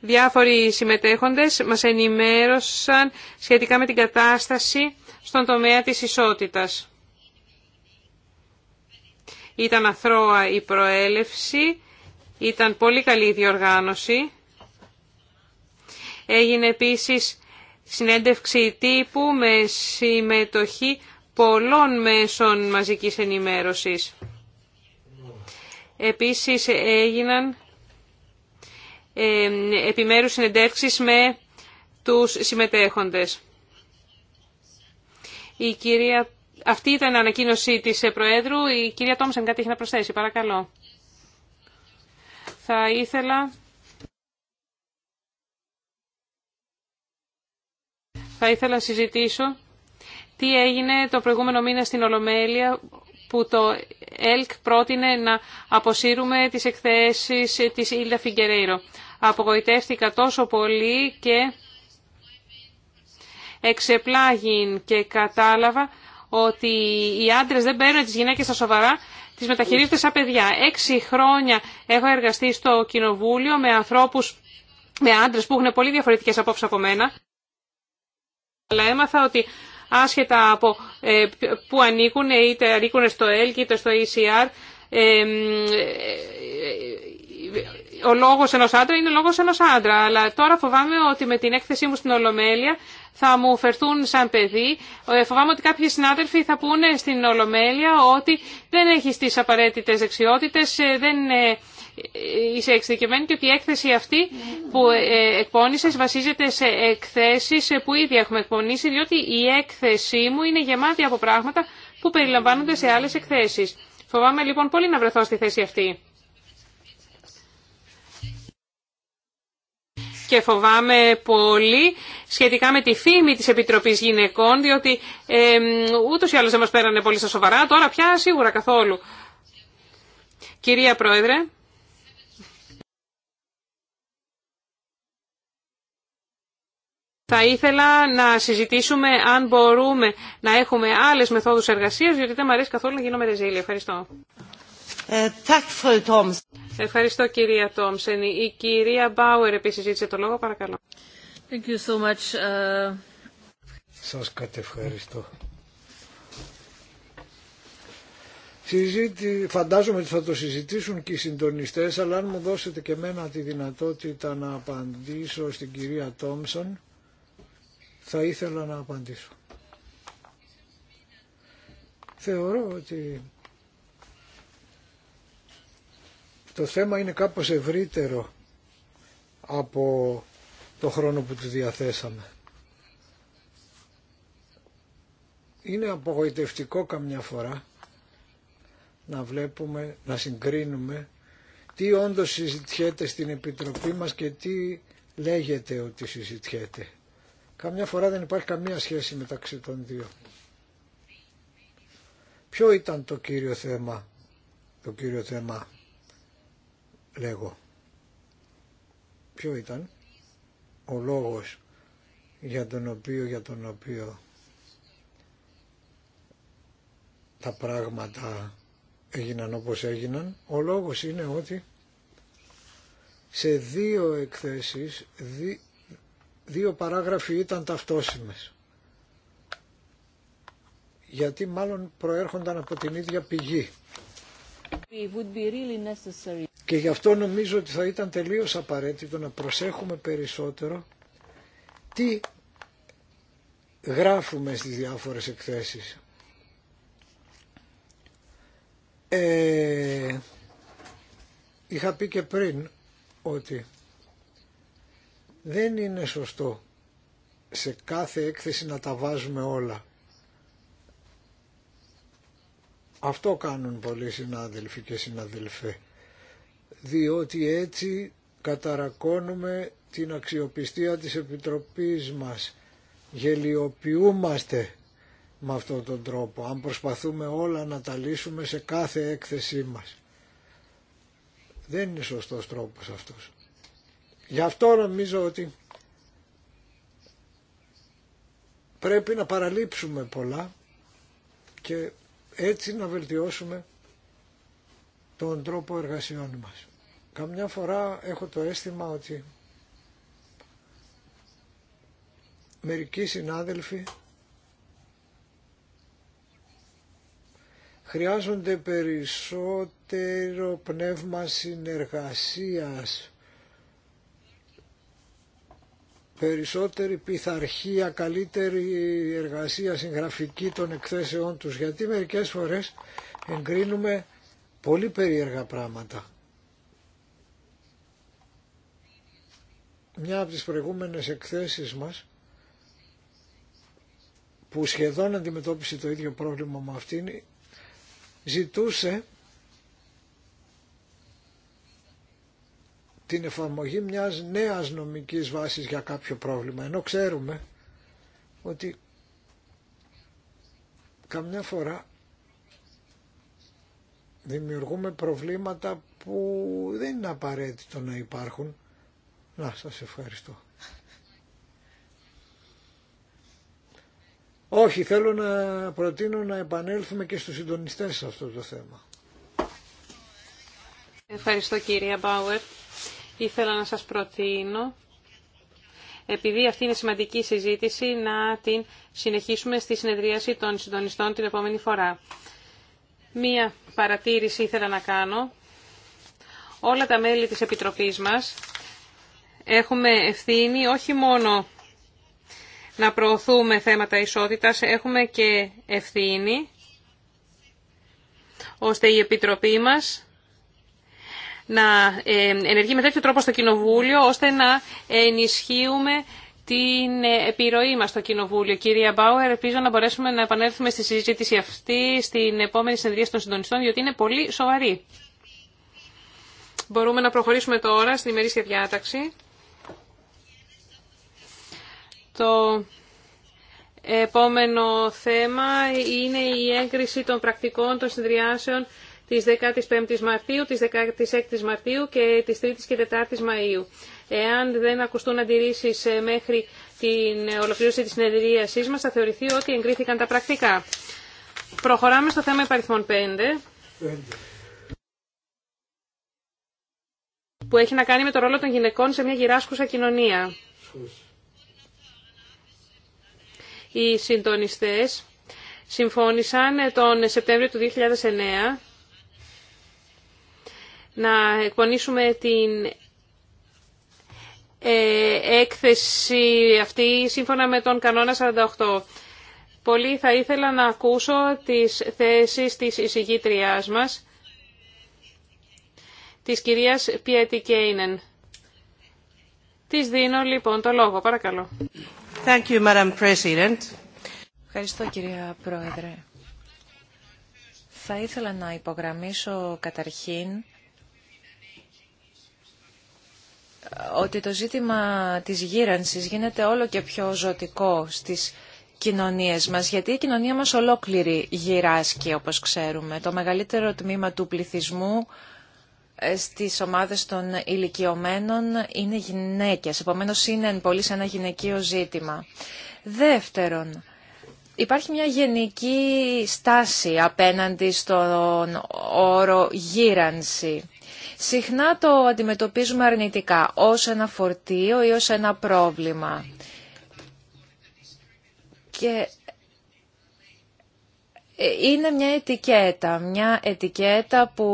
διάφοροι συμμετέχοντες μας ενημέρωσαν σχετικά με την κατάσταση στον τομέα της ισότητας. Ήταν αθρώα η προέλευση, ήταν πολύ καλή η διοργάνωση. Έγινε επίσης συνέντευξη τύπου με συμμετοχή πολλών μέσων μαζικής ενημέρωσης. Επίσης έγιναν ε, επιμέρους συνεντεύξεις με τους συμμετέχοντες. Η κυρία αυτή ήταν η ανακοίνωση της ε, Προέδρου. Η κυρία Τόμσεν κάτι έχει να προσθέσει. Παρακαλώ. Θα ήθελα... Θα ήθελα να συζητήσω τι έγινε το προηγούμενο μήνα στην Ολομέλεια που το ΕΛΚ πρότεινε να αποσύρουμε τις εκθέσεις της Ήλτα Φιγκερέιρο. Απογοητεύτηκα τόσο πολύ και εξεπλάγην και κατάλαβα ότι οι άντρες δεν παίρνουν τις γυναίκες στα σοβαρά, τις μεταχειρίζονται σαν παιδιά. Έξι χρόνια έχω εργαστεί στο κοινοβούλιο με ανθρώπους, με άντρες που έχουν πολύ διαφορετικές απόψεις από μένα. Αλλά έμαθα ότι άσχετα από ε, που ανήκουν, είτε ανήκουν στο ΕΛΚ είτε στο ECR, ο λόγο ενό άντρα είναι λόγο ενό άντρα, αλλά τώρα φοβάμαι ότι με την έκθεσή μου στην Ολομέλεια θα μου φερθούν σαν παιδί. Ε, φοβάμαι ότι κάποιοι συνάδελφοι θα πούνε στην Ολομέλεια ότι δεν έχει τι απαραίτητε δεξιότητε. Ε, δεν ε, είσαι εξειδικευμένη και ότι η έκθεση αυτή που εκπώνησες βασίζεται σε εκθέσεις που ήδη έχουμε εκπονήσει, διότι η έκθεσή μου είναι γεμάτη από πράγματα που περιλαμβάνονται σε άλλες εκθέσεις. Φοβάμαι λοιπόν πολύ να βρεθώ στη θέση αυτή. και φοβάμαι πολύ σχετικά με τη φήμη της Επιτροπής Γυναικών, διότι ε, ούτως ή άλλως δεν μας πέρανε πολύ στα σοβαρά, τώρα πια σίγουρα καθόλου. Κυρία Πρόεδρε. Θα ήθελα να συζητήσουμε αν μπορούμε να έχουμε άλλες μεθόδους εργασίας, διότι δεν μου αρέσει καθόλου να γίνομαι ρεζίλη. Ευχαριστώ. Ε, Ευχαριστώ κυρία Τόμσεν. Η κυρία Μπάουερ επίσης ζήτησε το λόγο. Παρακαλώ. Thank you so uh, Σας κατευχαριστώ. φαντάζομαι ότι θα το συζητήσουν και οι συντονιστές, αλλά αν μου δώσετε και μένα τη δυνατότητα να απαντήσω στην κυρία Τόμσον, θα ήθελα να απαντήσω. Θεωρώ ότι Το θέμα είναι κάπως ευρύτερο από το χρόνο που του διαθέσαμε. Είναι απογοητευτικό καμιά φορά να βλέπουμε, να συγκρίνουμε τι όντως συζητιέται στην Επιτροπή μας και τι λέγεται ότι συζητιέται. Καμιά φορά δεν υπάρχει καμία σχέση μεταξύ των δύο. Ποιο ήταν το κύριο θέμα, το κύριο θέμα λέγω. Ποιο ήταν ο λόγος για τον οποίο, για τον οποίο τα πράγματα έγιναν όπως έγιναν. Ο λόγος είναι ότι σε δύο εκθέσεις, δύο παράγραφοι ήταν ταυτόσιμες. Γιατί μάλλον προέρχονταν από την ίδια πηγή. Και γι' αυτό νομίζω ότι θα ήταν τελείως απαραίτητο να προσέχουμε περισσότερο τι γράφουμε στις διάφορες εκθέσεις. Ε, είχα πει και πριν ότι δεν είναι σωστό σε κάθε έκθεση να τα βάζουμε όλα. Αυτό κάνουν πολλοί συνάδελφοι και συναδελφέ διότι έτσι καταρακώνουμε την αξιοπιστία της Επιτροπής μας. Γελιοποιούμαστε με αυτόν τον τρόπο, αν προσπαθούμε όλα να τα λύσουμε σε κάθε έκθεσή μας. Δεν είναι σωστός τρόπος αυτός. Γι' αυτό νομίζω ότι πρέπει να παραλείψουμε πολλά και έτσι να βελτιώσουμε τον τρόπο εργασιών μας. Καμιά φορά έχω το αίσθημα ότι μερικοί συνάδελφοι χρειάζονται περισσότερο πνεύμα συνεργασίας, περισσότερη πειθαρχία, καλύτερη εργασία συγγραφική των εκθέσεών τους, γιατί μερικές φορές εγκρίνουμε πολύ περίεργα πράγματα. μια από τις προηγούμενες εκθέσεις μας που σχεδόν αντιμετώπισε το ίδιο πρόβλημα με αυτήν ζητούσε την εφαρμογή μιας νέας νομικής βάσης για κάποιο πρόβλημα ενώ ξέρουμε ότι καμιά φορά δημιουργούμε προβλήματα που δεν είναι απαραίτητο να υπάρχουν να, σας ευχαριστώ. Όχι, θέλω να προτείνω να επανέλθουμε και στους συντονιστές σε αυτό το θέμα. Ευχαριστώ κυρία Μπάουερ. Ήθελα να σας προτείνω, επειδή αυτή είναι σημαντική συζήτηση, να την συνεχίσουμε στη συνεδρίαση των συντονιστών την επόμενη φορά. Μία παρατήρηση ήθελα να κάνω. Όλα τα μέλη της Επιτροπής μας Έχουμε ευθύνη όχι μόνο να προωθούμε θέματα ισότητας, έχουμε και ευθύνη ώστε η Επιτροπή μας να ε, ενεργεί με τέτοιο τρόπο στο Κοινοβούλιο, ώστε να ενισχύουμε την ε, επιρροή μας στο Κοινοβούλιο. Κυρία Μπάουερ, ελπίζω να μπορέσουμε να επανέλθουμε στη συζήτηση αυτή στην επόμενη συνεδρία των συντονιστών, διότι είναι πολύ σοβαρή. Μπορούμε να προχωρήσουμε τώρα στην ημερήσια διάταξη. Το επόμενο θέμα είναι η έγκριση των πρακτικών των συνδριάσεων της 15ης Μαρτίου, της 16ης Μαρτίου και της 3ης και 4ης Μαΐου. Εάν δεν ακουστούν αντιρρήσεις ε, μέχρι την ολοκλήρωση της συνεδρίασής μας, θα θεωρηθεί ότι εγκρίθηκαν τα πρακτικά. Προχωράμε στο θέμα υπαριθμών 5 που έχει να κάνει με το ρόλο των γυναικών σε μια γυράσκουσα κοινωνία οι συντονιστές συμφώνησαν τον Σεπτέμβριο του 2009 να εκπονήσουμε την ε, έκθεση αυτή σύμφωνα με τον κανόνα 48. Πολύ θα ήθελα να ακούσω τις θέσεις της εισηγήτριάς μας, της κυρίας Πιέτη Κέινεν. Της δίνω λοιπόν το λόγο, παρακαλώ. Ευχαριστώ κυρία Πρόεδρε. Θα ήθελα να υπογραμμίσω καταρχήν ότι το ζήτημα της γύρανσης γίνεται όλο και πιο ζωτικό στις κοινωνίες μας, γιατί η κοινωνία μας ολόκληρη γυράσκει, όπως ξέρουμε. Το μεγαλύτερο τμήμα του πληθυσμού στις ομάδες των ηλικιωμένων είναι γυναίκες. Επομένως είναι πολύ σε ένα γυναικείο ζήτημα. Δεύτερον, υπάρχει μια γενική στάση απέναντι στον όρο γύρανση. Συχνά το αντιμετωπίζουμε αρνητικά, ως ένα φορτίο ή ως ένα πρόβλημα είναι μια ετικέτα, μια ετικέτα που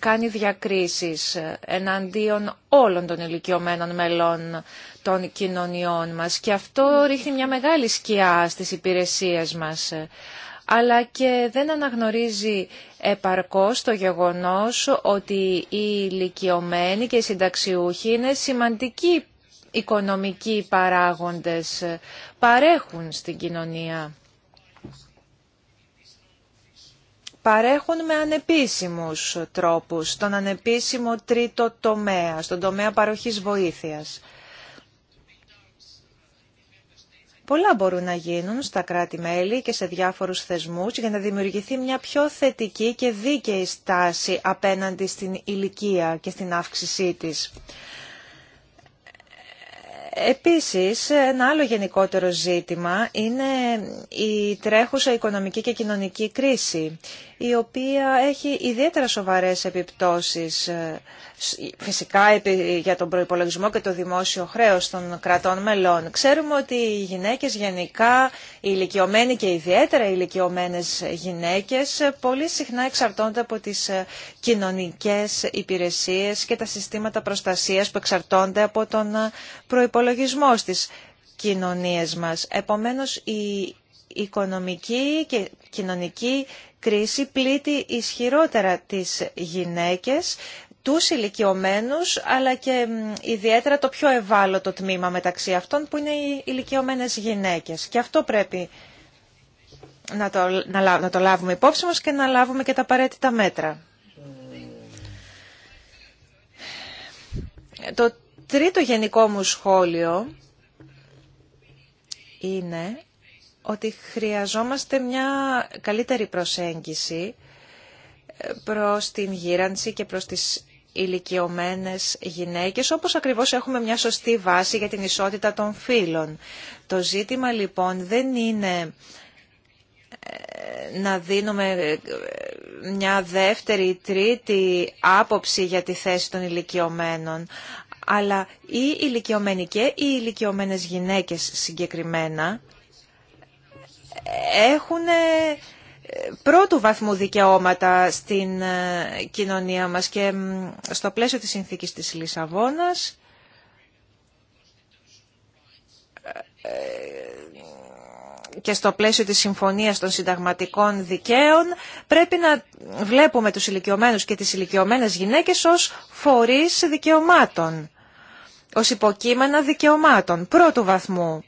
κάνει διακρίσεις εναντίον όλων των ηλικιωμένων μελών των κοινωνιών μας και αυτό ρίχνει μια μεγάλη σκιά στις υπηρεσίες μας αλλά και δεν αναγνωρίζει επαρκώς το γεγονός ότι οι ηλικιωμένοι και οι συνταξιούχοι είναι σημαντικοί οικονομικοί παράγοντες, παρέχουν στην κοινωνία. παρέχουν με ανεπίσημους τρόπους στον ανεπίσημο τρίτο τομέα, στον τομέα παροχής βοήθειας. Πολλά μπορούν να γίνουν στα κράτη-μέλη και σε διάφορους θεσμούς για να δημιουργηθεί μια πιο θετική και δίκαιη στάση απέναντι στην ηλικία και στην αύξησή της. Επίσης, ένα άλλο γενικότερο ζήτημα είναι η τρέχουσα οικονομική και κοινωνική κρίση, η οποία έχει ιδιαίτερα σοβαρές επιπτώσεις ε, φυσικά για τον προϋπολογισμό και το δημόσιο χρέος των κρατών μελών. Ξέρουμε ότι οι γυναίκες γενικά, οι ηλικιωμένοι και ιδιαίτερα οι ηλικιωμένες γυναίκες, ε, πολύ συχνά εξαρτώνται από τις ε, κοινωνικές υπηρεσίες και τα συστήματα προστασίας που εξαρτώνται από τον ε, προϋπολογισμό στις κοινωνίες μας. Επομένως, η οικονομική και κοινωνική κρίση πλήττει ισχυρότερα τις γυναίκες, τους ηλικιωμένους, αλλά και ιδιαίτερα το πιο ευάλωτο τμήμα μεταξύ αυτών που είναι οι ηλικιωμένες γυναίκες. Και αυτό πρέπει να το, λάβουμε υπόψη μας και να λάβουμε και τα απαραίτητα μέτρα. Το τρίτο γενικό μου σχόλιο είναι ότι χρειαζόμαστε μια καλύτερη προσέγγιση ε, προς την γύρανση και προς τις ηλικιωμένες γυναίκες, όπως ακριβώς έχουμε μια σωστή βάση για την ισότητα των φύλων. Το ζήτημα λοιπόν δεν είναι να δίνουμε ε, μια δεύτερη ή τρίτη άποψη για τη θέση των ηλικιωμένων. Αλλά οι ηλικιωμένοι και οι ηλικιωμένε γυναίκες συγκεκριμένα ε, έχουν ε, πρώτου βαθμού δικαιώματα στην κοινωνία μας και στο πλαίσιο της συνθήκης της Λισαβόνας και στο πλαίσιο της Συμφωνίας των Συνταγματικών Δικαίων πρέπει να βλέπουμε τους ηλικιωμένους και τις ηλικιωμένες γυναίκες ως φορείς δικαιωμάτων, ως υποκείμενα δικαιωμάτων πρώτου βαθμού.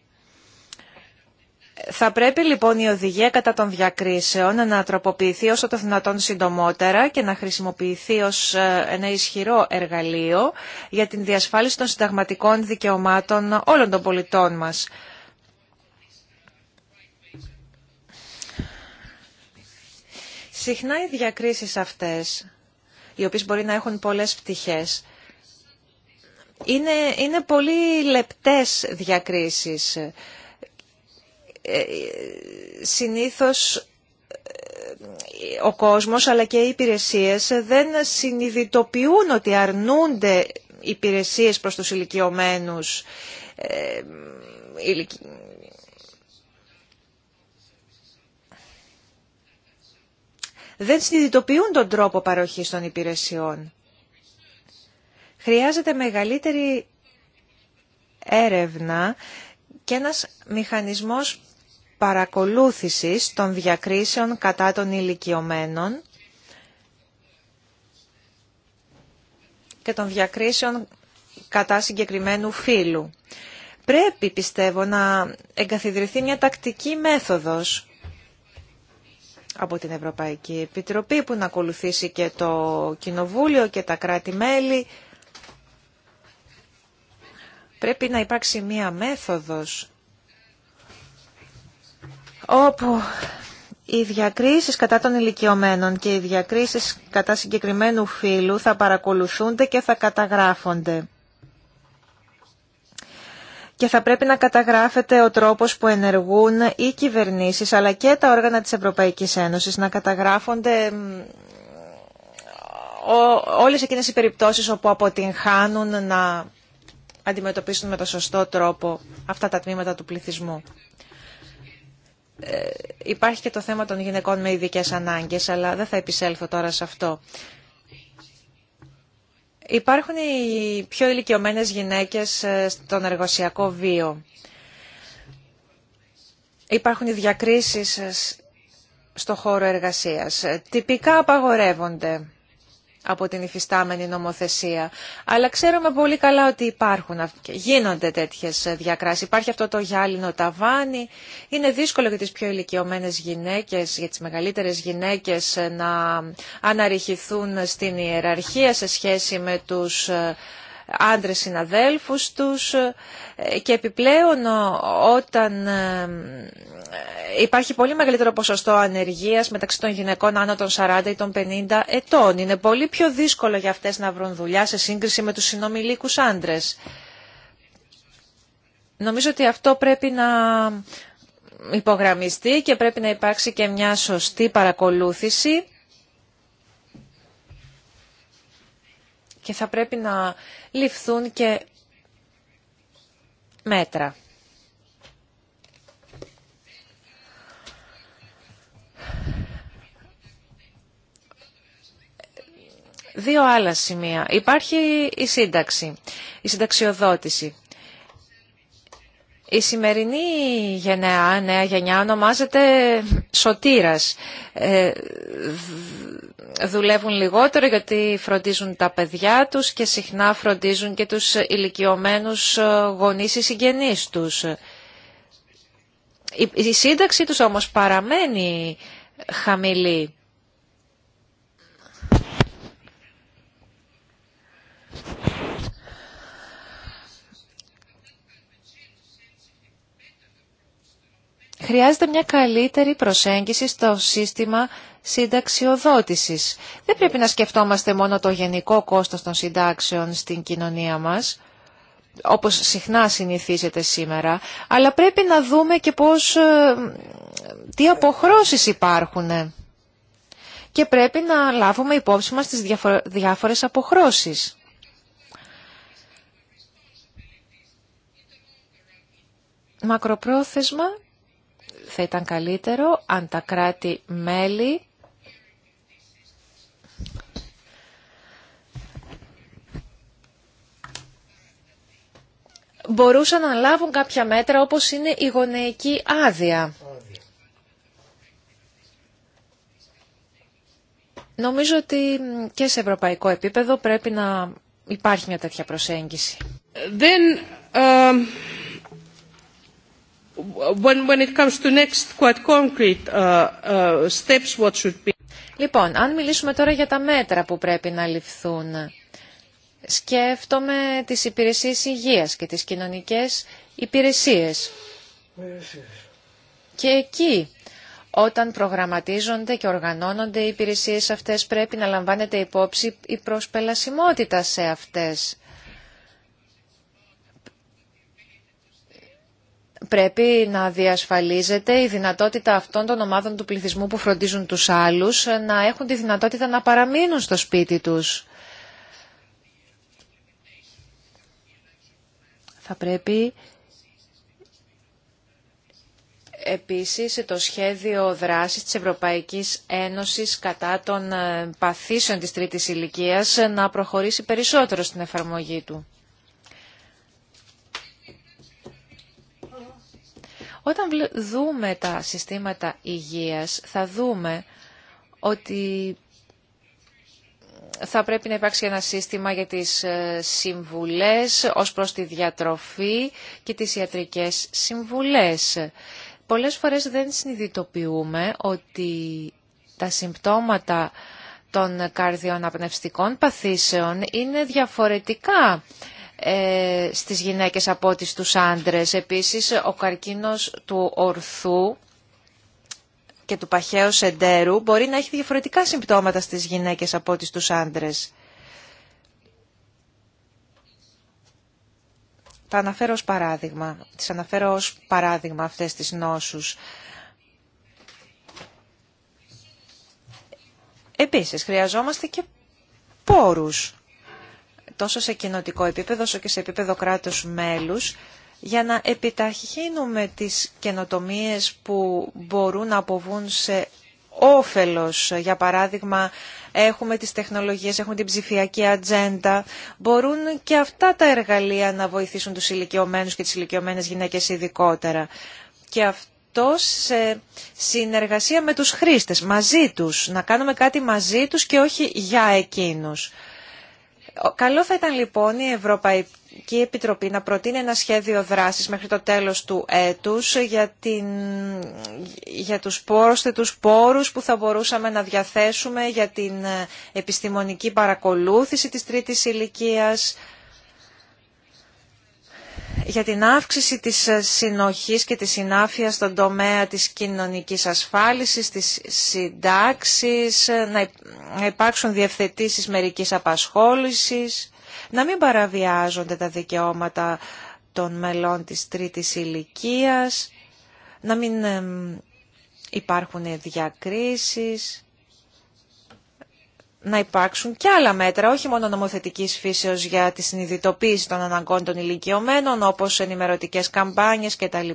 Θα πρέπει λοιπόν η οδηγία κατά των διακρίσεων να τροποποιηθεί όσο το δυνατόν συντομότερα και να χρησιμοποιηθεί ως ε, ένα ισχυρό εργαλείο για την διασφάλιση των συνταγματικών δικαιωμάτων όλων των πολιτών μας. Συχνά οι διακρίσεις αυτές, οι οποίες μπορεί να έχουν πολλές πτυχές, είναι, είναι πολύ λεπτές διακρίσεις. Ε, ε, συνήθως ε, ο κόσμος αλλά και οι υπηρεσίες δεν συνειδητοποιούν ότι αρνούνται υπηρεσίες προς τους ηλικιωμένους δεν συνειδητοποιούν τον τρόπο παροχής των υπηρεσιών. Χρειάζεται μεγαλύτερη έρευνα και ένας μηχανισμός παρακολούθησης των διακρίσεων κατά των ηλικιωμένων και των διακρίσεων κατά συγκεκριμένου φύλου. Πρέπει, πιστεύω, να εγκαθιδρυθεί μια τακτική μέθοδος από την Ευρωπαϊκή Επιτροπή που να ακολουθήσει και το Κοινοβούλιο και τα κράτη-μέλη. Πρέπει να υπάρξει μία μέθοδος όπου οι διακρίσεις κατά των ηλικιωμένων και οι διακρίσεις κατά συγκεκριμένου φύλου θα παρακολουθούνται και θα καταγράφονται και θα πρέπει να καταγράφεται ο τρόπος που ενεργούν οι κυβερνήσεις αλλά και τα όργανα της Ευρωπαϊκής Ένωσης να καταγράφονται όλες εκείνες οι περιπτώσεις όπου αποτυγχάνουν να αντιμετωπίσουν με το σωστό τρόπο αυτά τα τμήματα του πληθυσμού. Ε, υπάρχει και το θέμα των γυναικών με ειδικέ ανάγκες, αλλά δεν θα επισέλθω τώρα σε αυτό. Υπάρχουν οι πιο ηλικιωμένες γυναίκες ε, στον εργοσιακό βίο. Υπάρχουν οι διακρίσεις ε, στο χώρο εργασίας. Ε, τυπικά απαγορεύονται από την υφιστάμενη νομοθεσία. Αλλά ξέρουμε πολύ καλά ότι υπάρχουν, γίνονται τέτοιες διακράσεις. Υπάρχει αυτό το γυάλινο ταβάνι. Είναι δύσκολο για τις πιο ηλικιωμένε γυναίκες, για τις μεγαλύτερες γυναίκες ε, να αναρριχηθούν στην ιεραρχία σε σχέση με τους ε, άντρες συναδέλφους τους και επιπλέον όταν ε, υπάρχει πολύ μεγαλύτερο ποσοστό ανεργίας μεταξύ των γυναικών άνω των 40 ή των 50 ετών. Είναι πολύ πιο δύσκολο για αυτές να βρουν δουλειά σε σύγκριση με τους συνομιλίκους άντρες. Νομίζω ότι αυτό πρέπει να υπογραμμιστεί και πρέπει να υπάρξει και μια σωστή παρακολούθηση και θα πρέπει να ληφθούν και μέτρα. Δύο άλλα σημεία. Υπάρχει η σύνταξη, η συνταξιοδότηση. Η σημερινή γενεά, νέα γενιά ονομάζεται σωτήρας. Ε, δουλεύουν λιγότερο γιατί φροντίζουν τα παιδιά τους και συχνά φροντίζουν και τους ηλικιωμένους ε, γονείς ή συγγενείς τους. Η, η σύνταξή τους όμως παραμένει χαμηλή. Χρειάζεται μια καλύτερη προσέγγιση στο σύστημα συνταξιοδότησης. Δεν πρέπει να σκεφτόμαστε μόνο το γενικό κόστος των συντάξεων στην κοινωνία μας, όπως συχνά συνηθίζεται σήμερα, αλλά πρέπει να δούμε και πώς, ε, τι αποχρώσεις υπάρχουν. Και πρέπει να λάβουμε υπόψη μας τις διάφορες αποχρώσεις. Μακροπρόθεσμα θα ήταν καλύτερο αν τα κράτη-μέλη μπορούσαν να λάβουν κάποια μέτρα όπως είναι η γονεϊκή άδεια. Νομίζω ότι και σε ευρωπαϊκό επίπεδο πρέπει να υπάρχει μια τέτοια προσέγγιση. Then, um, when it comes to next uh, uh, Λοιπόν, αν μιλήσουμε τώρα για τα μέτρα που πρέπει να ληφθούν, σκέφτομαι τις υπηρεσίες υγείας και τις κοινωνικές υπηρεσίες. Και εκεί, όταν προγραμματίζονται και οργανώνονται οι υπηρεσίες αυτές, πρέπει να λαμβάνεται υπόψη η προσπελασιμότητα σε αυτές. πρέπει να διασφαλίζεται η δυνατότητα αυτών των ομάδων του πληθυσμού που φροντίζουν τους άλλους ε, να έχουν τη δυνατότητα να παραμείνουν στο σπίτι τους. Θα πρέπει επίσης το σχέδιο δράσης της Ευρωπαϊκής Ένωσης κατά των ε, παθήσεων της τρίτης ηλικίας ε, να προχωρήσει περισσότερο στην εφαρμογή του. Όταν δούμε τα συστήματα υγείας θα δούμε ότι θα πρέπει να υπάρξει ένα σύστημα για τις ε, συμβουλές ως προς τη διατροφή και τις ιατρικές συμβουλές. Πολλές φορές δεν συνειδητοποιούμε ότι τα συμπτώματα των καρδιοναπνευστικών παθήσεων είναι διαφορετικά ε, στις γυναίκες από ό,τι στους άντρες. Επίσης, ο καρκίνος του ορθού και του παχαίου σεντέρου μπορεί να έχει διαφορετικά συμπτώματα στις γυναίκες από ό,τι στους άντρες. Τα αναφέρω ως παράδειγμα. Τις αναφέρω ως παράδειγμα αυτές τις νόσους. Επίσης, χρειαζόμαστε και πόρους τόσο σε κοινοτικό επίπεδο όσο και σε επίπεδο κράτους μέλους για να επιταχύνουμε τις καινοτομίες που μπορούν να αποβούν σε όφελος. Για παράδειγμα, έχουμε τις τεχνολογίες, έχουμε την ψηφιακή ατζέντα. Μπορούν και αυτά τα εργαλεία να βοηθήσουν τους ηλικιωμένους και τις ηλικιωμένες γυναίκες ειδικότερα. Και αυτό σε συνεργασία με τους χρήστες, μαζί τους, να κάνουμε κάτι μαζί τους και όχι για εκείνους. Καλό θα ήταν λοιπόν η Ευρωπαϊκή Επιτροπή να προτείνει ένα σχέδιο δράσης μέχρι το τέλος του έτους για, την, για τους τους πόρους που θα μπορούσαμε να διαθέσουμε για την ε, επιστημονική παρακολούθηση της τρίτης ηλικίας, για την αύξηση της ε, συνοχής και της συνάφειας στον τομέα της κοινωνικής ασφάλισης, της συντάξης, ε, να υπάρξουν διευθετήσεις μερικής απασχόλησης, να μην παραβιάζονται τα δικαιώματα των μελών της τρίτης ηλικίας, να μην υπάρχουν διακρίσεις να υπάρξουν και άλλα μέτρα, όχι μόνο νομοθετική φύσεως για τη συνειδητοποίηση των αναγκών των ηλικιωμένων, όπως ενημερωτικές καμπάνιες κτλ.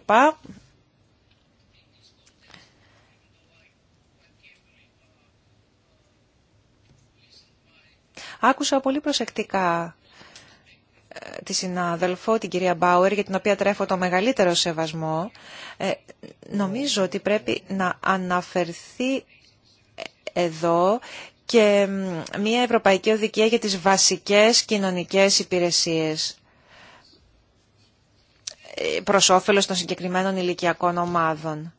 Άκουσα πολύ προσεκτικά ε, τη συνάδελφο, την κυρία Μπάουερ, για την οποία τρέφω το μεγαλύτερο σεβασμό. Ε, νομίζω ότι πρέπει να αναφερθεί εδώ και μια ευρωπαϊκή οδικία για τις βασικές κοινωνικές υπηρεσίες ε, προς όφελος των συγκεκριμένων ηλικιακών ομάδων.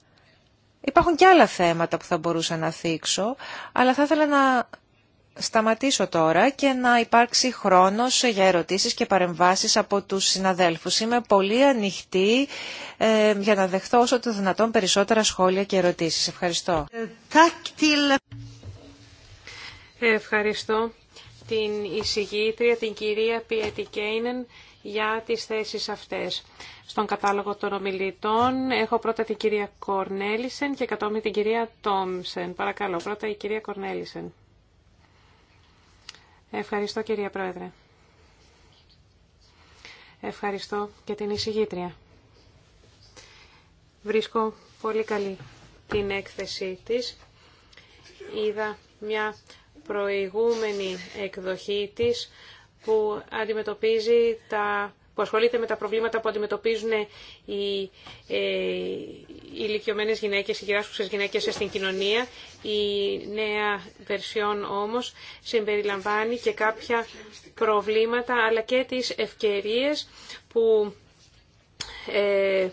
Υπάρχουν και άλλα θέματα που θα μπορούσα να θίξω, αλλά θα ήθελα να σταματήσω τώρα και να υπάρξει χρόνος για ερωτήσεις και παρεμβάσεις από τους συναδέλφους. Είμαι πολύ ανοιχτή ε, για να δεχθώ όσο το δυνατόν περισσότερα σχόλια και ερωτήσεις. Ευχαριστώ. Ε, Ευχαριστώ την εισηγήτρια, την κυρία Κέινεν, για τις θέσεις αυτές. Στον κατάλογο των ομιλητών έχω πρώτα την κυρία Κορνέλισεν και κατόπιν την κυρία Τόμσεν. Παρακαλώ, πρώτα η κυρία Κορνέλισεν. Ευχαριστώ κυρία Πρόεδρε. Ευχαριστώ και την εισηγήτρια. Βρίσκω πολύ καλή την έκθεσή της. Είδα μια προηγούμενη εκδοχή της που αντιμετωπίζει τα που ασχολείται με τα προβλήματα που αντιμετωπίζουν οι ε, ηλικιωμένε γυναίκε, οι γυράσκουσε γυναίκε στην κοινωνία. Η νέα βερσιόν όμω συμπεριλαμβάνει και κάποια προβλήματα αλλά και τι ευκαιρίε που ε,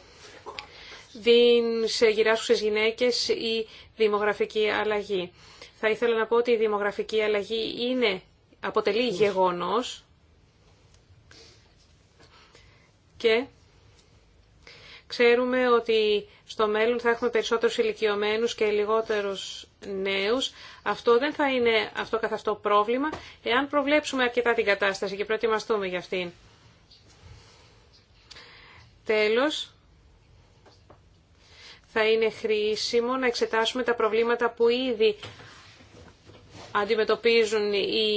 σε γυράσκουσες γυναίκες η δημογραφική αλλαγή. Θα ήθελα να πω ότι η δημογραφική αλλαγή είναι, αποτελεί γεγονός και ξέρουμε ότι στο μέλλον θα έχουμε περισσότερους ηλικιωμένους και λιγότερους νέους. Αυτό δεν θα είναι αυτό καθ' αυτό πρόβλημα, εάν προβλέψουμε αρκετά την κατάσταση και προετοιμαστούμε για αυτήν. Τέλος, θα είναι χρήσιμο να εξετάσουμε τα προβλήματα που ήδη αντιμετωπίζουν οι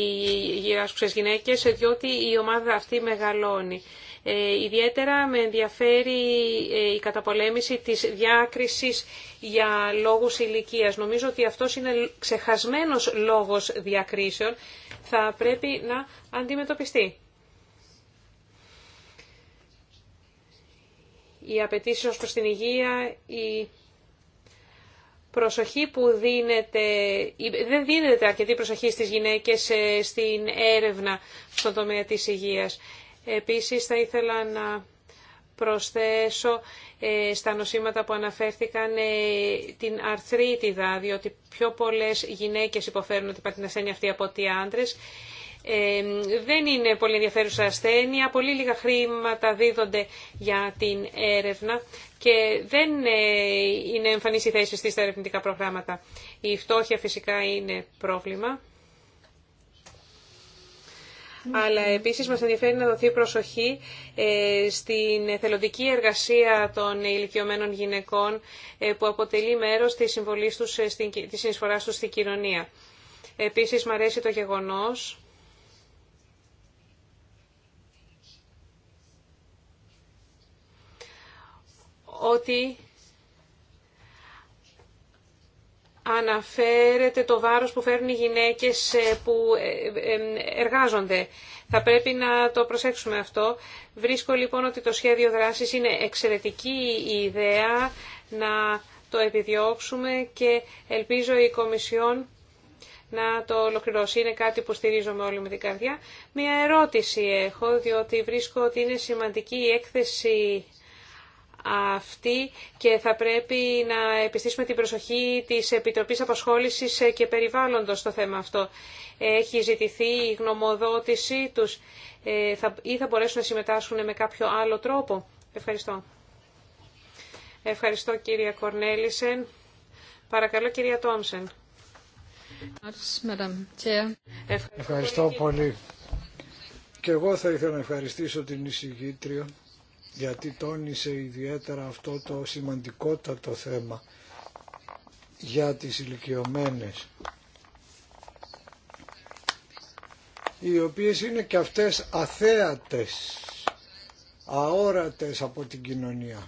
γυράσκουσες γυναίκες, διότι η ομάδα αυτή μεγαλώνει. Ε, ιδιαίτερα με ενδιαφέρει ε, η καταπολέμηση της διάκρισης για λόγους ηλικίας. Νομίζω ότι αυτός είναι ξεχασμένος λόγος διακρίσεων. Θα πρέπει να αντιμετωπιστεί. Οι απαιτήσει ως προς την υγεία, προσοχή που δίνεται, δεν δίνεται αρκετή προσοχή στις γυναίκες ε, στην έρευνα στον τομέα της υγείας. Επίσης θα ήθελα να προσθέσω ε, στα νοσήματα που αναφέρθηκαν ε, την αρθρίτιδα, διότι πιο πολλές γυναίκες υποφέρουν ότι υπάρχει την ασθένεια αυτή από ότι άντρες δεν είναι πολύ ενδιαφέρουσα ασθένεια, πολύ λίγα χρήματα δίδονται για την έρευνα και δεν ε, είναι εμφανής η θέση στις στα ερευνητικά προγράμματα. Η φτώχεια φυσικά είναι πρόβλημα. Αλλά επίσης μας ενδιαφέρει να δοθεί προσοχή ε, στην θελοντική εργασία των ηλικιωμένων γυναικών ε, που αποτελεί μέρος της συμβολής τους, της συνεισφοράς τους στην κοινωνία. Επίσης, μου αρέσει το γεγονός ότι αναφέρεται το βάρος που φέρνουν οι γυναίκες ε, που ε, ε, εργάζονται. Θα πρέπει να το προσέξουμε αυτό. Βρίσκω λοιπόν ότι το σχέδιο δράσης είναι εξαιρετική η ιδέα να το επιδιώξουμε και ελπίζω η Κομισιόν να το ολοκληρώσει. Είναι κάτι που στηρίζομαι όλοι με την καρδιά. Μια ερώτηση έχω, διότι βρίσκω ότι είναι σημαντική η έκθεση αυτή και θα πρέπει να επιστήσουμε την προσοχή της Επιτροπής Απασχόλησης και Περιβάλλοντος στο θέμα αυτό. Έχει ζητηθεί η γνωμοδότησή τους ε, ή θα μπορέσουν να συμμετάσχουν με κάποιο άλλο τρόπο. Ευχαριστώ. Ευχαριστώ κυρία Κορνέλισεν. Παρακαλώ κυρία Τόμσεν. Ευχαριστώ πολύ. Και εγώ θα ήθελα να ευχαριστήσω την εισηγήτρια γιατί τόνισε ιδιαίτερα αυτό το σημαντικότατο θέμα για τις ηλικιωμένε οι οποίες είναι και αυτές αθέατες, αόρατες από την κοινωνία.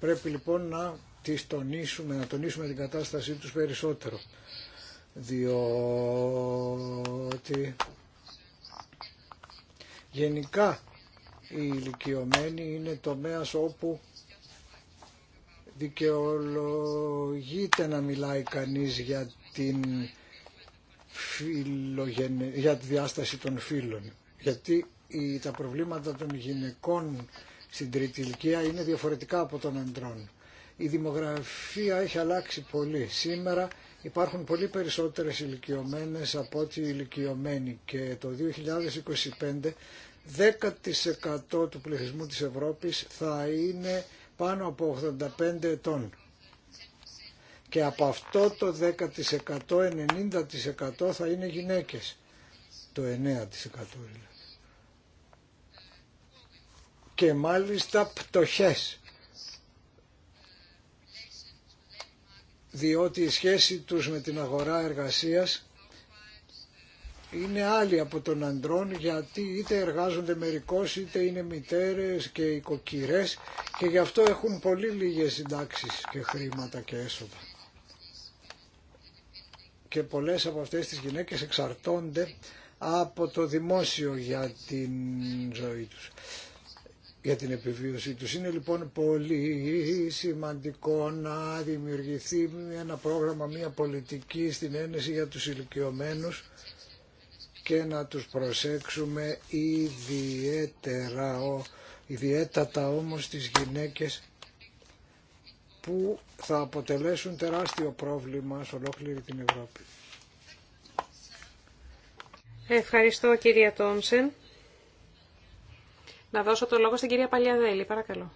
Πρέπει λοιπόν να τις τονίσουμε, να τονίσουμε την κατάστασή τους περισσότερο, διότι γενικά οι ηλικιωμένοι είναι τομέας όπου δικαιολογείται να μιλάει κανείς για, την φιλογενε... για τη διάσταση των φύλων. Γιατί τα προβλήματα των γυναικών στην τρίτη ηλικία είναι διαφορετικά από των αντρών. Η δημογραφία έχει αλλάξει πολύ. Σήμερα υπάρχουν πολύ περισσότερες ηλικιωμένες από ό,τι ηλικιωμένοι και το 2025 10% του πληθυσμού της Ευρώπης θα είναι πάνω από 85 ετών. Και από αυτό το 10% 90% θα είναι γυναίκες. Το 9% δηλαδή. Και μάλιστα πτωχές. Διότι η σχέση τους με την αγορά εργασίας είναι άλλοι από τον αντρών γιατί είτε εργάζονται μερικώς είτε είναι μητέρες και οικοκυρές και γι' αυτό έχουν πολύ λίγες συντάξει και χρήματα και έσοδα. Και πολλές από αυτές τις γυναίκες εξαρτώνται από το δημόσιο για την ζωή τους για την επιβίωσή τους. Είναι λοιπόν πολύ σημαντικό να δημιουργηθεί ένα πρόγραμμα, μια πολιτική στην ένεση για τους ηλικιωμένους και να τους προσέξουμε ιδιαίτερα, ιδιαίτατα όμως τις γυναίκες που θα αποτελέσουν τεράστιο πρόβλημα σε ολόκληρη την Ευρώπη. Ευχαριστώ κυρία Τόμσεν. Να δώσω το λόγο στην κυρία Παλιαδέλη, παρακαλώ.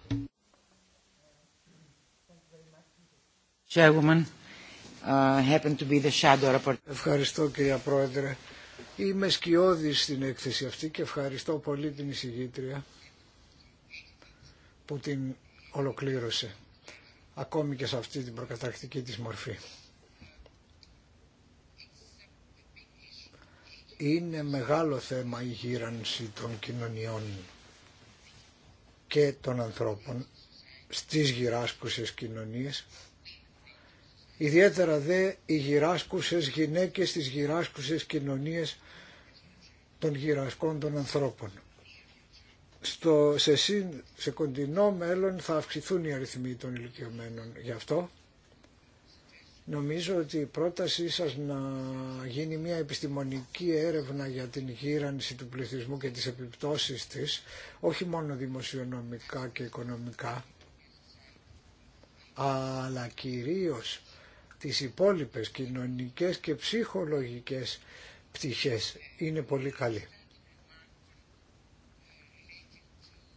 Uh, Ευχαριστώ κυρία Πρόεδρε. Είμαι σκιώδης στην έκθεση αυτή και ευχαριστώ πολύ την εισηγήτρια που την ολοκλήρωσε ακόμη και σε αυτή την προκαταρκτική της μορφή. Είναι μεγάλο θέμα η γύρανση των κοινωνιών και των ανθρώπων στις γυράσκουσες κοινωνίες Ιδιαίτερα δε οι γυράσκουσες γυναίκες, της γυράσκουσες κοινωνίες των γυρασκών των ανθρώπων. Στο, σε, σε κοντινό μέλλον θα αυξηθούν οι αριθμοί των ηλικιωμένων. Γι' αυτό νομίζω ότι η πρότασή σας να γίνει μια επιστημονική έρευνα για την γύρανση του πληθυσμού και τις επιπτώσεις της, όχι μόνο δημοσιονομικά και οικονομικά, αλλά κυρίως τις υπόλοιπες κοινωνικές και ψυχολογικές πτυχές είναι πολύ καλή.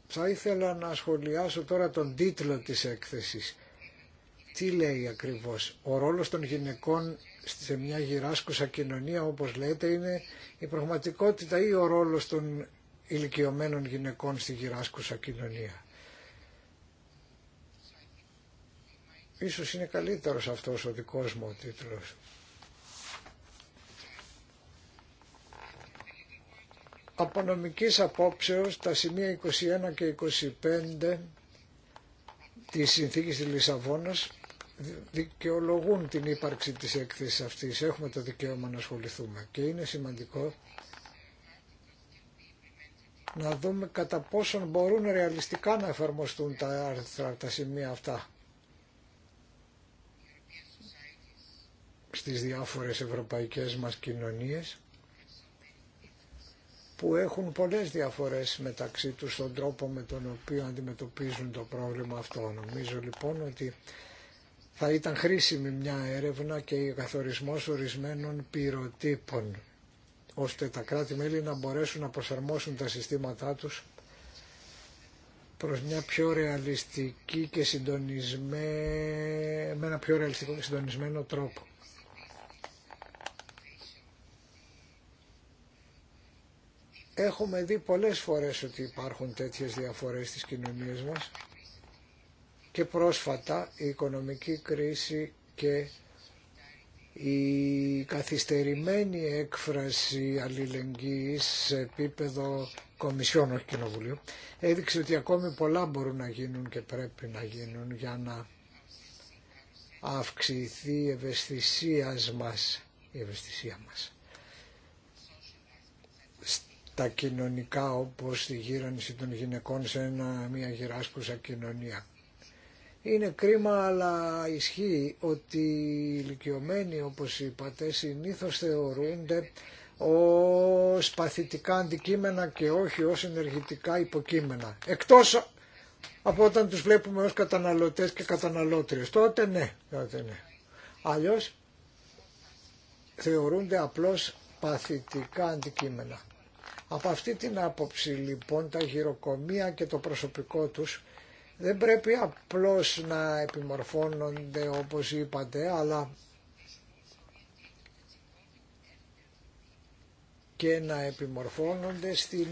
Θα ήθελα να σχολιάσω τώρα τον τίτλο της έκθεσης. Τι λέει ακριβώς. Ο ρόλος των γυναικών σε μια γυράσκουσα κοινωνία όπως λέτε είναι η πραγματικότητα ή ο ρόλος των ηλικιωμένων γυναικών στη γυράσκουσα κοινωνία. Ίσως είναι καλύτερος αυτός ο δικός μου ο τίτλος. Από νομικής απόψεως τα σημεία 21 και 25 της συνθήκης της Λισαβόνας δικαιολογούν την ύπαρξη της έκθεσης αυτής. Έχουμε το δικαίωμα να ασχοληθούμε και είναι σημαντικό να δούμε κατά πόσον μπορούν ρεαλιστικά να εφαρμοστούν τα άρθρα, τα σημεία αυτά. στις διάφορες ευρωπαϊκές μας κοινωνίες που έχουν πολλές διαφορές μεταξύ τους στον τρόπο με τον οποίο αντιμετωπίζουν το πρόβλημα αυτό. Νομίζω λοιπόν ότι θα ήταν χρήσιμη μια έρευνα και η καθορισμός ορισμένων πυροτύπων ώστε τα κράτη-μέλη να μπορέσουν να προσαρμόσουν τα συστήματά τους προς μια πιο ρεαλιστική και συντονισμένη με ένα πιο ρεαλιστικό και συντονισμένο τρόπο. Έχουμε δει πολλές φορές ότι υπάρχουν τέτοιες διαφορές στις κοινωνίες μας και πρόσφατα η οικονομική κρίση και η καθυστερημένη έκφραση αλληλεγγύης σε επίπεδο Κομισιόν, όχι Κοινοβουλίου, έδειξε ότι ακόμη πολλά μπορούν να γίνουν και πρέπει να γίνουν για να αυξηθεί η ευαισθησία μας, η ευαισθησία μας τα κοινωνικά όπως τη γύρανση των γυναικών σε ένα, μια γυράσκουσα κοινωνία. Είναι κρίμα αλλά ισχύει ότι οι ηλικιωμένοι όπως είπατε συνήθως θεωρούνται ως παθητικά αντικείμενα και όχι ως ενεργητικά υποκείμενα. Εκτός από όταν τους βλέπουμε ως καταναλωτές και καταναλώτριες. Τότε ναι, τότε ναι. Αλλιώς θεωρούνται απλώς παθητικά αντικείμενα. Από αυτή την άποψη λοιπόν τα γυροκομεία και το προσωπικό τους δεν πρέπει απλώς να επιμορφώνονται όπως είπατε αλλά και να επιμορφώνονται στην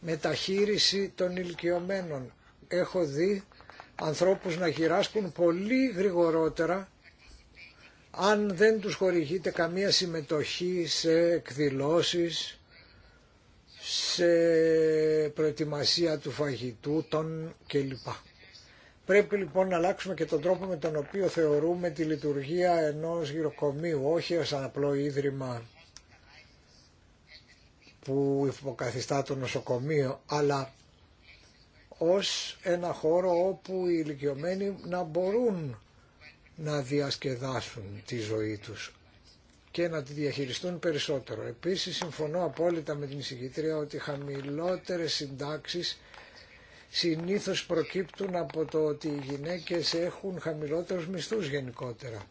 μεταχείριση των ηλικιωμένων. Έχω δει ανθρώπους να γυράσκουν πολύ γρηγορότερα αν δεν τους χορηγείται καμία συμμετοχή σε εκδηλώσεις, σε προετοιμασία του φαγητού των κλπ. Πρέπει λοιπόν να αλλάξουμε και τον τρόπο με τον οποίο θεωρούμε τη λειτουργία ενός γυροκομείου, όχι ως απλό ίδρυμα που υποκαθιστά το νοσοκομείο, αλλά ως ένα χώρο όπου οι ηλικιωμένοι να μπορούν να διασκεδάσουν τη ζωή τους και να τη διαχειριστούν περισσότερο. Επίσης συμφωνώ απόλυτα με την εισηγήτρια ότι χαμηλότερες συντάξεις συνήθως προκύπτουν από το ότι οι γυναίκες έχουν χαμηλότερους μισθούς γενικότερα.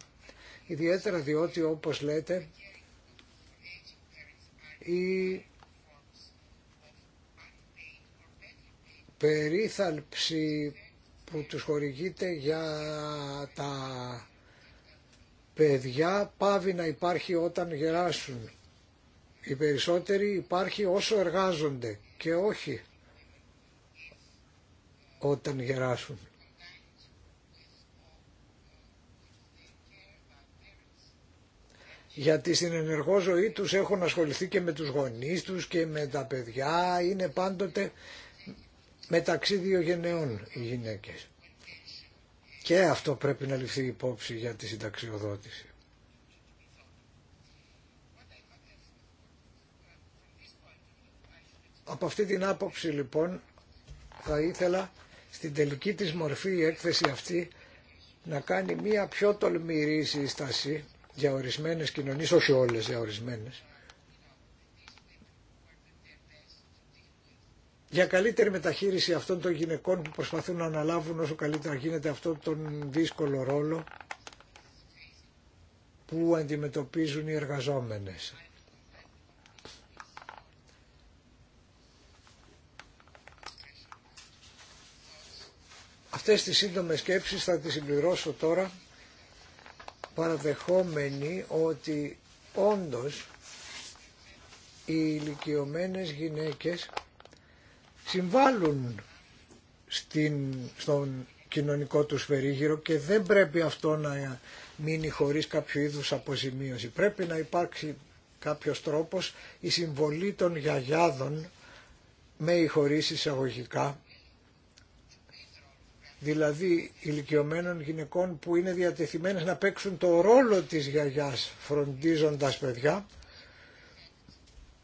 Ιδιαίτερα διότι όπως λέτε η περίθαλψη που τους χορηγείται για τα παιδιά πάβει να υπάρχει όταν γεράσουν. Οι περισσότεροι υπάρχει όσο εργάζονται και όχι όταν γεράσουν. γιατί στην ενεργό ζωή τους έχουν ασχοληθεί και με τους γονείς τους και με τα παιδιά, είναι πάντοτε μεταξύ δύο γενεών οι γυναίκες. Και αυτό πρέπει να ληφθεί υπόψη για τη συνταξιοδότηση. Από αυτή την άποψη λοιπόν θα ήθελα στην τελική της μορφή η έκθεση αυτή να κάνει μία πιο τολμηρή σύσταση για ορισμένες κοινωνίες, όχι όλες για ορισμένες, για καλύτερη μεταχείριση αυτών των γυναικών που προσπαθούν να αναλάβουν όσο καλύτερα γίνεται αυτόν τον δύσκολο ρόλο που αντιμετωπίζουν οι εργαζόμενες. Αυτές τις σύντομες σκέψεις θα τις συμπληρώσω τώρα παραδεχόμενοι ότι όντως οι ηλικιωμένες γυναίκες συμβάλλουν στην, στον κοινωνικό τους περίγυρο και δεν πρέπει αυτό να μείνει χωρίς κάποιο είδους αποζημίωση. Πρέπει να υπάρξει κάποιος τρόπος η συμβολή των γιαγιάδων με ή χωρίς εισαγωγικά, δηλαδή ηλικιωμένων γυναικών που είναι διατεθειμένες να παίξουν το ρόλο της γιαγιάς φροντίζοντας παιδιά,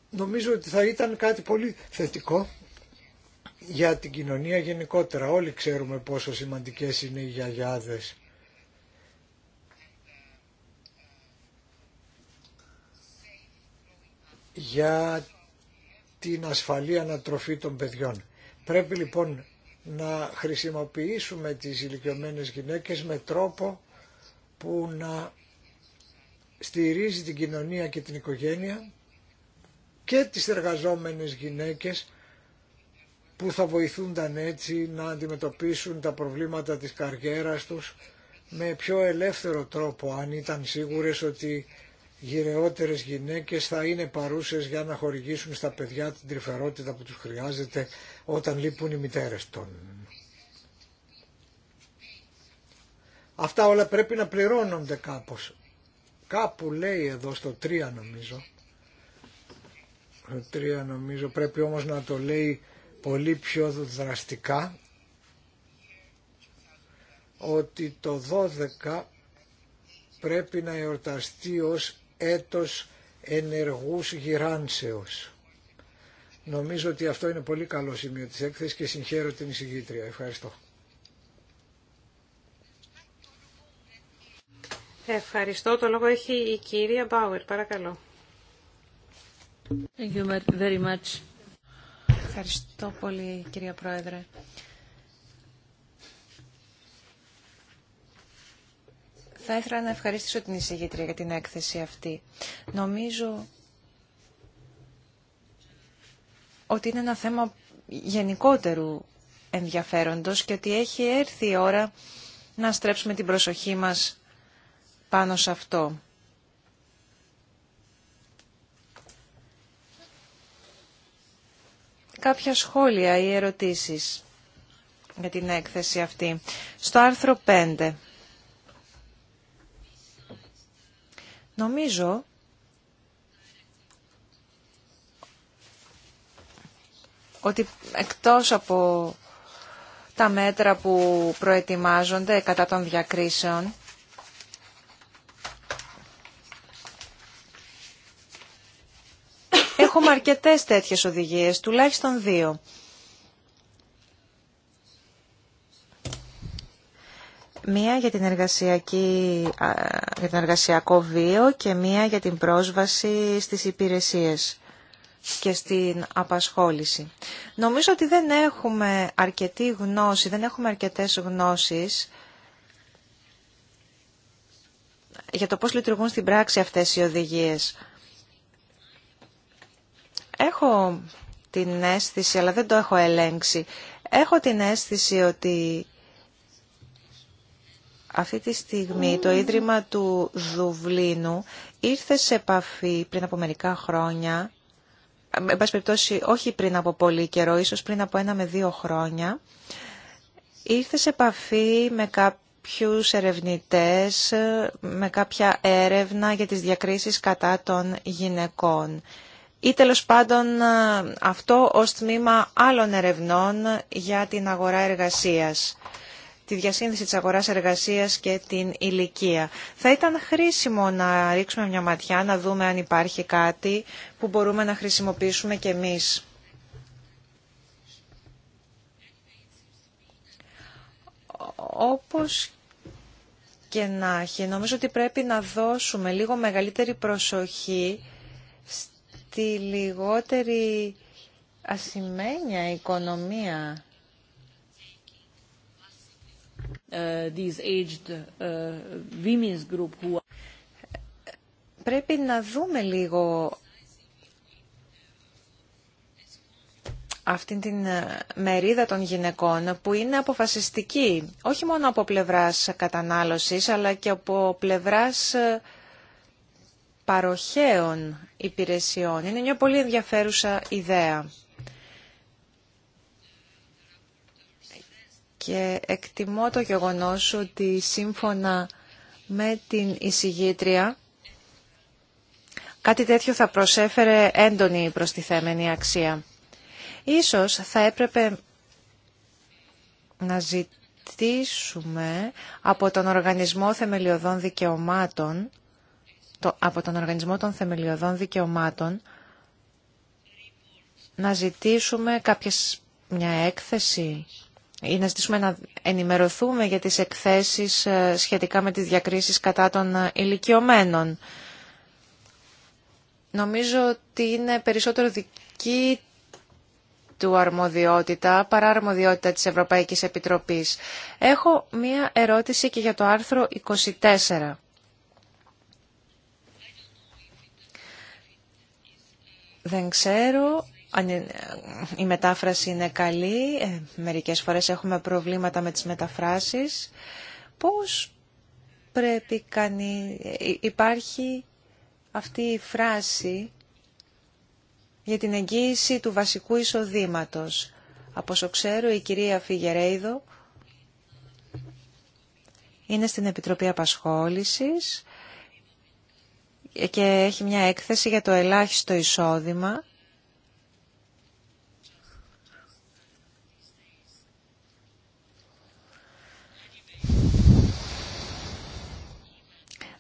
νομίζω ότι θα ήταν κάτι πολύ θετικό για την κοινωνία γενικότερα. Όλοι ξέρουμε πόσο σημαντικές είναι οι γιαγιάδες. για την ασφαλή ανατροφή των παιδιών. Πρέπει λοιπόν να χρησιμοποιήσουμε τις ηλικιωμένε γυναίκες με τρόπο που να στηρίζει την κοινωνία και την οικογένεια και τις εργαζόμενες γυναίκες που θα βοηθούνταν έτσι να αντιμετωπίσουν τα προβλήματα της καριέρας τους με πιο ελεύθερο τρόπο αν ήταν σίγουρες ότι γυρεότερες γυναίκες θα είναι παρούσες για να χορηγήσουν στα παιδιά την τρυφερότητα που τους χρειάζεται όταν λείπουν οι μητέρες των. Αυτά όλα πρέπει να πληρώνονται κάπως. Κάπου λέει εδώ στο 3 νομίζω. Το 3 νομίζω πρέπει όμως να το λέει πολύ πιο δραστικά ότι το 12 πρέπει να εορταστεί ως έτος ενεργούς γυράνσεως. Νομίζω ότι αυτό είναι πολύ καλό σημείο της έκθεσης και συγχαίρω την εισηγήτρια. Ευχαριστώ. Ευχαριστώ. Το λόγο έχει η κυρία Μπάουερ. Παρακαλώ. Thank you very much. Ευχαριστώ πολύ, κυρία Πρόεδρε. Θα ήθελα να ευχαριστήσω την εισηγήτρια για την έκθεση αυτή. Νομίζω ότι είναι ένα θέμα γενικότερου ενδιαφέροντος και ότι έχει έρθει η ώρα να στρέψουμε την προσοχή μας πάνω σε αυτό. κάποια σχόλια ή ερωτήσεις για την έκθεση αυτή. Στο άρθρο 5. Νομίζω ότι εκτός από τα μέτρα που προετοιμάζονται κατά των διακρίσεων, Έχουμε αρκετές τέτοιες οδηγίες, τουλάχιστον δύο. Μία για, την εργασιακή, για εργασιακό βίο και μία για την πρόσβαση στις υπηρεσίες και στην απασχόληση. Νομίζω ότι δεν έχουμε αρκετή γνώση, δεν έχουμε αρκετές γνώσεις για το πώς λειτουργούν στην πράξη αυτές οι οδηγίες. Έχω την αίσθηση, αλλά δεν το έχω ελέγξει, έχω την αίσθηση ότι αυτή τη στιγμή το Ίδρυμα του Δουβλίνου ήρθε σε επαφή πριν από μερικά χρόνια, ε, εν πάση περιπτώσει όχι πριν από πολύ καιρό, ίσως πριν από ένα με δύο χρόνια, ήρθε σε επαφή με κάποιους ερευνητές, ε, με κάποια έρευνα για τις διακρίσεις κατά των γυναικών ή τέλο πάντων ε, αυτό ως τμήμα άλλων ερευνών για την αγορά εργασίας τη διασύνδεση της αγοράς εργασίας και την ηλικία. Θα ήταν χρήσιμο να ρίξουμε μια ματιά, να δούμε αν υπάρχει κάτι που μπορούμε να χρησιμοποιήσουμε και εμείς. Όπως και να έχει, νομίζω ότι πρέπει να δώσουμε λίγο μεγαλύτερη προσοχή τη λιγότερη ασημένια οικονομία. Ε, ε, Πρέπει να δούμε λίγο αυτήν την ε, μερίδα των γυναικών που είναι αποφασιστική, όχι μόνο από πλευράς κατανάλωσης, αλλά και από πλευράς παροχέων υπηρεσιών. Είναι μια πολύ ενδιαφέρουσα ιδέα. Και εκτιμώ το γεγονός ότι σύμφωνα με την εισηγήτρια κάτι τέτοιο θα προσέφερε έντονη προστιθέμενη αξία. Ίσως θα έπρεπε να ζητήσουμε από τον Οργανισμό Θεμελιωδών Δικαιωμάτων από τον Οργανισμό των Θεμελιωδών Δικαιωμάτων να ζητήσουμε κάποιες, μια έκθεση ή να ζητήσουμε να ενημερωθούμε για τις εκθέσεις ε, σχετικά με τις διακρίσεις κατά των ε, ηλικιωμένων. Νομίζω ότι είναι περισσότερο δική του αρμοδιότητα παρά αρμοδιότητα της Ευρωπαϊκής Επιτροπής. Έχω μία ερώτηση και για το άρθρο 24. Δεν ξέρω αν ε, η μετάφραση είναι καλή. Ε, μερικές φορές έχουμε προβλήματα με τις μεταφράσεις. Πώς πρέπει κανεί... Ε, υπάρχει αυτή η φράση για την εγγύηση του βασικού εισοδήματος. Από όσο ξέρω η κυρία Φιγερέιδο είναι στην Επιτροπή Απασχόλησης και έχει μια έκθεση για το ελάχιστο εισόδημα.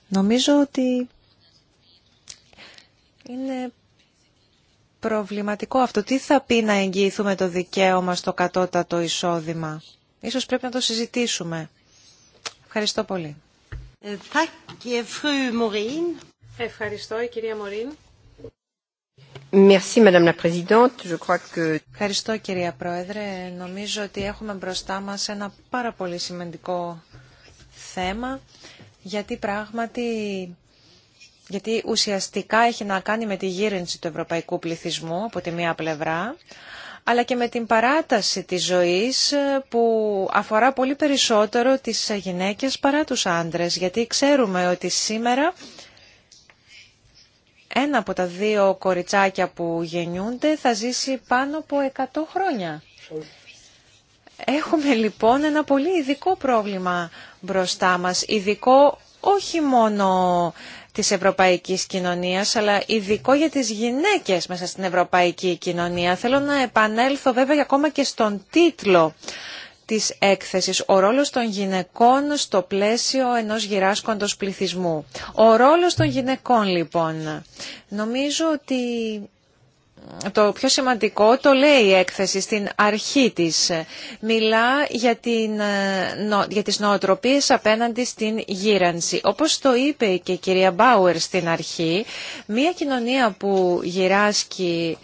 Νομίζω ότι είναι προβληματικό αυτό. Τι θα πει να εγγυηθούμε το δικαίωμα στο κατώτατο εισόδημα. Ίσως πρέπει να το συζητήσουμε. Ευχαριστώ πολύ. Ε, Ευχαριστώ, η κυρία Μωρίν. Merci, Madame la Présidente. Je crois que... Ευχαριστώ, κυρία Πρόεδρε. Νομίζω ότι έχουμε μπροστά μας ένα πάρα πολύ σημαντικό θέμα, γιατί πράγματι γιατί ουσιαστικά έχει να κάνει με τη γύρινση του ευρωπαϊκού πληθυσμού από τη μία πλευρά, αλλά και με την παράταση της ζωής ε, που αφορά πολύ περισσότερο τις γυναίκες παρά τους άντρε, γιατί ξέρουμε ότι σήμερα ένα από τα δύο κοριτσάκια που γεννιούνται θα ζήσει πάνω από 100 χρόνια. Έχουμε λοιπόν ένα πολύ ειδικό πρόβλημα μπροστά μας, ειδικό όχι μόνο της ευρωπαϊκής κοινωνίας, αλλά ειδικό για τις γυναίκες μέσα στην ευρωπαϊκή κοινωνία. Θέλω να επανέλθω βέβαια ακόμα και στον τίτλο της έκθεσης. Ο ρόλος των γυναικών στο πλαίσιο ενός γυράσκοντος πληθυσμού. Ο ρόλος των γυναικών λοιπόν. Νομίζω ότι το πιο σημαντικό το λέει η έκθεση στην αρχή της. Μιλά για, την, για τις νοοτροπίες απέναντι στην γύρανση. Όπως το είπε και η κυρία Μπάουερ στην αρχή, μια κοινωνία που γυράσκει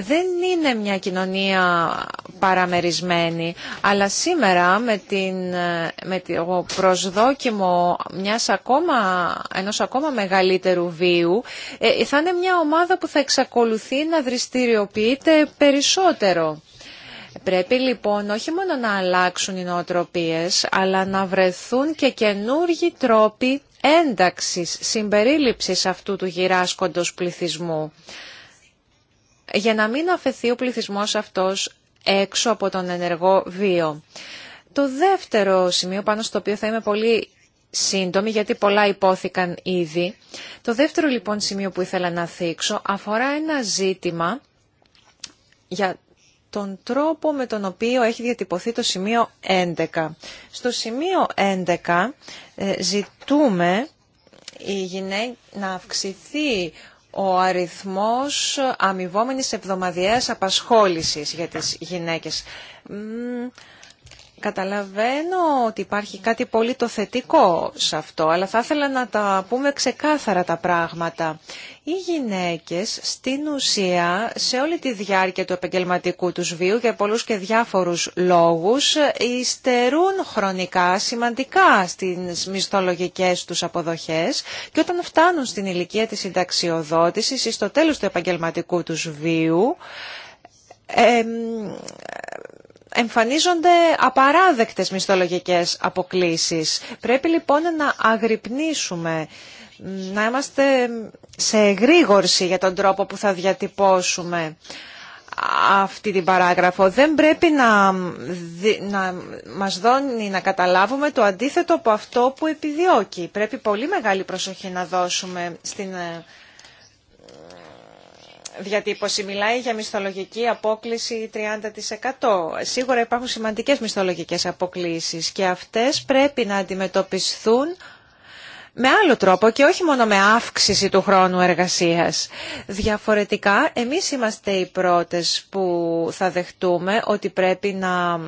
δεν είναι μια κοινωνία παραμερισμένη, αλλά σήμερα με, την, με το προσδόκιμο μιας ακόμα, ενός ακόμα μεγαλύτερου βίου ε, θα είναι μια ομάδα που θα εξακολουθεί να δραστηριοποιείται περισσότερο. Πρέπει λοιπόν όχι μόνο να αλλάξουν οι νοοτροπίες, αλλά να βρεθούν και καινούργοι τρόποι ένταξης, συμπερίληψης αυτού του γυράσκοντος πληθυσμού για να μην αφαιθεί ο πληθυσμός αυτός έξω από τον ενεργό βίο. Το δεύτερο σημείο πάνω στο οποίο θα είμαι πολύ σύντομη γιατί πολλά υπόθηκαν ήδη. Το δεύτερο λοιπόν σημείο που ήθελα να θίξω αφορά ένα ζήτημα για τον τρόπο με τον οποίο έχει διατυπωθεί το σημείο 11. Στο σημείο 11 ε, ζητούμε η γυναίκα να αυξηθεί ο αριθμός αμοιβόμενης εβδομαδιαίας απασχόλησης για τις γυναίκες. Καταλαβαίνω ότι υπάρχει κάτι πολύ το θετικό σε αυτό, αλλά θα ήθελα να τα πούμε ξεκάθαρα τα πράγματα. Οι γυναίκες στην ουσία σε όλη τη διάρκεια του επαγγελματικού τους βίου για πολλούς και διάφορους λόγους ειστερούν χρονικά σημαντικά στις μισθολογικές τους αποδοχές και όταν φτάνουν στην ηλικία της συνταξιοδότησης ή στο τέλος του επαγγελματικού τους βίου ε, εμφανίζονται απαράδεκτες μισθολογικές αποκλίσεις. Πρέπει λοιπόν να αγρυπνήσουμε, να είμαστε σε εγρήγορση για τον τρόπο που θα διατυπώσουμε αυτή την παράγραφο. Δεν πρέπει να, να μας δώνει να καταλάβουμε το αντίθετο από αυτό που επιδιώκει. Πρέπει πολύ μεγάλη προσοχή να δώσουμε στην ε, διατύπωση μιλάει για μισθολογική απόκληση 30%. Σίγουρα υπάρχουν σημαντικές μισθολογικές αποκλήσεις και αυτές πρέπει να αντιμετωπισθούν με άλλο τρόπο και όχι μόνο με αύξηση του χρόνου εργασίας. Διαφορετικά, εμείς είμαστε οι πρώτες που θα δεχτούμε ότι πρέπει να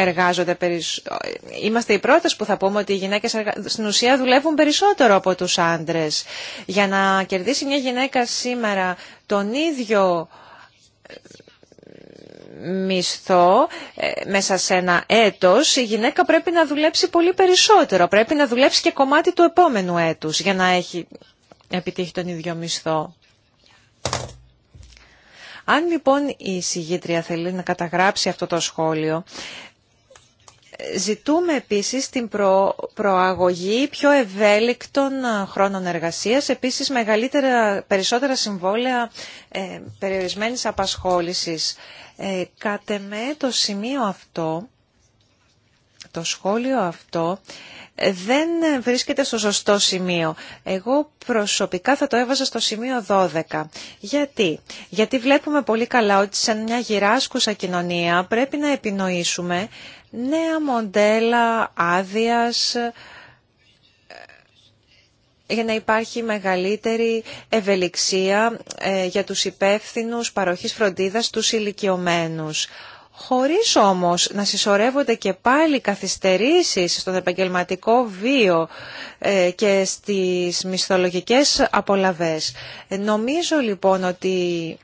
εργάζονται περισσότερο. Είμαστε οι πρώτες που θα πούμε ότι οι γυναίκες στην ουσία δουλεύουν περισσότερο από τους άντρες. Για να κερδίσει μια γυναίκα σήμερα τον ίδιο ε, μισθό ε, μέσα σε ένα έτος, η γυναίκα πρέπει να δουλέψει πολύ περισσότερο. Πρέπει να δουλέψει και κομμάτι του επόμενου έτους για να έχει επιτύχει τον ίδιο μισθό. Αν λοιπόν η συγγήτρια θέλει να καταγράψει αυτό το σχόλιο, Ζητούμε επίσης την προαγωγή πιο ευέλικτων χρόνων εργασίας, επίσης μεγαλύτερα, περισσότερα συμβόλαια ε, περιορισμένης απασχόλησης. Ε, κατ' εμέ το σημείο αυτό, το σχόλιο αυτό, ε, δεν βρίσκεται στο σωστό σημείο. Εγώ προσωπικά θα το έβαζα στο σημείο 12. Γιατί? Γιατί βλέπουμε πολύ καλά ότι σε μια γυράσκουσα κοινωνία πρέπει να επινοήσουμε νέα μοντέλα άδειας ε, για να υπάρχει μεγαλύτερη ευελιξία ε, για τους υπεύθυνους παροχής φροντίδας τους ηλικιωμένου. χωρίς όμως να συσσωρεύονται και πάλι καθυστερήσεις στον επαγγελματικό βίο ε, και στις μισθολογικές απολαβές. Νομίζω λοιπόν ότι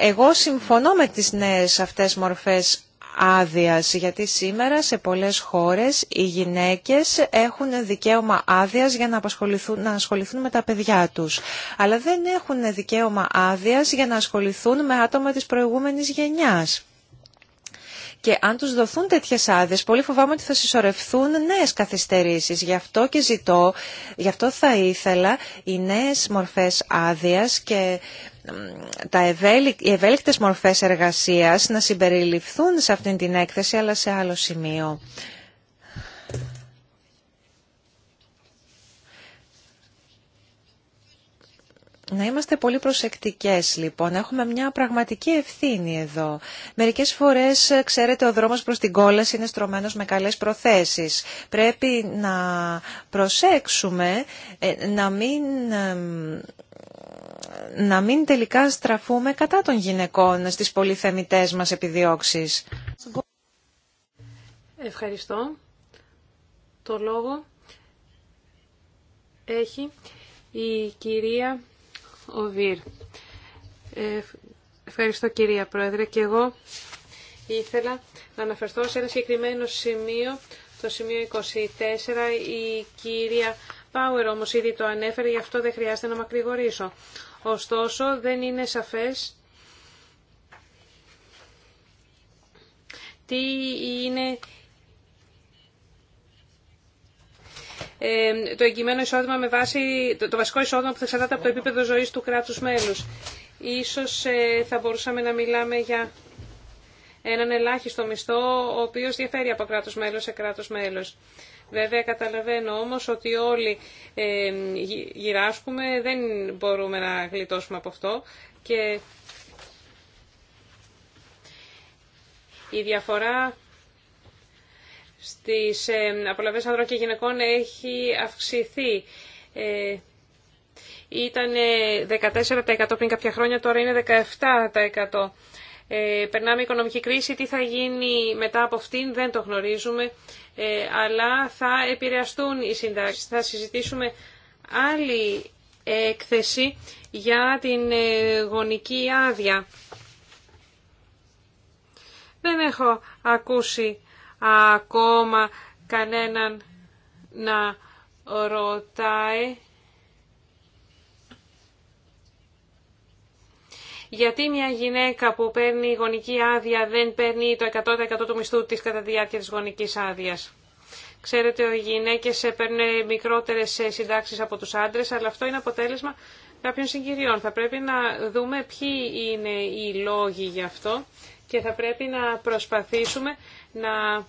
εγώ συμφωνώ με τις νέες αυτές μορφές άδειας, γιατί σήμερα σε πολλές χώρες οι γυναίκες έχουν δικαίωμα άδειας για να, να ασχοληθούν με τα παιδιά τους, αλλά δεν έχουν δικαίωμα άδειας για να ασχοληθούν με άτομα της προηγούμενης γενιάς. Και αν τους δοθούν τέτοιες άδειες, πολύ φοβάμαι ότι θα συσσωρευθούν νέες καθυστερήσεις. Γι' αυτό και ζητώ, γι' αυτό θα ήθελα οι νέες μορφές άδειας και τα οι ευέλικτες μορφές εργασίας να συμπεριληφθούν σε αυτήν την έκθεση αλλά σε άλλο σημείο. Να είμαστε πολύ προσεκτικές λοιπόν. Έχουμε μια πραγματική ευθύνη εδώ. Μερικές φορές, ξέρετε, ο δρόμος προς την κόλαση είναι στρωμένος με καλές προθέσεις. Πρέπει να προσέξουμε ε, να μην να μην τελικά στραφούμε κατά των γυναικών στις πολυθεμητές μας επιδιώξεις. Ευχαριστώ. Το λόγο έχει η κυρία Οβίρ. Ε, ευχαριστώ κυρία Πρόεδρε και εγώ ήθελα να αναφερθώ σε ένα συγκεκριμένο σημείο, το σημείο 24. Η κυρία Πάουερ όμως ήδη το ανέφερε, γι' αυτό δεν χρειάζεται να μακρηγορήσω. Ωστόσο, δεν είναι σαφές τι είναι ε, το εγκυμένο εισόδημα με βάση το βασικό εισόδημα που θα εξαρτάται από το επίπεδο ζωής του κράτους μέλους. Ίσως ε, θα μπορούσαμε να μιλάμε για έναν ελάχιστο μισθό, ο οποίος διαφέρει από κράτος μέλος σε κράτος μέλος. Βέβαια καταλαβαίνω όμως ότι όλοι ε, γυράσκουμε, δεν μπορούμε να γλιτώσουμε από αυτό και η διαφορά στις ε, απολαυές ανδρών και γυναικών έχει αυξηθεί. Ε, Ήταν 14% πριν κάποια χρόνια, τώρα είναι 17%. Ε, περνάμε οικονομική κρίση, τι θα γίνει μετά από αυτήν δεν το γνωρίζουμε. Ε, αλλά θα επηρεαστούν οι συντάξεις. Θα συζητήσουμε άλλη έκθεση για την ε, γονική άδεια. Δεν έχω ακούσει ακόμα κανέναν να ρωτάει Γιατί μια γυναίκα που παίρνει γονική άδεια δεν παίρνει το 100% του μισθού της κατά τη διάρκεια της γονικής άδειας. Ξέρετε, οι γυναίκε παίρνουν μικρότερες συντάξεις από τους άντρες, αλλά αυτό είναι αποτέλεσμα κάποιων συγκυριών. Θα πρέπει να δούμε ποιοι είναι οι λόγοι γι' αυτό και θα πρέπει να προσπαθήσουμε να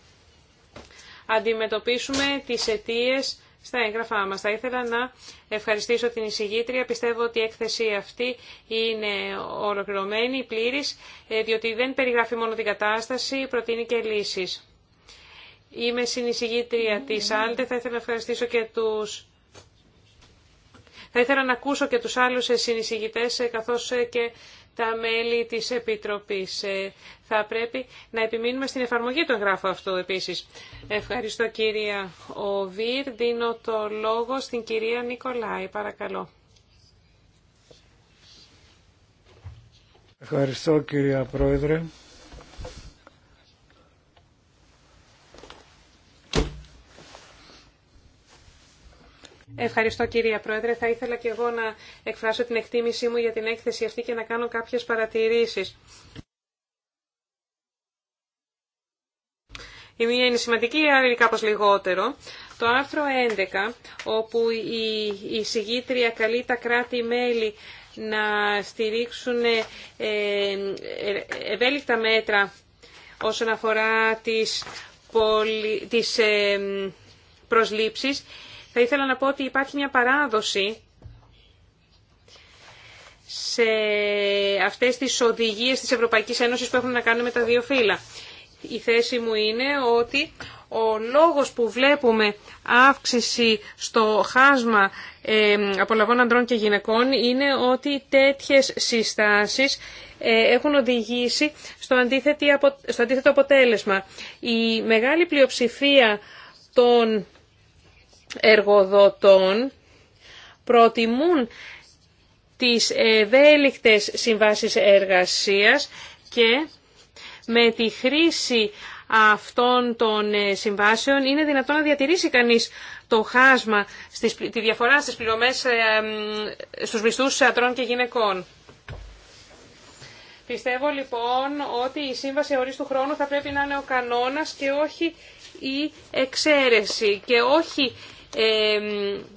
αντιμετωπίσουμε τις αιτίες στα έγγραφά μας. Θα ήθελα να ευχαριστήσω την εισηγήτρια. Πιστεύω ότι η έκθεση αυτή είναι ολοκληρωμένη, πλήρης, ε, διότι δεν περιγράφει μόνο την κατάσταση, προτείνει και λύσεις. Είμαι συνεισηγήτρια της ΑΛΤΕ. Θα ήθελα να ευχαριστήσω και τους... Θα ήθελα να ακούσω και τους άλλους συνεισηγητές, ε, καθώς ε, και τα μέλη της Επιτροπής. Ε, θα πρέπει να επιμείνουμε στην εφαρμογή του γράφων αυτού επίσης. Ευχαριστώ κυρία Οβίρ. Δίνω το λόγο στην κυρία Νικολάη. Παρακαλώ. Ευχαριστώ κυρία Πρόεδρε. Ευχαριστώ κυρία Πρόεδρε. Θα ήθελα και εγώ να εκφράσω την εκτίμησή μου για την έκθεση αυτή και να κάνω κάποιες παρατηρήσεις. Η μία είναι σημαντική, η άλλη κάπως λιγότερο. Το άρθρο 11, όπου η συγγήτρια καλεί τα κράτη-μέλη να στηρίξουν ε, ε, ευέλικτα μέτρα όσον αφορά τις ε, προσλήψεις, θα ήθελα να πω ότι υπάρχει μια παράδοση σε αυτές τις οδηγίες της Ευρωπαϊκής Ένωσης που έχουν να κάνουν με τα δύο φύλλα. Η θέση μου είναι ότι ο λόγος που βλέπουμε αύξηση στο χάσμα απολαβών ανδρών και γυναικών είναι ότι τέτοιες συστάσεις ε, έχουν οδηγήσει στο αντίθετο αποτέλεσμα. Η μεγάλη πλειοψηφία των εργοδοτών προτιμούν τις ευέλικτες συμβάσεις εργασίας και με τη χρήση αυτών των ε, συμβάσεων είναι δυνατόν να διατηρήσει κανείς το χάσμα, στις, τη διαφορά στις πληρωμές ε, στους μισθούς ατρών και γυναικών. Πιστεύω λοιπόν ότι η σύμβαση ορίστου του χρόνου θα πρέπει να είναι ο κανόνας και όχι η εξαίρεση και όχι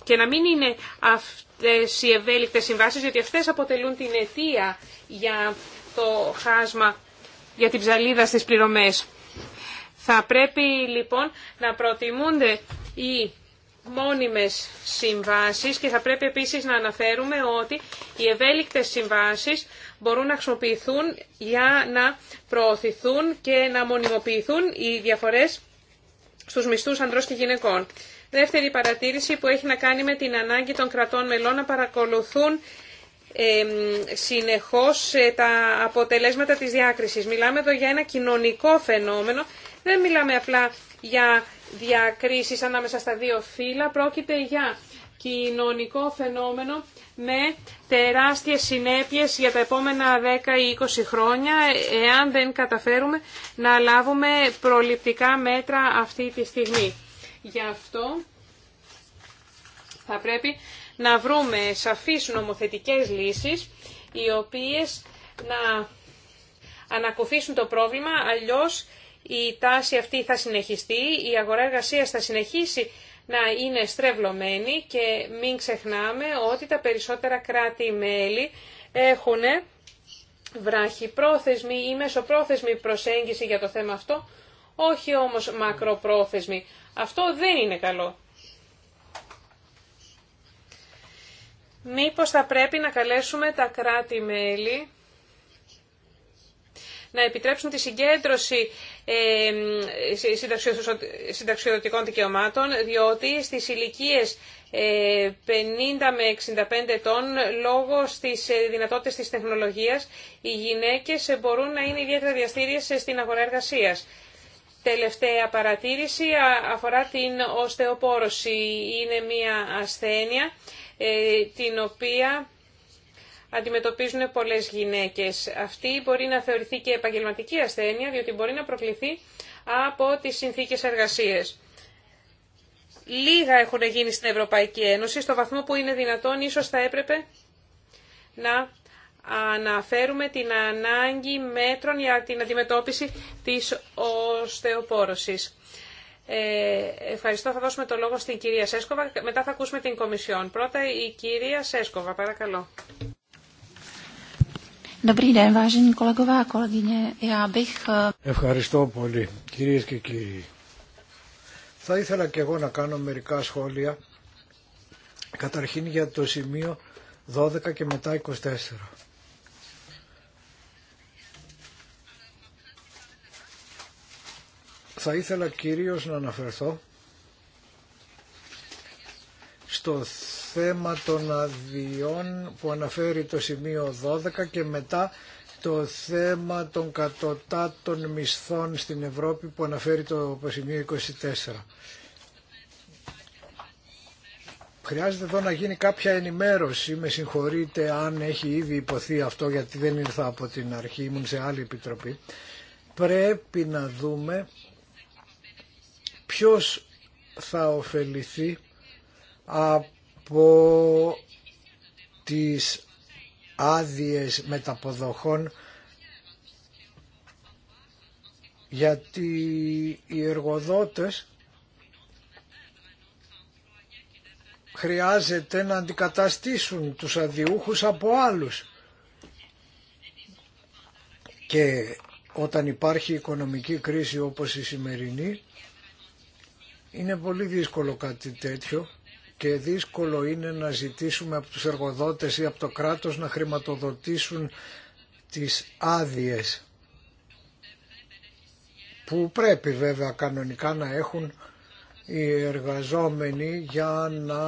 και να μην είναι αυτές οι ευέλικτες συμβάσεις, γιατί αυτές αποτελούν την αιτία για το χάσμα, για την ψαλίδα στις πληρωμές. Θα πρέπει λοιπόν να προτιμούνται οι μόνιμες συμβάσεις και θα πρέπει επίσης να αναφέρουμε ότι οι ευέλικτες συμβάσεις μπορούν να χρησιμοποιηθούν για να προωθηθούν και να μονιμοποιηθούν οι διαφορές στους μισθούς ανδρών και γυναικών. Δεύτερη παρατήρηση που έχει να κάνει με την ανάγκη των κρατών μελών να παρακολουθούν συνεχώς ε, τα αποτελέσματα της διάκρισης. Μιλάμε εδώ για ένα κοινωνικό φαινόμενο. Δεν μιλάμε απλά για διακρίσεις ανάμεσα στα δύο φύλλα. Πρόκειται για κοινωνικό φαινόμενο με τεράστιες συνέπειες για τα επόμενα 10 ή 20 χρόνια εάν δεν καταφέρουμε να λάβουμε προληπτικά μέτρα αυτή τη στιγμή. Γι' αυτό θα πρέπει να βρούμε σαφείς νομοθετικές λύσεις οι οποίες να ανακουφίσουν το πρόβλημα, αλλιώς η τάση αυτή θα συνεχιστεί, η αγορά εργασίας θα συνεχίσει να είναι στρεβλωμένη και μην ξεχνάμε ότι τα περισσότερα κράτη-μέλη έχουν βράχη πρόθεσμη ή μεσοπρόθεσμη προσέγγιση για το θέμα αυτό, όχι όμως μακροπρόθεσμη. Αυτό δεν είναι καλό. Μήπως θα πρέπει να καλέσουμε τα κράτη-μέλη να επιτρέψουν τη συγκέντρωση συνταξιοδοτικών δικαιωμάτων, διότι στις ηλικίε 50 ε, με 65 ετών, λόγω στις ε, δυνατότητες της τεχνολογίας, οι γυναίκες μπορούν να είναι ιδιαίτερα διαστήριες ε, στην αγορά εργασίας τελευταία παρατήρηση αφορά την οστεοπόρωση. Είναι μια ασθένεια ε, την οποία αντιμετωπίζουν πολλές γυναίκες. Αυτή μπορεί να θεωρηθεί και επαγγελματική ασθένεια, διότι μπορεί να προκληθεί από τις συνθήκες εργασίας. Λίγα έχουν γίνει στην Ευρωπαϊκή Ένωση, στο βαθμό που είναι δυνατόν ίσως θα έπρεπε να αναφέρουμε την ανάγκη μέτρων για την αντιμετώπιση της οστεοπόρωσης. Ε, ευχαριστώ. Θα δώσουμε το λόγο στην κυρία Σέσκοβα. Μετά θα ακούσουμε την Κομισιόν. Πρώτα η κυρία Σέσκοβα, παρακαλώ. Eh, ευχαριστώ πολύ, κυρίε και κύριοι. Θα ήθελα και εγώ να κάνω μερικά σχόλια, καταρχήν για το σημείο 12 και μετά 24. θα ήθελα κυρίως να αναφερθώ στο θέμα των αδειών που αναφέρει το σημείο 12 και μετά το θέμα των κατωτάτων μισθών στην Ευρώπη που αναφέρει το σημείο 24. Χρειάζεται εδώ να γίνει κάποια ενημέρωση, με συγχωρείτε αν έχει ήδη υποθεί αυτό γιατί δεν ήρθα από την αρχή, ήμουν σε άλλη επιτροπή. Πρέπει να δούμε ποιος θα ωφεληθεί από τις άδειες μεταποδοχών γιατί οι εργοδότες χρειάζεται να αντικαταστήσουν τους αδιούχους από άλλους. Και όταν υπάρχει οικονομική κρίση όπως η σημερινή, είναι πολύ δύσκολο κάτι τέτοιο και δύσκολο είναι να ζητήσουμε από τους εργοδότες ή από το κράτος να χρηματοδοτήσουν τις άδειες που πρέπει βέβαια κανονικά να έχουν οι εργαζόμενοι για να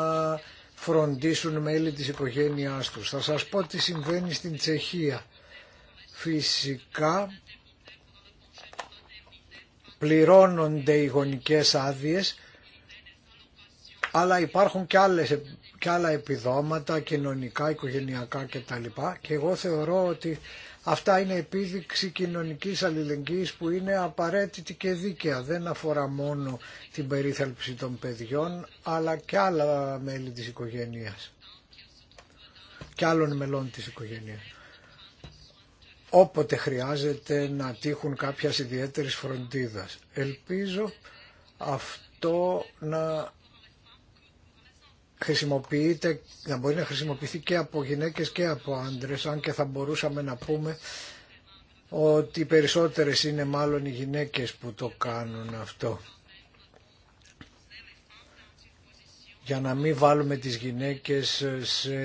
φροντίσουν μέλη της οικογένειάς τους. Θα σας πω τι συμβαίνει στην Τσεχία. Φυσικά πληρώνονται οι γονικές άδειες, αλλά υπάρχουν και, άλλες, και άλλα επιδόματα, κοινωνικά, οικογενειακά κτλ. Και εγώ θεωρώ ότι αυτά είναι επίδειξη κοινωνικής αλληλεγγύης που είναι απαραίτητη και δίκαια. Δεν αφορά μόνο την περίθαλψη των παιδιών, αλλά και άλλα μέλη της οικογένειας και άλλων μελών της οικογένειας όποτε χρειάζεται να τύχουν κάποια ιδιαίτερη φροντίδας. Ελπίζω αυτό να χρησιμοποιείται, να μπορεί να χρησιμοποιηθεί και από γυναίκες και από άντρες, αν και θα μπορούσαμε να πούμε ότι οι περισσότερες είναι μάλλον οι γυναίκες που το κάνουν αυτό. Για να μην βάλουμε τις γυναίκες σε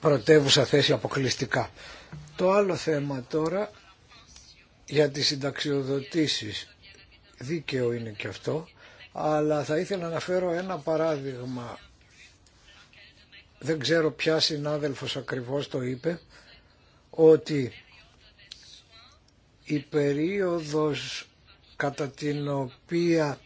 πρωτεύουσα θέση αποκλειστικά. Το άλλο θέμα τώρα για τις συνταξιοδοτήσεις. Δίκαιο είναι και αυτό, αλλά θα ήθελα να φέρω ένα παράδειγμα. Δεν ξέρω ποια συνάδελφος ακριβώς το είπε, ότι η περίοδος κατά την οποία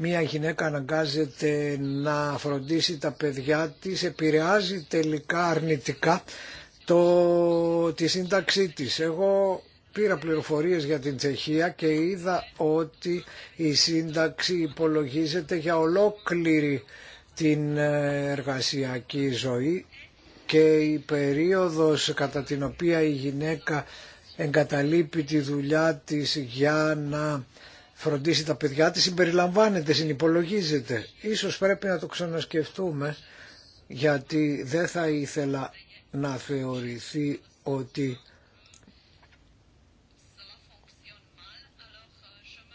μία γυναίκα αναγκάζεται να φροντίσει τα παιδιά της επηρεάζει τελικά αρνητικά το, τη σύνταξή της. Εγώ πήρα πληροφορίες για την Τσεχία και είδα ότι η σύνταξη υπολογίζεται για ολόκληρη την ε, εργασιακή ζωή και η περίοδος κατά την οποία η γυναίκα εγκαταλείπει τη δουλειά της για να φροντίσει τα παιδιά της συμπεριλαμβάνεται, συνυπολογίζεται. Ίσως πρέπει να το ξανασκεφτούμε γιατί δεν θα ήθελα να θεωρηθεί ότι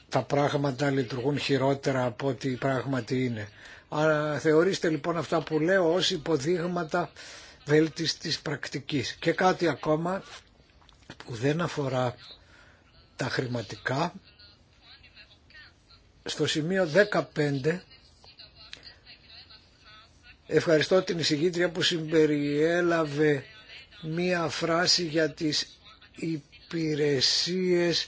τα πράγματα λειτουργούν χειρότερα από ό,τι πράγματι είναι. Άρα θεωρήστε λοιπόν αυτά που λέω ως υποδείγματα βέλτιστης πρακτικής. Και κάτι ακόμα που δεν αφορά τα χρηματικά στο σημείο 15 ευχαριστώ την εισηγήτρια που συμπεριέλαβε μία φράση για τις υπηρεσίες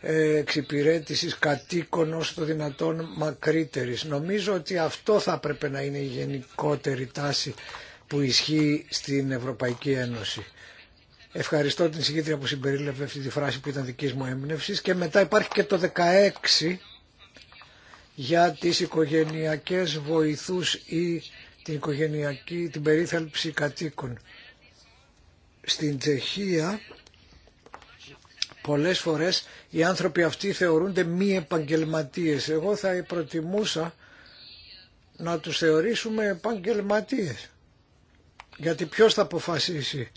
ε, εξυπηρέτησης κατοίκων όσο το δυνατόν μακρύτερης. Νομίζω ότι αυτό θα πρέπει να είναι η γενικότερη τάση που ισχύει στην Ευρωπαϊκή Ένωση. Ευχαριστώ την εισηγήτρια που συμπεριέλαβε αυτή τη φράση που ήταν δική μου έμπνευσης και μετά υπάρχει και το 16 για τις οικογενειακές βοηθούς ή την, οικογενειακή, την περίθαλψη κατοίκων. Στην Τσεχία πολλές φορές οι άνθρωποι αυτοί θεωρούνται μη επαγγελματίες. Εγώ θα προτιμούσα να τους θεωρήσουμε επαγγελματίες. Γιατί ποιος θα αποφασίσει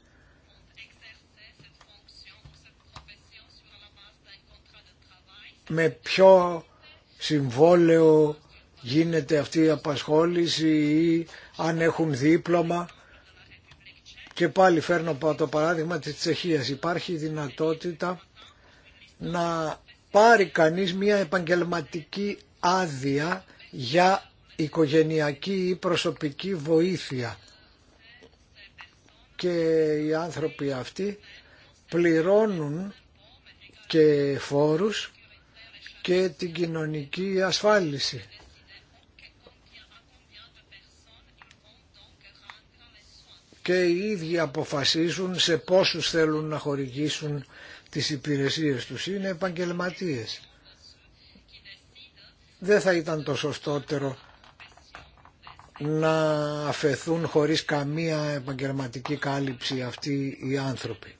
με ποιο συμβόλαιο γίνεται αυτή η απασχόληση ή αν έχουν δίπλωμα. Και πάλι φέρνω το παράδειγμα της Τσεχίας. Υπάρχει δυνατότητα να πάρει κανείς μια επαγγελματική άδεια για οικογενειακή ή προσωπική βοήθεια. Και οι άνθρωποι αυτοί πληρώνουν και φόρους και την κοινωνική ασφάλιση. Και οι ίδιοι αποφασίζουν σε πόσους θέλουν να χορηγήσουν τις υπηρεσίες τους. Είναι επαγγελματίες. Δεν θα ήταν το σωστότερο να αφαιθούν χωρίς καμία επαγγελματική κάλυψη αυτοί οι άνθρωποι.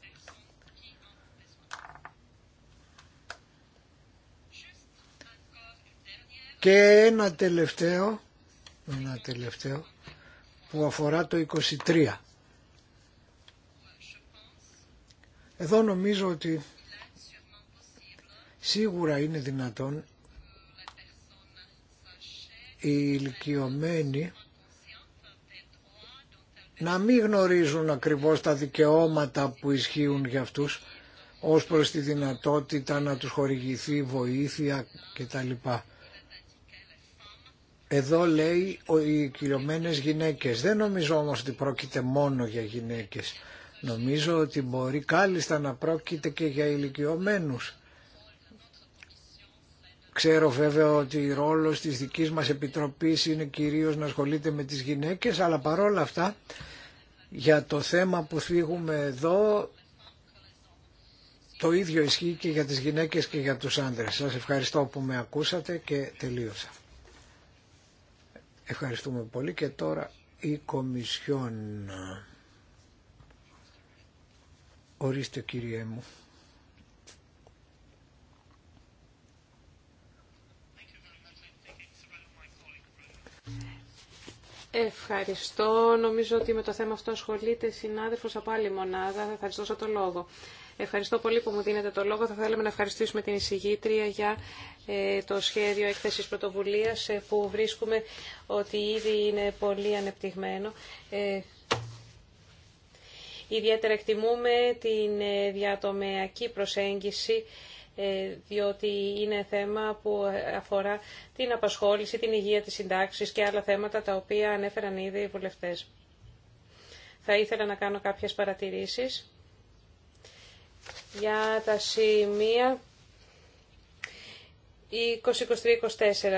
Και ένα τελευταίο, ένα τελευταίο που αφορά το 23. Εδώ νομίζω ότι σίγουρα είναι δυνατόν οι ηλικιωμένοι να μην γνωρίζουν ακριβώς τα δικαιώματα που ισχύουν για αυτούς ως προς τη δυνατότητα να τους χορηγηθεί βοήθεια κτλ. Εδώ λέει οι κυλιωμένες γυναίκες. Δεν νομίζω όμως ότι πρόκειται μόνο για γυναίκες. Νομίζω ότι μπορεί κάλλιστα να πρόκειται και για ηλικιωμένους. Ξέρω βέβαια ότι η ρόλος της δικής μας επιτροπής είναι κυρίως να ασχολείται με τις γυναίκες, αλλά παρόλα αυτά για το θέμα που φύγουμε εδώ το ίδιο ισχύει και για τις γυναίκες και για τους άντρες. Σας ευχαριστώ που με ακούσατε και τελείωσα. Ευχαριστούμε πολύ και τώρα η Κομισιόν. Ορίστε κύριε μου. Ευχαριστώ. Νομίζω ότι με το θέμα αυτό ασχολείται συνάδελφος από άλλη μονάδα. Θα ευχαριστώ το λόγο. Ευχαριστώ πολύ που μου δίνετε το λόγο. Θα θέλαμε να ευχαριστήσουμε την εισηγήτρια για ε, το σχέδιο έκθεσης πρωτοβουλίας ε, που βρίσκουμε ότι ήδη είναι πολύ ανεπτυγμένο. Ε, ιδιαίτερα εκτιμούμε την διατομεακή προσέγγιση διότι είναι θέμα που αφορά την απασχόληση, την υγεία της συντάξης και άλλα θέματα τα οποία ανέφεραν ήδη οι βουλευτές. Θα ήθελα να κάνω κάποιες παρατηρήσεις για τα σημεια 2023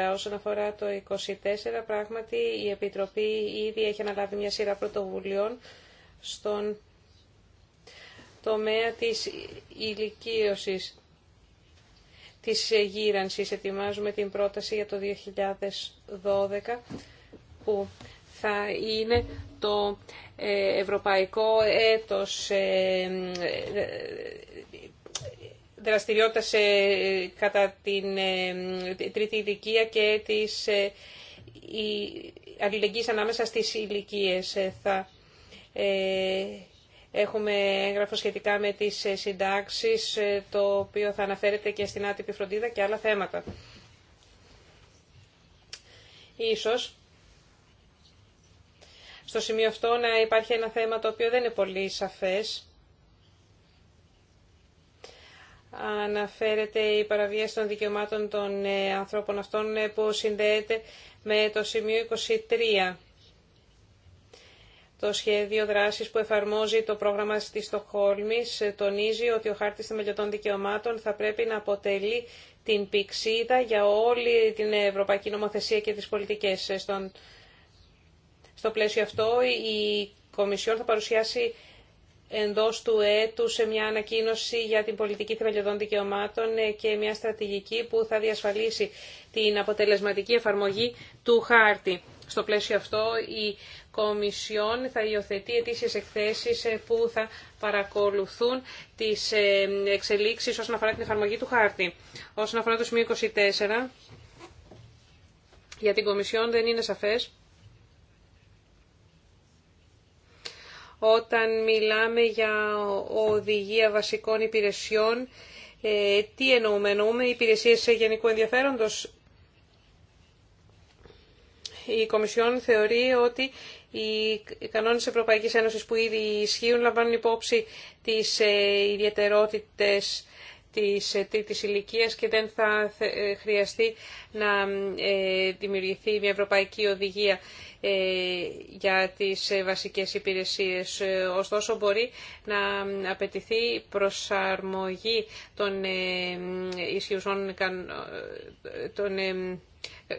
2023-2024. οσον αφορά το 2024, πράγματι η Επιτροπή ήδη έχει αναλάβει μια σειρά πρωτοβουλειών στον τομέα της ηλικίωσης της γύρανσης. Ετοιμάζουμε την πρόταση για το 2012 που θα είναι το ευρωπαϊκό έτος ε, ε, δραστηριότητας ε, κατά την τρίτη ηλικία και της αλληλεγγύης ανάμεσα στις ηλικίε. Θα έχουμε έγγραφο σχετικά με τις συντάξεις, το οποίο θα αναφέρεται και στην άτυπη φροντίδα και άλλα θέματα. Ίσως στο σημείο αυτό να υπάρχει ένα θέμα το οποίο δεν είναι πολύ σαφές. Αναφέρεται η παραβίαση των δικαιωμάτων των ε, ανθρώπων αυτών ε, που συνδέεται με το σημείο 23 το σχέδιο δράσης που εφαρμόζει το πρόγραμμα στη Στοχόλμη ε, τονίζει ότι ο χάρτης θεμελιωτών δικαιωμάτων θα πρέπει να αποτελεί την πηξίδα για όλη την ευρωπαϊκή νομοθεσία και τις πολιτικές. Στον στο πλαίσιο αυτό η Κομισιόν θα παρουσιάσει εντό του έτου σε μια ανακοίνωση για την πολιτική θεμελιωδών δικαιωμάτων και μια στρατηγική που θα διασφαλίσει την αποτελεσματική εφαρμογή του χάρτη. Στο πλαίσιο αυτό η Κομισιόν θα υιοθετεί ετήσιε εκθέσει που θα παρακολουθούν τι ε, εξελίξει όσον αφορά την εφαρμογή του χάρτη. Όσον αφορά το σημείο 24, για την Κομισιόν δεν είναι σαφές όταν μιλάμε για οδηγία βασικών υπηρεσιών, ε, τι εννοούμε, εννοούμε υπηρεσίες σε γενικού ενδιαφέροντος. Η Κομισιόν θεωρεί ότι οι κανόνες Ευρωπαϊκής Ένωσης που ήδη ισχύουν λαμβάνουν υπόψη τις ε, ιδιαιτερότητες της τρίτης ηλικία και δεν θα ε, χρειαστεί να ε, δημιουργηθεί μια ευρωπαϊκή οδηγία ε, για τις βασικές υπηρεσίες. Ωστόσο μπορεί να απαιτηθεί προσαρμογή των ισχυουσών των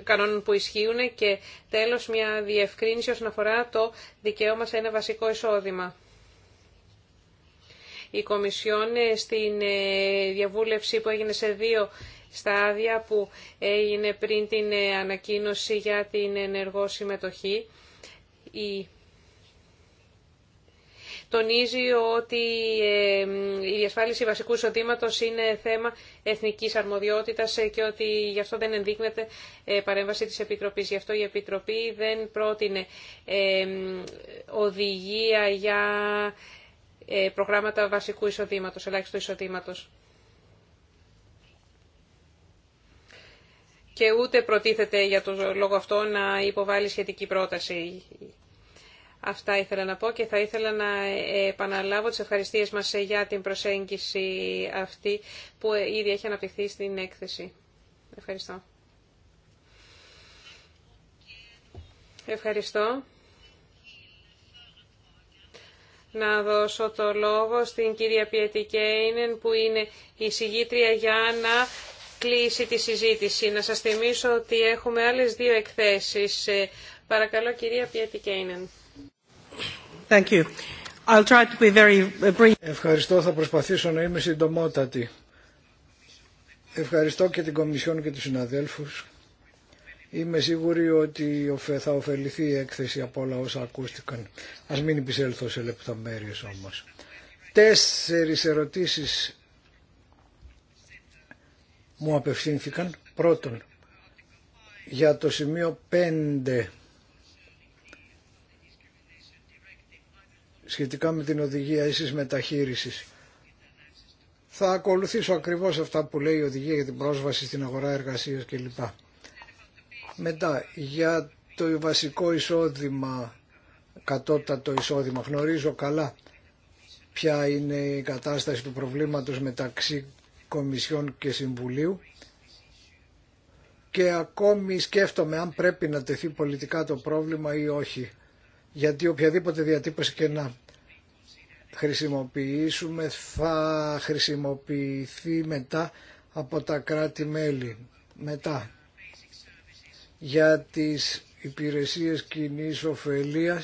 κανόνων που ισχύουν και τέλος μια διευκρίνηση όσον αφορά το δικαίωμα σε ένα βασικό εισόδημα η Κομισιόν ε, στην ε, διαβούλευση που έγινε σε δύο στάδια που έγινε πριν την ε, ανακοίνωση για την ενεργό συμμετοχή. Τονίζει ότι η διασφάλιση βασικού εισοδήματο είναι θέμα εθνικής αρμοδιότητας και ότι γι' αυτό δεν ενδείκνεται παρέμβαση της Επιτροπής. Γι' αυτό η Επιτροπή δεν πρότεινε οδηγία για ε, προγράμματα βασικού εισοδήματος, ελάχιστο εισοδήματος. Και ούτε προτίθεται για τον λόγο αυτό να υποβάλει σχετική πρόταση. Αυτά ήθελα να πω και θα ήθελα να επαναλάβω τις ευχαριστίες μας για την προσέγγιση αυτή που ήδη έχει αναπτυχθεί στην έκθεση. Ευχαριστώ. Ευχαριστώ να δώσω το λόγο στην κυρία Πιετικέινεν που είναι η συγγήτρια για να κλείσει τη συζήτηση. Να σας θυμίσω ότι έχουμε άλλες δύο εκθέσεις. Ε, παρακαλώ κυρία Πιετικέινεν. Ευχαριστώ, θα προσπαθήσω να είμαι συντομότατη. Ευχαριστώ και την Κομισιόν και τους συναδέλφους Είμαι σίγουρη ότι θα ωφεληθεί η έκθεση από όλα όσα ακούστηκαν. Ας μην επισέλθω σε λεπτομέρειες όμως. Τέσσερις ερωτήσεις μου απευθύνθηκαν. Πρώτον, για το σημείο 5 σχετικά με την οδηγία ίσης μεταχείρισης. Θα ακολουθήσω ακριβώς αυτά που λέει η οδηγία για την πρόσβαση στην αγορά εργασίας κλπ. Μετά, για το βασικό εισόδημα, κατώτατο εισόδημα, γνωρίζω καλά ποια είναι η κατάσταση του προβλήματος μεταξύ Κομισιών και Συμβουλίου και ακόμη σκέφτομαι αν πρέπει να τεθεί πολιτικά το πρόβλημα ή όχι. Γιατί οποιαδήποτε διατύπωση και να χρησιμοποιήσουμε θα χρησιμοποιηθεί μετά από τα κράτη-μέλη. Μετά για τις υπηρεσίες κοινή ωφελία.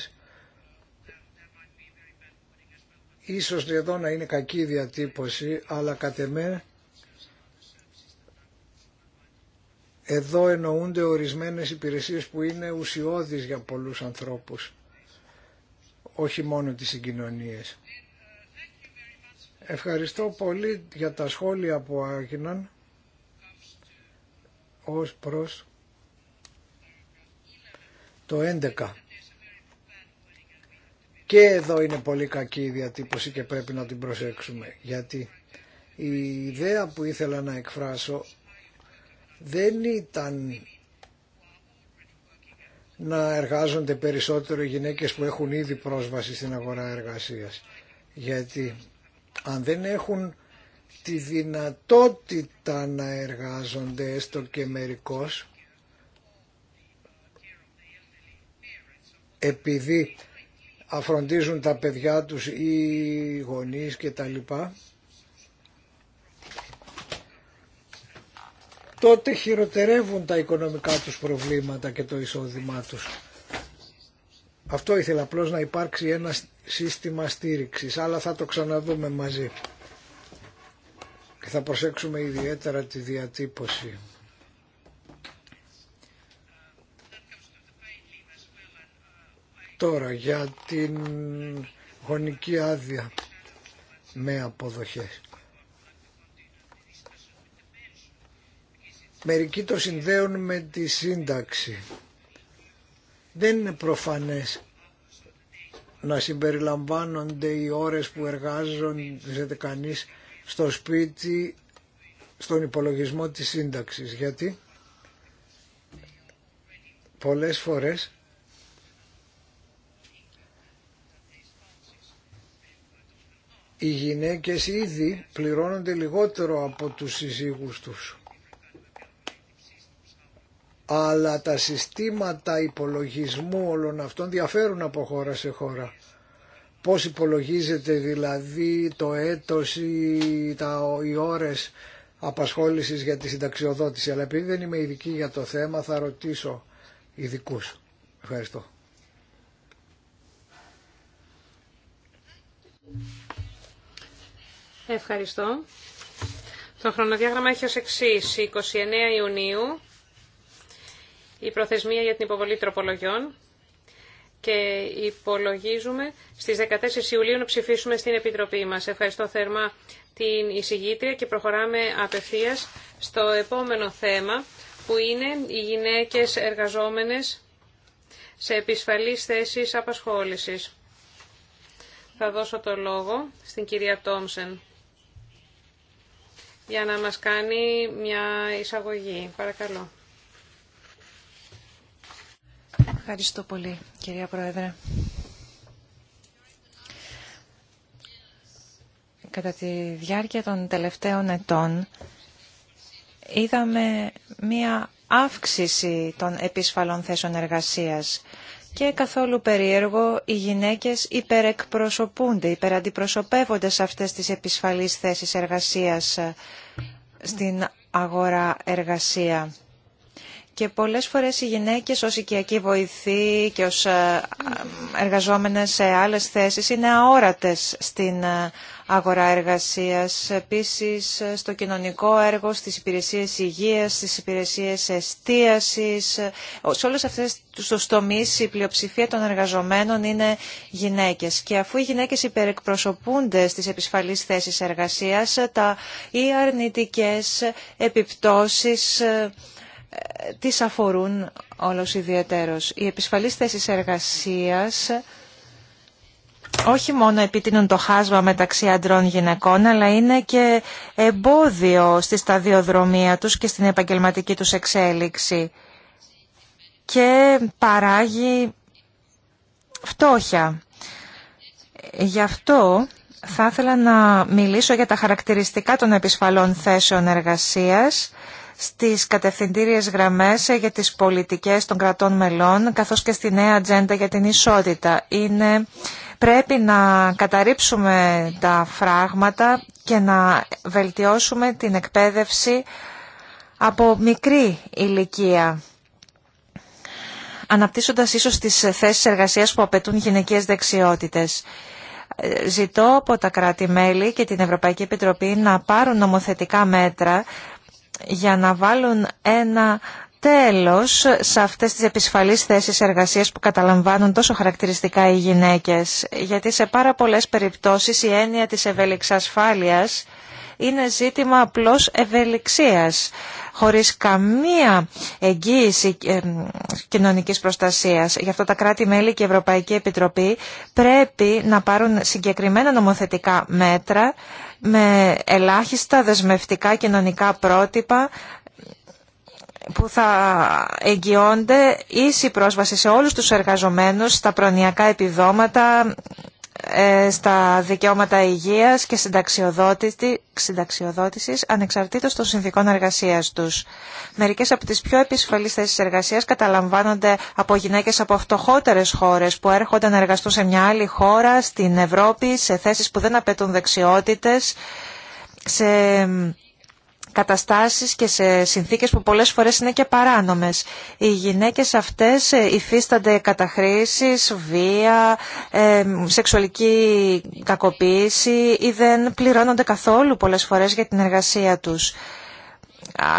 Ίσως εδώ να είναι κακή διατύπωση, αλλά κατ' εμέ εδώ εννοούνται ορισμένες υπηρεσίες που είναι ουσιώδεις για πολλούς ανθρώπους, όχι μόνο τις συγκοινωνίες. Ευχαριστώ πολύ για τα σχόλια που άγιναν ως προς το 11. Και εδώ είναι πολύ κακή η διατύπωση και πρέπει να την προσέξουμε γιατί η ιδέα που ήθελα να εκφράσω δεν ήταν να εργάζονται περισσότερο οι γυναίκες που έχουν ήδη πρόσβαση στην αγορά εργασίας. Γιατί αν δεν έχουν τη δυνατότητα να εργάζονται έστω και μερικώς, επειδή αφροντίζουν τα παιδιά τους ή οι γονείς και τα λοιπά, τότε χειροτερεύουν τα οικονομικά τους προβλήματα και το εισόδημά τους. Αυτό ήθελα απλώ να υπάρξει ένα σύστημα στήριξης, αλλά θα το ξαναδούμε μαζί. Και θα προσέξουμε ιδιαίτερα τη διατύπωση. Τώρα για την γονική άδεια με αποδοχές. Μερικοί το συνδέουν με τη σύνταξη. Δεν είναι προφανές να συμπεριλαμβάνονται οι ώρες που εργάζονται κανείς στο σπίτι στον υπολογισμό της σύνταξης. Γιατί πολλές φορές οι γυναίκες ήδη πληρώνονται λιγότερο από τους συζύγους τους. Αλλά τα συστήματα υπολογισμού όλων αυτών διαφέρουν από χώρα σε χώρα. Πώς υπολογίζεται δηλαδή το έτος ή τα, οι ώρες απασχόλησης για τη συνταξιοδότηση. Αλλά επειδή δεν είμαι ειδική για το θέμα θα ρωτήσω ειδικού. Ευχαριστώ. Ευχαριστώ. Το χρονοδιάγραμμα έχει ως εξής. 29 Ιουνίου η προθεσμία για την υποβολή τροπολογιών και υπολογίζουμε στις 14 Ιουλίου να ψηφίσουμε στην Επιτροπή μας. Ευχαριστώ θερμά την εισηγήτρια και προχωράμε απευθείας στο επόμενο θέμα που είναι οι γυναίκες εργαζόμενες σε επισφαλείς θέσεις απασχόλησης. Θα δώσω το λόγο στην κυρία Τόμσεν για να μας κάνει μια εισαγωγή. Παρακαλώ. Ευχαριστώ πολύ, κυρία Πρόεδρε. Κατά τη διάρκεια των τελευταίων ετών είδαμε μία αύξηση των επίσφαλων θέσεων εργασίας και καθόλου περίεργο οι γυναίκες υπερεκπροσωπούνται, υπεραντιπροσωπεύονται σε αυτές τις επισφαλείς θέσεις εργασίας ε, στην αγορά εργασία. Και πολλές φορές οι γυναίκες ως οικιακή βοηθή και ως ε, ε, εργαζόμενες σε άλλες θέσεις είναι αόρατες στην αγορά εργασίας, επίσης στο κοινωνικό έργο, στις υπηρεσίες υγείας, στις υπηρεσίες εστίασης. Σε όλε αυτές τους τομείς η πλειοψηφία των εργαζομένων είναι γυναίκες. Και αφού οι γυναίκες υπερεκπροσωπούνται στις επισφαλείς θέσει εργασίας, τα ή αρνητικές επιπτώσεις ε, τις αφορούν όλος ιδιαίτερος. Οι επισφαλείς θέσεις εργασίας όχι μόνο επιτείνουν το χάσμα μεταξύ αντρών γυναικών, αλλά είναι και εμπόδιο στη σταδιοδρομία τους και στην επαγγελματική τους εξέλιξη και παράγει φτώχεια. Γι' αυτό θα ήθελα να μιλήσω για τα χαρακτηριστικά των επισφαλών θέσεων εργασίας στις κατευθυντήριες γραμμές για τις πολιτικές των κρατών μελών, καθώς και στη νέα ατζέντα για την ισότητα. Είναι Πρέπει να καταρρύψουμε τα φράγματα και να βελτιώσουμε την εκπαίδευση από μικρή ηλικία αναπτύσσοντας ίσως τις θέσεις εργασίας που απαιτούν γυναικείες δεξιότητες. Ζητώ από τα κράτη-μέλη και την Ευρωπαϊκή Επιτροπή να πάρουν νομοθετικά μέτρα για να βάλουν ένα τέλος σε αυτές τις επισφαλείς θέσεις εργασίας που καταλαμβάνουν τόσο χαρακτηριστικά οι γυναίκες. Γιατί σε πάρα πολλές περιπτώσεις η έννοια της ασφάλειας είναι ζήτημα απλώς ευελιξίας, χωρίς καμία εγγύηση ε, κοινωνικής προστασίας. Γι' αυτό τα κράτη-μέλη και η Ευρωπαϊκή Επιτροπή πρέπει να πάρουν συγκεκριμένα νομοθετικά μέτρα με ελάχιστα δεσμευτικά κοινωνικά πρότυπα που θα εγγυώνται ίση πρόσβαση σε όλους τους εργαζομένους στα προνοιακά επιδόματα, ε, στα δικαιώματα υγείας και συνταξιοδότησης ανεξαρτήτως των συνθήκων εργασίας τους. Μερικές από τις πιο επισφαλείς θέσεις εργασίας καταλαμβάνονται από γυναίκες από φτωχότερε χώρες που έρχονται να εργαστούν σε μια άλλη χώρα, στην Ευρώπη, σε θέσεις που δεν απαιτούν δεξιότητες, σε καταστάσεις και σε συνθήκες που πολλές φορές είναι και παράνομες. Οι γυναίκες αυτές ε, υφίστανται καταχρήσεις, βία, ε, σεξουαλική κακοποίηση ή δεν πληρώνονται καθόλου πολλές φορές για την εργασία τους.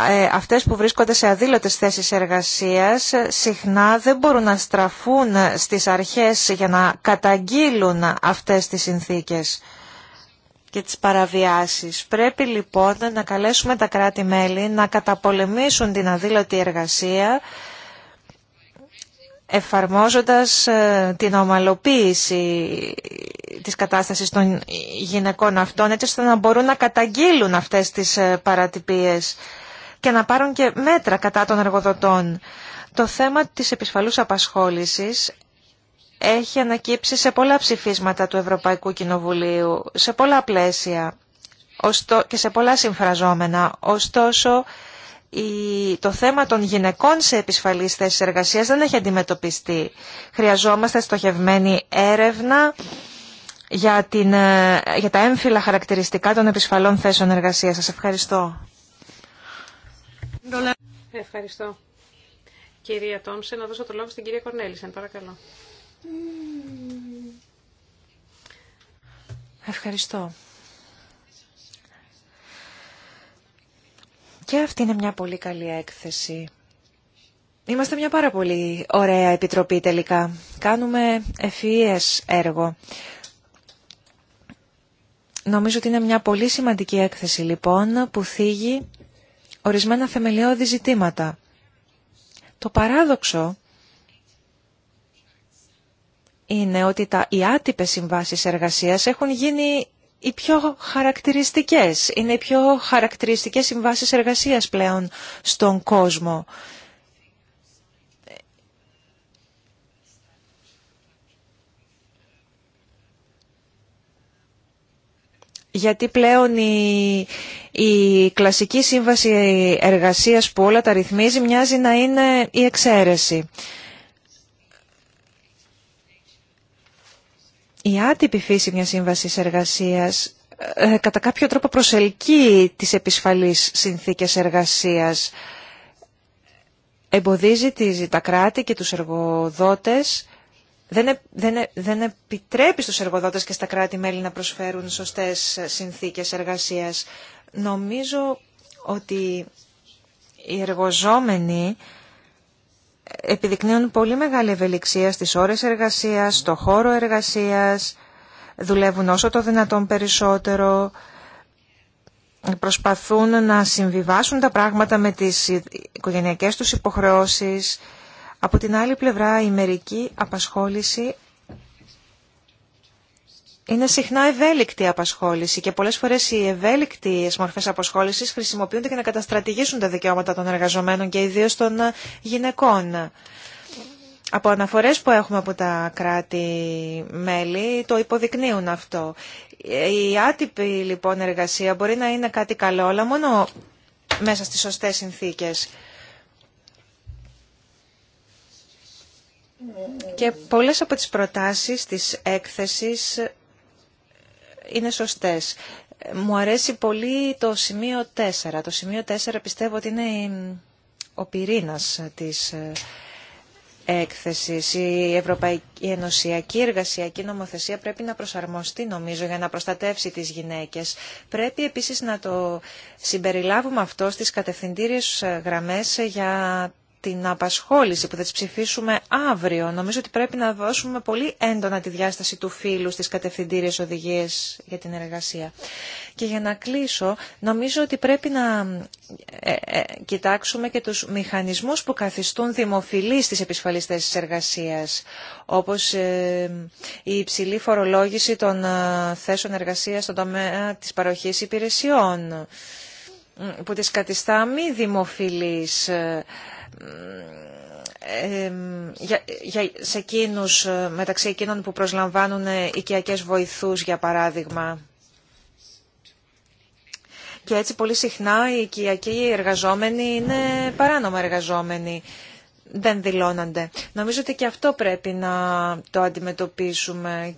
Ε, αυτές που βρίσκονται σε αδήλωτες θέσεις εργασίας συχνά δεν μπορούν να στραφούν στις αρχές για να καταγγείλουν αυτές τις συνθήκες και τις παραβιάσεις. Πρέπει λοιπόν να καλέσουμε τα κράτη-μέλη να καταπολεμήσουν την αδήλωτη εργασία εφαρμόζοντας ε, την ομαλοποίηση της κατάστασης των γυναικών αυτών έτσι ώστε να μπορούν να καταγγείλουν αυτές τις ε, παρατυπίες και να πάρουν και μέτρα κατά των εργοδοτών. Το θέμα της επισφαλούς απασχόλησης έχει ανακύψει σε πολλά ψηφίσματα του Ευρωπαϊκού Κοινοβουλίου, σε πολλά πλαίσια και σε πολλά συμφραζόμενα. Ωστόσο, το θέμα των γυναικών σε επισφαλείς θέσεις εργασίας δεν έχει αντιμετωπιστεί. Χρειαζόμαστε στοχευμένη έρευνα για, την, ε, για τα έμφυλα χαρακτηριστικά των επισφαλών θέσεων εργασίας. Σας ευχαριστώ. Ευχαριστώ. Κυρία Τόμσε, να δώσω το λόγο στην κυρία σαν παρακαλώ. Ευχαριστώ. Και αυτή είναι μια πολύ καλή έκθεση. Είμαστε μια πάρα πολύ ωραία επιτροπή τελικά. Κάνουμε ευφυΐες έργο. Νομίζω ότι είναι μια πολύ σημαντική έκθεση λοιπόν που θίγει ορισμένα θεμελιώδη ζητήματα. Το παράδοξο είναι ότι τα, οι άτυπες συμβάσεις εργασίας έχουν γίνει οι πιο χαρακτηριστικές. Είναι οι πιο χαρακτηριστικές συμβάσεις εργασίας πλέον στον κόσμο. γιατί πλέον η, η κλασική σύμβαση εργασίας που όλα τα ρυθμίζει μοιάζει να είναι η εξαίρεση. Η άτυπη φύση μιας σύμβασης εργασίας ε, κατά κάποιο τρόπο προσελκύει τις επισφαλείς συνθήκες εργασίας. Εμποδίζει τα κράτη και τους εργοδότες δεν, ε, δεν, ε, δεν επιτρέπει στους εργοδότες και στα κράτη-μέλη να προσφέρουν σωστές συνθήκες εργασίας. Νομίζω ότι οι εργοζόμενοι επιδεικνύουν πολύ μεγάλη ευελιξία στις ώρες εργασίας, στο χώρο εργασίας, δουλεύουν όσο το δυνατόν περισσότερο, προσπαθούν να συμβιβάσουν τα πράγματα με τις οικογενειακές τους υποχρεώσεις. Από την άλλη πλευρά η μερική απασχόληση είναι συχνά ευέλικτη απασχόληση και πολλές φορές οι ευέλικτες μορφές απασχόλησης χρησιμοποιούνται για να καταστρατηγήσουν τα δικαιώματα των εργαζομένων και ιδίως των ε, γυναικών. Από αναφορές που έχουμε από τα κράτη-μέλη το υποδεικνύουν αυτό. Η άτυπη λοιπόν εργασία μπορεί να είναι κάτι καλό, αλλά μόνο μέσα στις σωστές συνθήκες. Και πολλές από τις προτάσεις της έκθεσης είναι σωστές. Μου αρέσει πολύ το σημείο 4. Το σημείο 4 πιστεύω ότι είναι ο πυρήνας της ε, έκθεσης. Η Ευρωπαϊκή Ενωσιακή Εργασιακή Νομοθεσία πρέπει να προσαρμοστεί νομίζω για να προστατεύσει τις γυναίκες. Πρέπει επίσης να το συμπεριλάβουμε αυτό στις κατευθυντήριες ε, γραμμές ε, για την απασχόληση που θα τις ψηφίσουμε αύριο. Νομίζω ότι πρέπει να δώσουμε πολύ έντονα τη διάσταση του φίλου στις κατευθυντήριες οδηγίες για την εργασία. Και για να κλείσω, νομίζω ότι πρέπει να ε, ε, κοιτάξουμε και τους μηχανισμούς που καθιστούν δημοφιλείς τις επισφαλίστες θέσεις εργασίας, όπως ε, η υψηλή φορολόγηση των θέσεων εργασίας στον τομέα της παροχής υπηρεσιών, που τις κατιστά μη για, σε εκείνους, ε, μεταξύ εκείνων που προσλαμβάνουν ε, οικιακές βοηθούς, για παράδειγμα. Και έτσι πολύ συχνά οι οικιακοί εργαζόμενοι είναι παράνομα εργαζόμενοι. Δεν δηλώνονται. Νομίζω ότι και αυτό πρέπει να το αντιμετωπίσουμε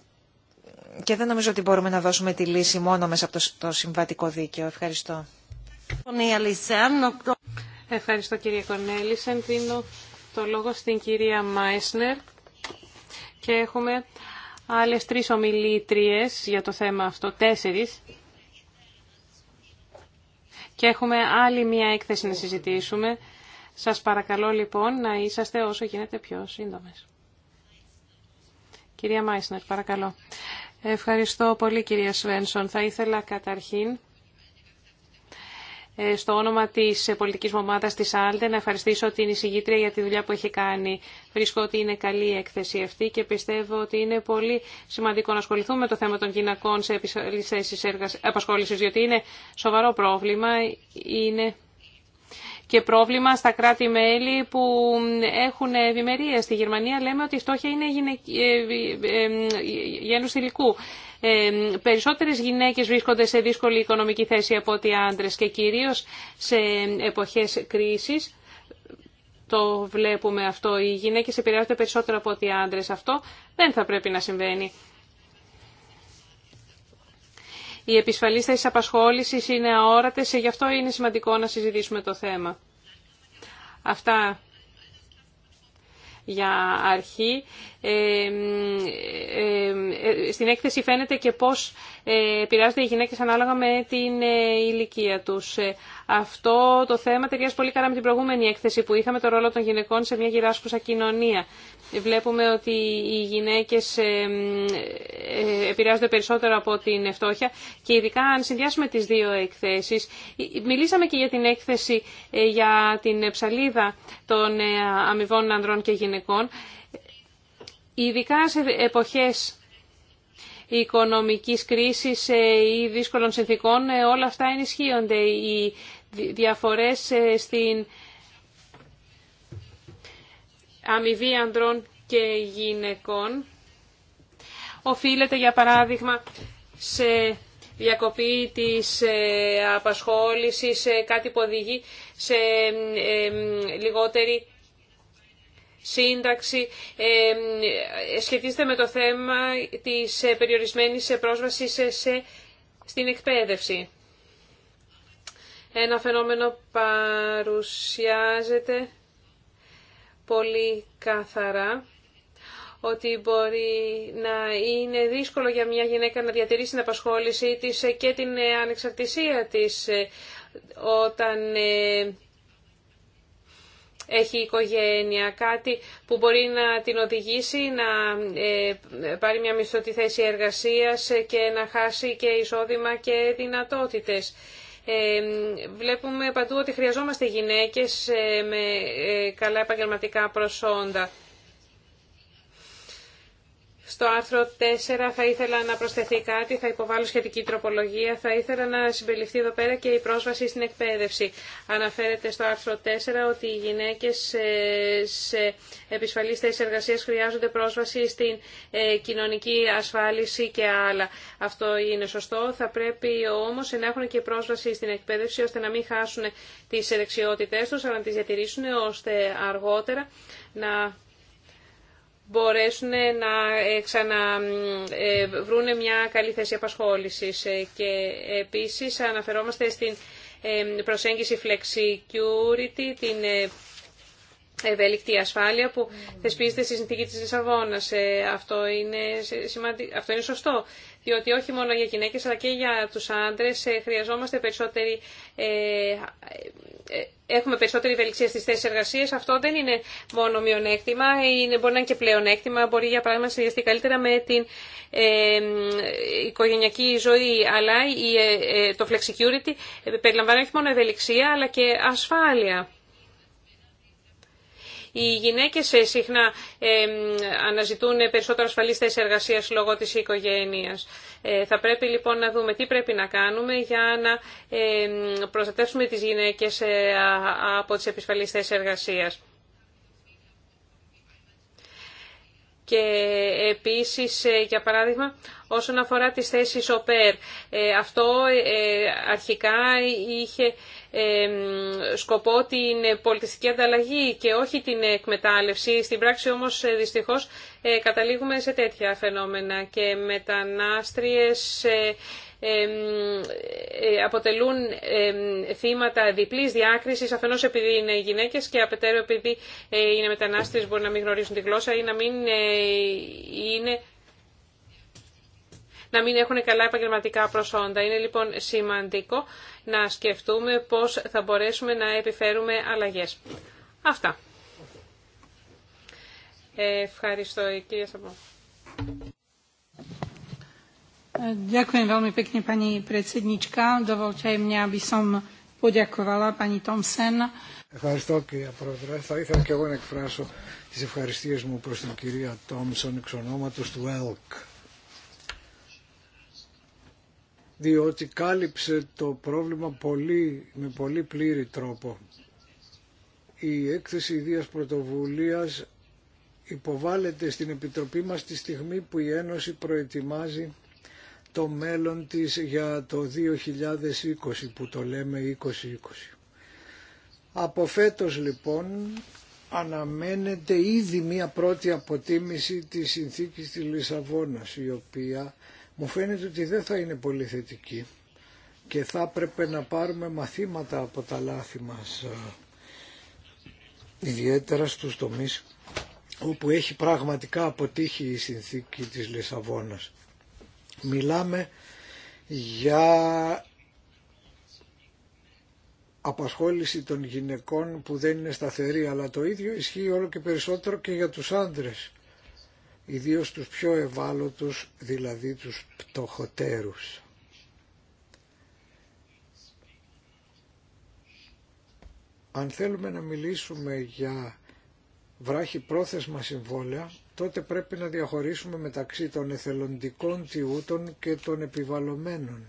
και δεν νομίζω ότι μπορούμε να δώσουμε τη λύση μόνο μέσα από το συμβατικό δίκαιο. Ευχαριστώ. Ευχαριστώ κυρία Κορνέλησεν. Δίνω το λόγο στην κυρία Μάισνερ και έχουμε άλλες τρεις ομιλήτριες για το θέμα αυτό, τέσσερις. Και έχουμε άλλη μία έκθεση να συζητήσουμε. Σας παρακαλώ λοιπόν να είσαστε όσο γίνεται πιο σύντομες. Κυρία Μάισνερ, παρακαλώ. Ευχαριστώ πολύ κυρία Σβένσον. Θα ήθελα καταρχήν ε, στο όνομα της ε, πολιτική ομάδα ομάδας της ΑΛΤΕ να ευχαριστήσω την εισηγήτρια για τη δουλειά που έχει κάνει. Βρίσκω ότι είναι καλή η έκθεση αυτή και πιστεύω ότι είναι πολύ σημαντικό να ασχοληθούμε με το θέμα των γυναικών σε θέσει απασχόληση, διότι είναι σοβαρό πρόβλημα, είναι και πρόβλημα στα κράτη-μέλη που έχουν ευημερία. Στη Γερμανία λέμε ότι η φτώχεια είναι ε, ε, ε, γένους θηλυκού. Περισσότερες γυναίκες βρίσκονται σε δύσκολη οικονομική θέση από ότι άντρες και κυρίως σε εποχές κρίσης. Το βλέπουμε αυτό. Οι γυναίκες επηρεάζονται περισσότερο από ότι άντρες. Αυτό δεν θα πρέπει να συμβαίνει οι επισφαλείς θέσεις απασχόλησης είναι αόρατες, γι' αυτό είναι σημαντικό να συζητήσουμε το θέμα. Αυτά για αρχή. Ε, ε, ε, στην έκθεση φαίνεται και πώς επηρεάζονται οι γυναίκες ανάλογα με την ηλικία τους. Αυτό το θέμα ταιριάζει πολύ καλά με την προηγούμενη έκθεση που είχαμε το ρόλο των γυναικών σε μια γυράσκουσα κοινωνία βλέπουμε ότι οι γυναίκες ε, ε, επηρεάζονται περισσότερο από την φτώχεια και ειδικά αν συνδυάσουμε τις δύο εκθέσεις. Ε, μιλήσαμε και για την έκθεση για την ψαλίδα των αμοιβών ανδρών και γυναικών. Ειδικά σε εποχές οικονομικής κρίσης ή δύσκολων συνθήκων όλα αυτά ενισχύονται. Οι διαφορές στην αμοιβή ανδρών και γυναικών οφείλεται για παράδειγμα σε διακοπή της ε, απασχόλησης, σε κάτι που οδηγεί σε ε, λιγότερη σύνταξη. Ε, σχετίζεται με το θέμα της περιορισμένης πρόσβασης σε, στην εκπαίδευση. Ένα φαινόμενο παρουσιάζεται πολύ καθαρά ότι μπορεί να είναι δύσκολο για μια γυναίκα να διατηρήσει την απασχόλησή της και την ανεξαρτησία της ε, όταν ε, έχει οικογένεια, κάτι που μπορεί να την οδηγήσει να ε, πάρει μια μισθωτή θέση εργασίας και να χάσει και εισόδημα και δυνατότητες. Ε, βλέπουμε παντού ότι χρειαζόμαστε γυναίκες ε, με ε, καλά επαγγελματικά προσόντα. Στο άρθρο 4 θα ήθελα να προσθεθεί κάτι, θα υποβάλω σχετική τροπολογία. Θα ήθελα να συμπεριληφθεί εδώ πέρα και η πρόσβαση στην εκπαίδευση. Αναφέρεται στο άρθρο 4 ότι οι γυναίκες σε επισφαλείς θέση εργασία χρειάζονται πρόσβαση στην ε, κοινωνική ασφάλιση και άλλα. Αυτό είναι σωστό. Θα πρέπει όμως να έχουν και πρόσβαση στην εκπαίδευση ώστε να μην χάσουν τις δεξιότητέ τους, αλλά να τις διατηρήσουν ώστε αργότερα να μπορέσουν να ε, ξαναβρούν ε, μια καλή θέση απασχόλησης. Ε, και επίσης αναφερόμαστε στην προσέγγιση flexicurity, την ευέλικτη ασφάλεια που θεσπίζεται στη συνθήκη της Λισαβόνας. Αυτό είναι, αυτό είναι σωστό, διότι όχι μόνο για γυναίκες αλλά και για τους άντρες χρειαζόμαστε περισσότερη ε, έχουμε περισσότερη ευελιξία στις θέσεις εργασίας, αυτό δεν είναι μόνο μειονέκτημα, είναι, μπορεί να είναι και πλεονέκτημα, μπορεί για παράδειγμα να συνδυαστεί καλύτερα με την ε, οικογενειακή ζωή, αλλά η, ε, ε το flexicurity ε, περιλαμβάνει όχι μόνο ευελιξία, αλλά και ασφάλεια. Οι γυναίκες ε, συχνά ε, αναζητούν περισσότερο ασφαλείς θέσεις εργασίας λόγω της οικογένειας. Ε, θα πρέπει λοιπόν να δούμε τι πρέπει να κάνουμε για να προστατεύσουμε τις γυναίκες από τις επισφαλείς θέσεις Και επίσης, για παράδειγμα, όσον αφορά τις θέσεις ΟΠΕΡ, αυτό αρχικά είχε σκοπό την πολιτιστική ανταλλαγή και όχι την εκμετάλλευση. Στην πράξη όμως ε, δυστυχώς ε, καταλήγουμε σε τέτοια φαινόμενα και μετανάστριες ε, αποτελούν θύματα διπλής διάκρισης αφενός επειδή είναι γυναίκες και απετέρου επειδή είναι μετανάστες μπορεί να μην γνωρίζουν τη γλώσσα ή να μην είναι να μην έχουν καλά επαγγελματικά προσόντα. Είναι λοιπόν σημαντικό να σκεφτούμε πώς θα μπορέσουμε να επιφέρουμε αλλαγές. Αυτά. Ευχαριστώ, κυρία Σαμπό. Ευχαριστώ κυρία Πρόεδρε. Θα ήθελα και εγώ να εκφράσω τις ευχαριστίες μου προς την κυρία Τόμσον εξ ονόματος του ΕΛΚ. διότι κάλυψε το πρόβλημα πολύ, με πολύ πλήρη τρόπο. Η έκθεση ιδίας πρωτοβουλίας υποβάλλεται στην Επιτροπή μας τη στιγμή που η Ένωση προετοιμάζει το μέλλον της για το 2020 που το λέμε 2020. Από φέτος λοιπόν αναμένεται ήδη μία πρώτη αποτίμηση της συνθήκης της Λισαβόνας η οποία μου φαίνεται ότι δεν θα είναι πολύ θετική και θα έπρεπε να πάρουμε μαθήματα από τα λάθη μας ε, ιδιαίτερα στους τομείς όπου έχει πραγματικά αποτύχει η συνθήκη της Λισαβόνας. Μιλάμε για απασχόληση των γυναικών που δεν είναι σταθερή, αλλά το ίδιο ισχύει όλο και περισσότερο και για τους άντρες ιδίως τους πιο ευάλωτους, δηλαδή τους πτωχοτέρους. Αν θέλουμε να μιλήσουμε για βράχη πρόθεσμα συμβόλαια, τότε πρέπει να διαχωρίσουμε μεταξύ των εθελοντικών τιούτων και των επιβαλωμένων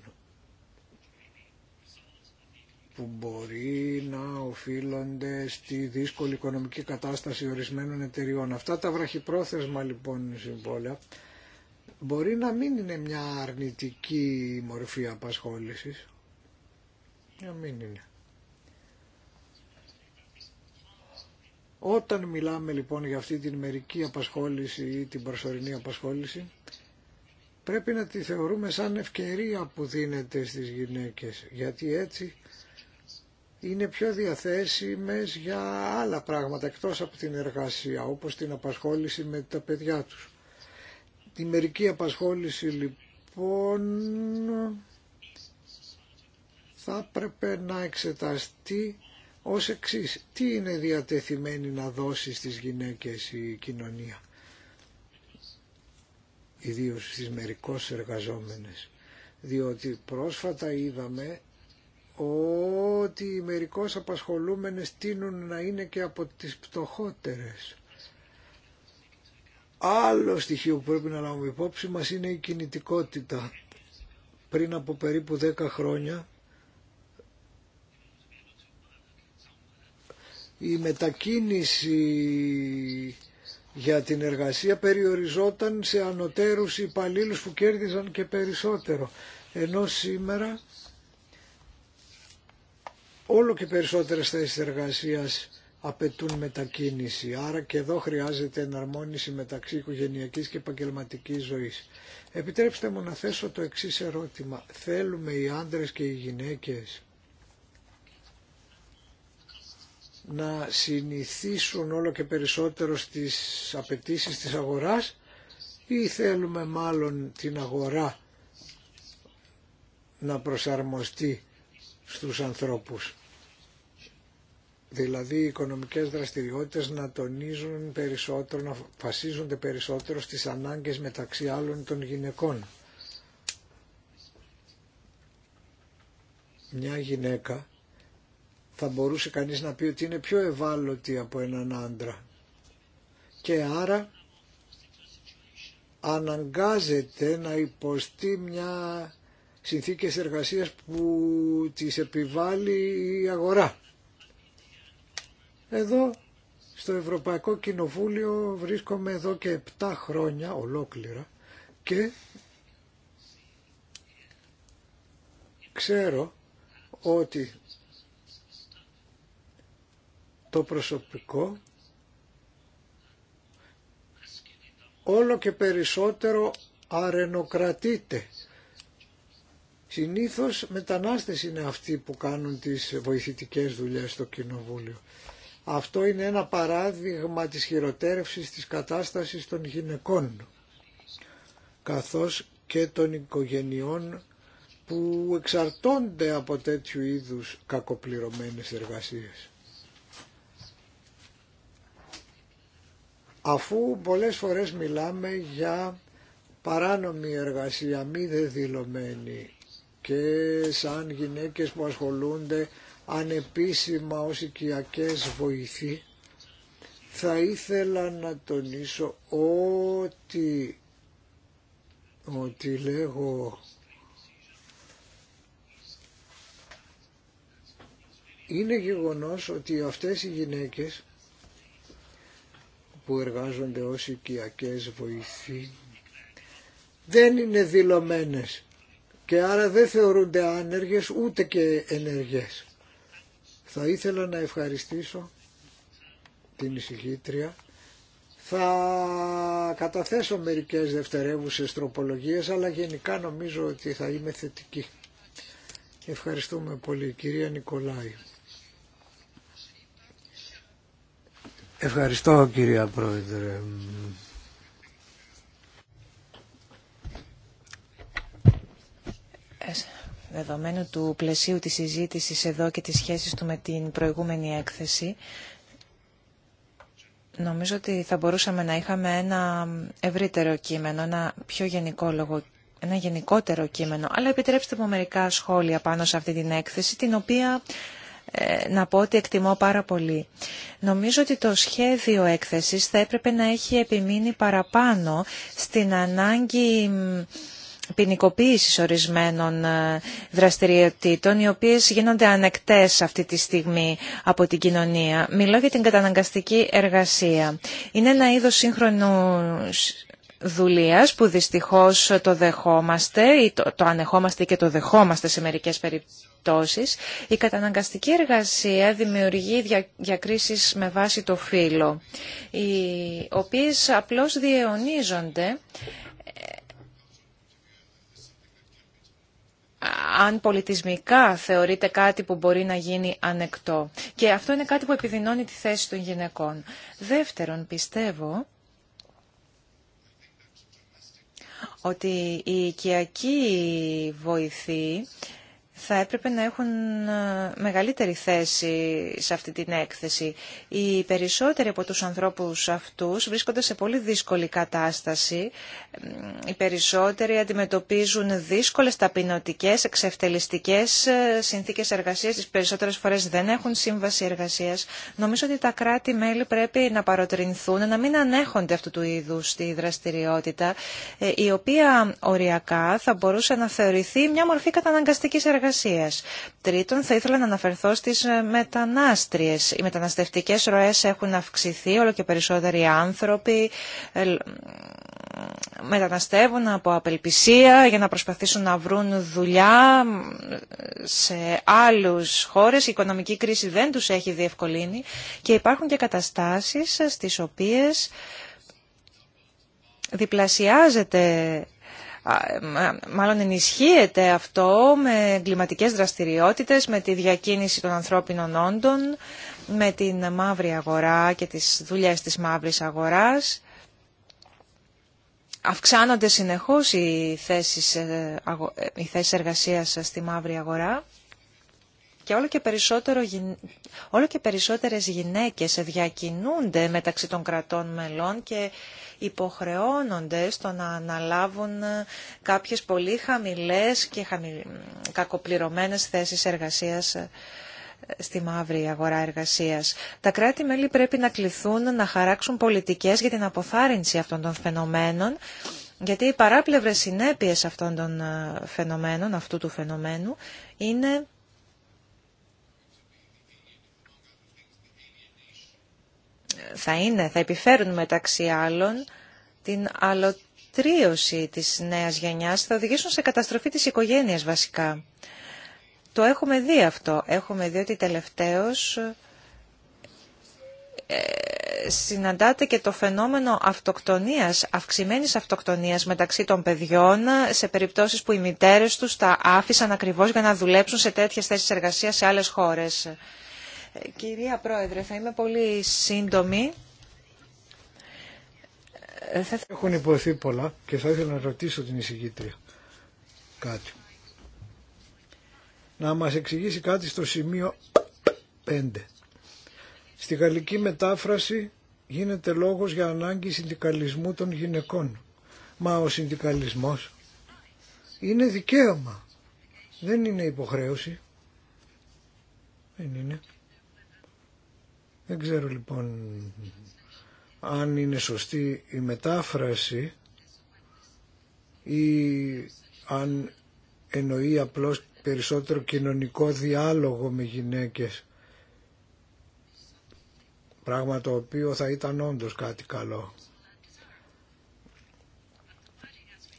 που μπορεί να οφείλονται στη δύσκολη οικονομική κατάσταση ορισμένων εταιριών. Αυτά τα βραχυπρόθεσμα λοιπόν συμβόλαια μπορεί να μην είναι μια αρνητική μορφή απασχόλησης. Να μην είναι. Όταν μιλάμε λοιπόν για αυτή την μερική απασχόληση ή την προσωρινή απασχόληση, πρέπει να τη θεωρούμε σαν ευκαιρία που δίνεται στις γυναίκες, γιατί έτσι είναι πιο διαθέσιμες για άλλα πράγματα εκτός από την εργασία, όπως την απασχόληση με τα παιδιά τους. Τη μερική απασχόληση λοιπόν θα έπρεπε να εξεταστεί ως εξή Τι είναι διατεθειμένη να δώσει στις γυναίκες η κοινωνία, ιδίως στις μερικώς εργαζόμενες. Διότι πρόσφατα είδαμε ότι οι μερικώς απασχολούμενες τείνουν να είναι και από τις πτωχότερες. Άλλο στοιχείο που πρέπει να λάβουμε υπόψη μας είναι η κινητικότητα. Πριν από περίπου 10 χρόνια η μετακίνηση για την εργασία περιοριζόταν σε ανωτέρους υπαλλήλους που κέρδιζαν και περισσότερο. Ενώ σήμερα όλο και περισσότερες θέσεις εργασίας απαιτούν μετακίνηση, άρα και εδώ χρειάζεται εναρμόνιση μεταξύ οικογενειακής και επαγγελματική ζωής. Επιτρέψτε μου να θέσω το εξής ερώτημα. Θέλουμε οι άντρες και οι γυναίκες να συνηθίσουν όλο και περισσότερο στις απαιτήσει της αγοράς ή θέλουμε μάλλον την αγορά να προσαρμοστεί στους ανθρώπους. Δηλαδή οι οικονομικές δραστηριότητες να τονίζουν περισσότερο, να φασίζονται περισσότερο στις ανάγκες μεταξύ άλλων των γυναικών. Μια γυναίκα θα μπορούσε κανείς να πει ότι είναι πιο ευάλωτη από έναν άντρα και άρα αναγκάζεται να υποστεί μια συνθήκες εργασίας που τις επιβάλλει η αγορά. Εδώ στο Ευρωπαϊκό Κοινοβούλιο βρίσκομαι εδώ και 7 χρόνια ολόκληρα και ξέρω ότι το προσωπικό όλο και περισσότερο αρενοκρατείται Συνήθως μετανάστες είναι αυτοί που κάνουν τις βοηθητικές δουλειές στο Κοινοβούλιο. Αυτό είναι ένα παράδειγμα της χειροτέρευσης της κατάστασης των γυναικών καθώς και των οικογενειών που εξαρτώνται από τέτοιου είδους κακοπληρωμένες εργασίες. Αφού πολλές φορές μιλάμε για παράνομη εργασία, μη δεδηλωμένη, και σαν γυναίκες που ασχολούνται ανεπίσημα ως οικιακές βοηθοί. Θα ήθελα να τονίσω ότι, ότι λέγω είναι γεγονός ότι αυτές οι γυναίκες που εργάζονται ως οικιακές βοηθοί δεν είναι δηλωμένες και άρα δεν θεωρούνται άνεργες ούτε και ενεργές. Θα ήθελα να ευχαριστήσω την εισηγήτρια. Θα καταθέσω μερικές δευτερεύουσες τροπολογίες, αλλά γενικά νομίζω ότι θα είμαι θετική. Ευχαριστούμε πολύ, κυρία Νικολάη. Ευχαριστώ, κυρία Πρόεδρε. Ε, δεδομένου του πλαισίου της συζήτησης εδώ και της σχέσης του με την προηγούμενη έκθεση, νομίζω ότι θα μπορούσαμε να είχαμε ένα ευρύτερο κείμενο, ένα πιο γενικό λόγο, ένα γενικότερο κείμενο. Αλλά επιτρέψτε μου μερικά σχόλια πάνω σε αυτή την έκθεση, την οποία ε, να πω ότι εκτιμώ πάρα πολύ. Νομίζω ότι το σχέδιο έκθεσης θα έπρεπε να έχει επιμείνει παραπάνω στην ανάγκη ποινικοποίηση ορισμένων ε, δραστηριοτήτων, οι οποίες γίνονται ανεκτές αυτή τη στιγμή από την κοινωνία. Μιλώ για την καταναγκαστική εργασία. Είναι ένα είδος σύγχρονου δουλείας που δυστυχώς το δεχόμαστε ή το, το ανεχόμαστε και το δεχόμαστε σε μερικές περιπτώσεις. Η καταναγκαστική εργασία δημιουργεί δια, διακρίσεις με βάση το φύλλο, οι οποίες απλώς διαιωνίζονται αν πολιτισμικά θεωρείται κάτι που μπορεί να γίνει ανεκτό. Και αυτό είναι κάτι που επιδεινώνει τη θέση των γυναικών. Δεύτερον, πιστεύω ότι η οικιακή βοηθή θα έπρεπε να έχουν ε, μεγαλύτερη θέση σε αυτή την έκθεση. Οι περισσότεροι από τους ανθρώπους αυτούς βρίσκονται σε πολύ δύσκολη κατάσταση. Ε, οι περισσότεροι αντιμετωπίζουν δύσκολες ταπεινωτικές, εξευτελιστικές ε, συνθήκες εργασίας. Τις περισσότερες φορές δεν έχουν σύμβαση εργασίας. Νομίζω ότι τα κράτη-μέλη πρέπει να παροτρινθούν, να μην ανέχονται αυτού του είδους τη δραστηριότητα, η οποία οριακά θα μπορούσε να θεωρηθεί μια μορφή καταναγκαστικής εργασίας Τρίτον, θα ήθελα να αναφερθώ στις ε, μετανάστριες. Οι μεταναστευτικές ροές έχουν αυξηθεί, όλο και περισσότεροι άνθρωποι ε, μεταναστεύουν από απελπισία για να προσπαθήσουν να βρουν δουλειά σε άλλους χώρες. Η οικονομική κρίση δεν τους έχει διευκολύνει και υπάρχουν και καταστάσεις ε, στις οποίες διπλασιάζεται μάλλον ενισχύεται αυτό με εγκληματικές δραστηριότητες, με τη διακίνηση των ανθρώπινων όντων, με την μαύρη αγορά και τις δουλειές της μαύρης αγοράς. Αυξάνονται συνεχώς οι θέσεις, ε, ε, οι θέσεις εργασίας στη μαύρη αγορά και όλο και, περισσότερο, όλο και περισσότερες γυναίκες διακινούνται μεταξύ των κρατών μελών και υποχρεώνονται στο να αναλάβουν ε, κάποιες πολύ χαμηλές και χαμηλ... κακοπληρωμένες θέσεις εργασίας ε, στη μαύρη αγορά εργασίας. Τα κράτη-μέλη πρέπει να κληθούν να χαράξουν πολιτικές για την αποθάρρυνση αυτών των φαινομένων, γιατί οι παράπλευρες συνέπειες αυτών των ε, φαινομένων, αυτού του φαινομένου, είναι θα είναι, θα επιφέρουν μεταξύ άλλων την αλωτρίωση της νέας γενιάς, θα οδηγήσουν σε καταστροφή της οικογένειας βασικά. Το έχουμε δει αυτό. Έχουμε δει ότι τελευταίως ε, συναντάται και το φαινόμενο αυτοκτονίας, αυξημένης αυτοκτονίας μεταξύ των παιδιών σε περιπτώσεις που οι μητέρες τους τα άφησαν ακριβώς για να δουλέψουν σε τέτοιες θέσεις εργασίας σε άλλες χώρες. Κυρία Πρόεδρε, θα είμαι πολύ σύντομη. Ε, Έχουν υποθεί πολλά και θα ήθελα να ρωτήσω την εισηγήτρια κάτι. Να μας εξηγήσει κάτι στο σημείο 5. Στη γαλλική μετάφραση γίνεται λόγος για ανάγκη συνδικαλισμού των γυναικών. Μα ο συνδικαλισμός είναι δικαίωμα. Δεν είναι υποχρέωση. Δεν είναι. Δεν ξέρω λοιπόν αν είναι σωστή η μετάφραση ή αν εννοεί απλώς περισσότερο κοινωνικό διάλογο με γυναίκες πράγμα το οποίο θα ήταν όντως κάτι καλό.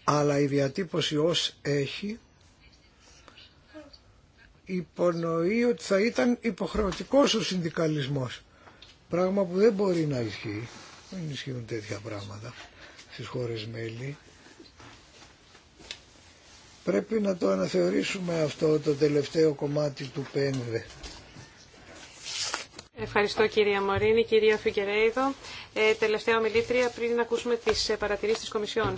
Αλλά η διατύπωση ως έχει υπονοεί ότι θα ήταν υποχρεωτικός ο συνδικαλισμός. Πράγμα που δεν μπορεί να ισχύει. Δεν ισχύουν τέτοια πράγματα στις χώρες μέλη. Πρέπει να το αναθεωρήσουμε αυτό το τελευταίο κομμάτι του πένδε. Ευχαριστώ κυρία Μωρίνη, κυρία Φιγκερέιδο. Ε, τελευταία ομιλήτρια πριν να ακούσουμε τις ε, παρατηρήσεις της Κομισιόν.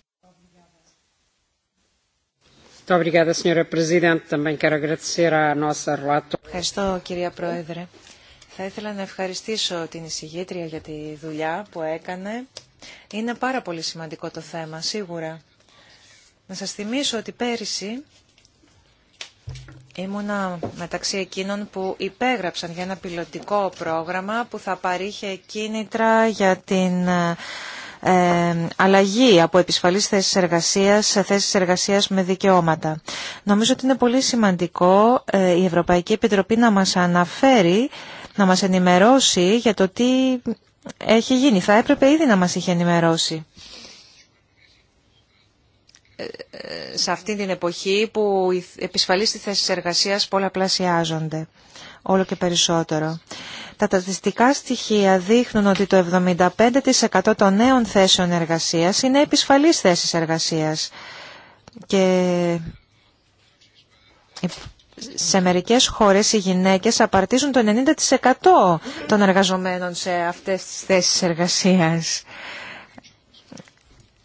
Ευχαριστώ κυρία Πρόεδρε. Θα ήθελα να ευχαριστήσω την εισηγήτρια για τη δουλειά που έκανε. Είναι πάρα πολύ σημαντικό το θέμα, σίγουρα. Να σας θυμίσω ότι πέρυσι ήμουνα μεταξύ εκείνων που υπέγραψαν για ένα πιλωτικό πρόγραμμα που θα παρήχε κίνητρα για την ε, αλλαγή από επισφαλής θέσεις εργασίας σε θέσεις εργασίας με δικαιώματα. Νομίζω ότι είναι πολύ σημαντικό ε, η Ευρωπαϊκή Επιτροπή να μας αναφέρει να μας ενημερώσει για το τι έχει γίνει. Θα έπρεπε ήδη να μας είχε ενημερώσει. Ε, ε, σε αυτή την εποχή που οι επισφαλείς στη θέση εργασίας πολλαπλασιάζονται όλο και περισσότερο. Τα στατιστικά στοιχεία δείχνουν ότι το 75% των νέων θέσεων εργασίας είναι επισφαλείς θέσεις εργασίας. Και σε μερικές χώρες οι γυναίκες απαρτίζουν το 90% των εργαζομένων σε αυτές τις θέσεις εργασίας.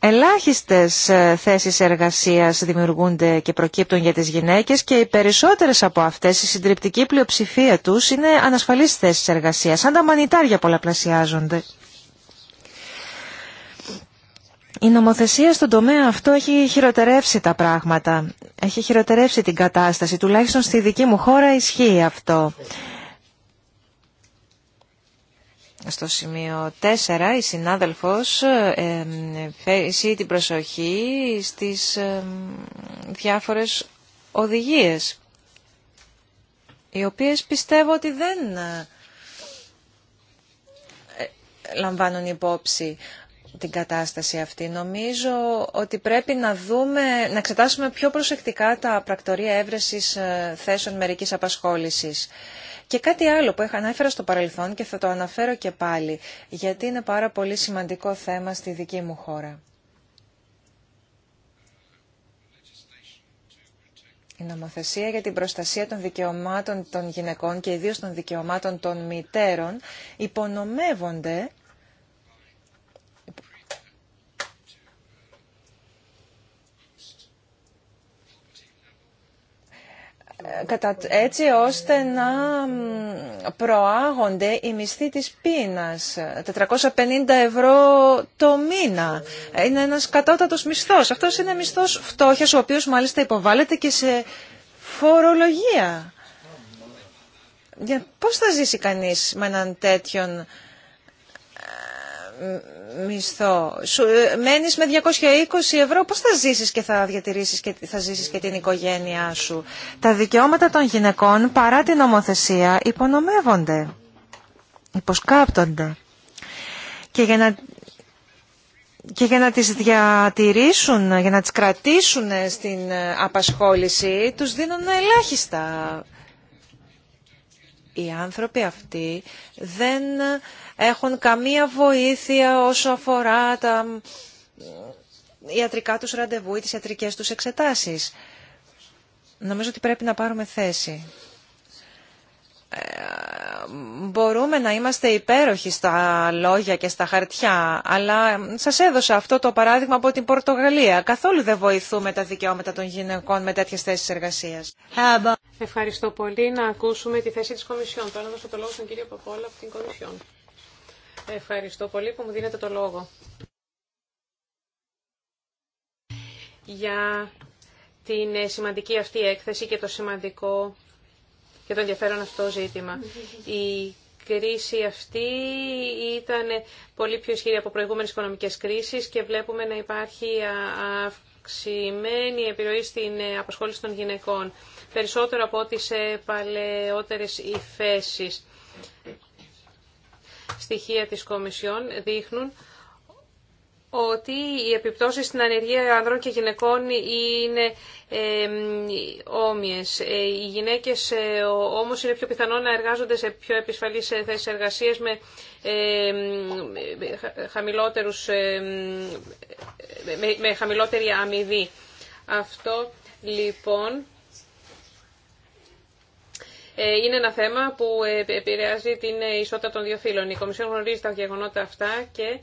Ελάχιστες ε, θέσεις εργασίας δημιουργούνται και προκύπτουν για τις γυναίκες και οι περισσότερες από αυτές, η συντριπτική πλειοψηφία τους, είναι ανασφαλείς θέσεις εργασίας, σαν τα μανιτάρια πολλαπλασιάζονται. Η νομοθεσία στον τομέα αυτό έχει χειροτερεύσει τα πράγματα. Έχει χειροτερεύσει την κατάσταση. Τουλάχιστον στη δική μου χώρα ισχύει αυτό. Στο σημείο 4 η συνάδελφος ε, φέσει την προσοχή στις ε, διάφορες οδηγίες οι οποίες πιστεύω ότι δεν ε, λαμβάνουν υπόψη την κατάσταση αυτή. Νομίζω ότι πρέπει να δούμε, να εξετάσουμε πιο προσεκτικά τα πρακτορία έβρεσης ε, θέσεων μερικής απασχόλησης. Και κάτι άλλο που ανέφερα στο παρελθόν και θα το αναφέρω και πάλι, γιατί είναι πάρα πολύ σημαντικό θέμα στη δική μου χώρα. Η νομοθεσία για την προστασία των δικαιωμάτων των γυναικών και ιδίως των δικαιωμάτων των μητέρων υπονομεύονται έτσι ώστε να προάγονται οι μισθοί της πείνας. 450 ευρώ το μήνα. Είναι ένας κατώτατος μισθός. Αυτός είναι μισθός φτώχειας, ο οποίος μάλιστα υποβάλλεται και σε φορολογία. Για πώς θα ζήσει κανείς με έναν τέτοιον μισθό. Ε, μένεις με 220 ευρώ, πώς θα ζήσεις και θα διατηρήσεις και θα ζήσεις και την οικογένειά σου. Τα δικαιώματα των γυναικών παρά την νομοθεσία υπονομεύονται, υποσκάπτονται. Και για να και για να τις διατηρήσουν, για να τις κρατήσουν στην ε, απασχόληση, τους δίνουν ελάχιστα. Οι άνθρωποι αυτοί δεν έχουν καμία βοήθεια όσο αφορά τα ιατρικά τους ραντεβού ή τις ιατρικές τους εξετάσεις. Νομίζω ότι πρέπει να πάρουμε θέση. Ε, μπορούμε να είμαστε υπέροχοι στα λόγια και στα χαρτιά, αλλά σας έδωσα αυτό το παράδειγμα από την Πορτογαλία. Καθόλου δεν βοηθούμε τα δικαιώματα των γυναικών με τέτοιες θέσεις εργασίας. Ευχαριστώ πολύ. Να ακούσουμε τη θέση της Κομισιόν. Τώρα δώσω το λόγο στον κύριο Παπόλα από την Κομισιόν. Ευχαριστώ πολύ που μου δίνετε το λόγο. Για την ε, σημαντική αυτή έκθεση και το σημαντικό και το ενδιαφέρον αυτό ζήτημα. Η κρίση αυτή ήταν πολύ πιο ισχυρή από προηγούμενες οικονομικές κρίσεις και βλέπουμε να υπάρχει αυξημένη επιρροή στην ε, απασχόληση των γυναικών. Περισσότερο από ό,τι σε παλαιότερες υφέσεις στοιχεία της Κομισιόν δείχνουν ότι οι επιπτώσεις στην ανεργία ανδρών και γυναικών είναι ε, όμοιες. Οι γυναίκες ε, όμως είναι πιο πιθανό να εργάζονται σε πιο επισφαλείς ε, θέσεις εργασίας με χαμηλότερους, με χαμηλότερη αμοιβή. Αυτό λοιπόν ε, είναι ένα θέμα που επηρεάζει την ε, ισότητα των δύο φύλων. Η Κομισιόν γνωρίζει τα γεγονότα αυτά και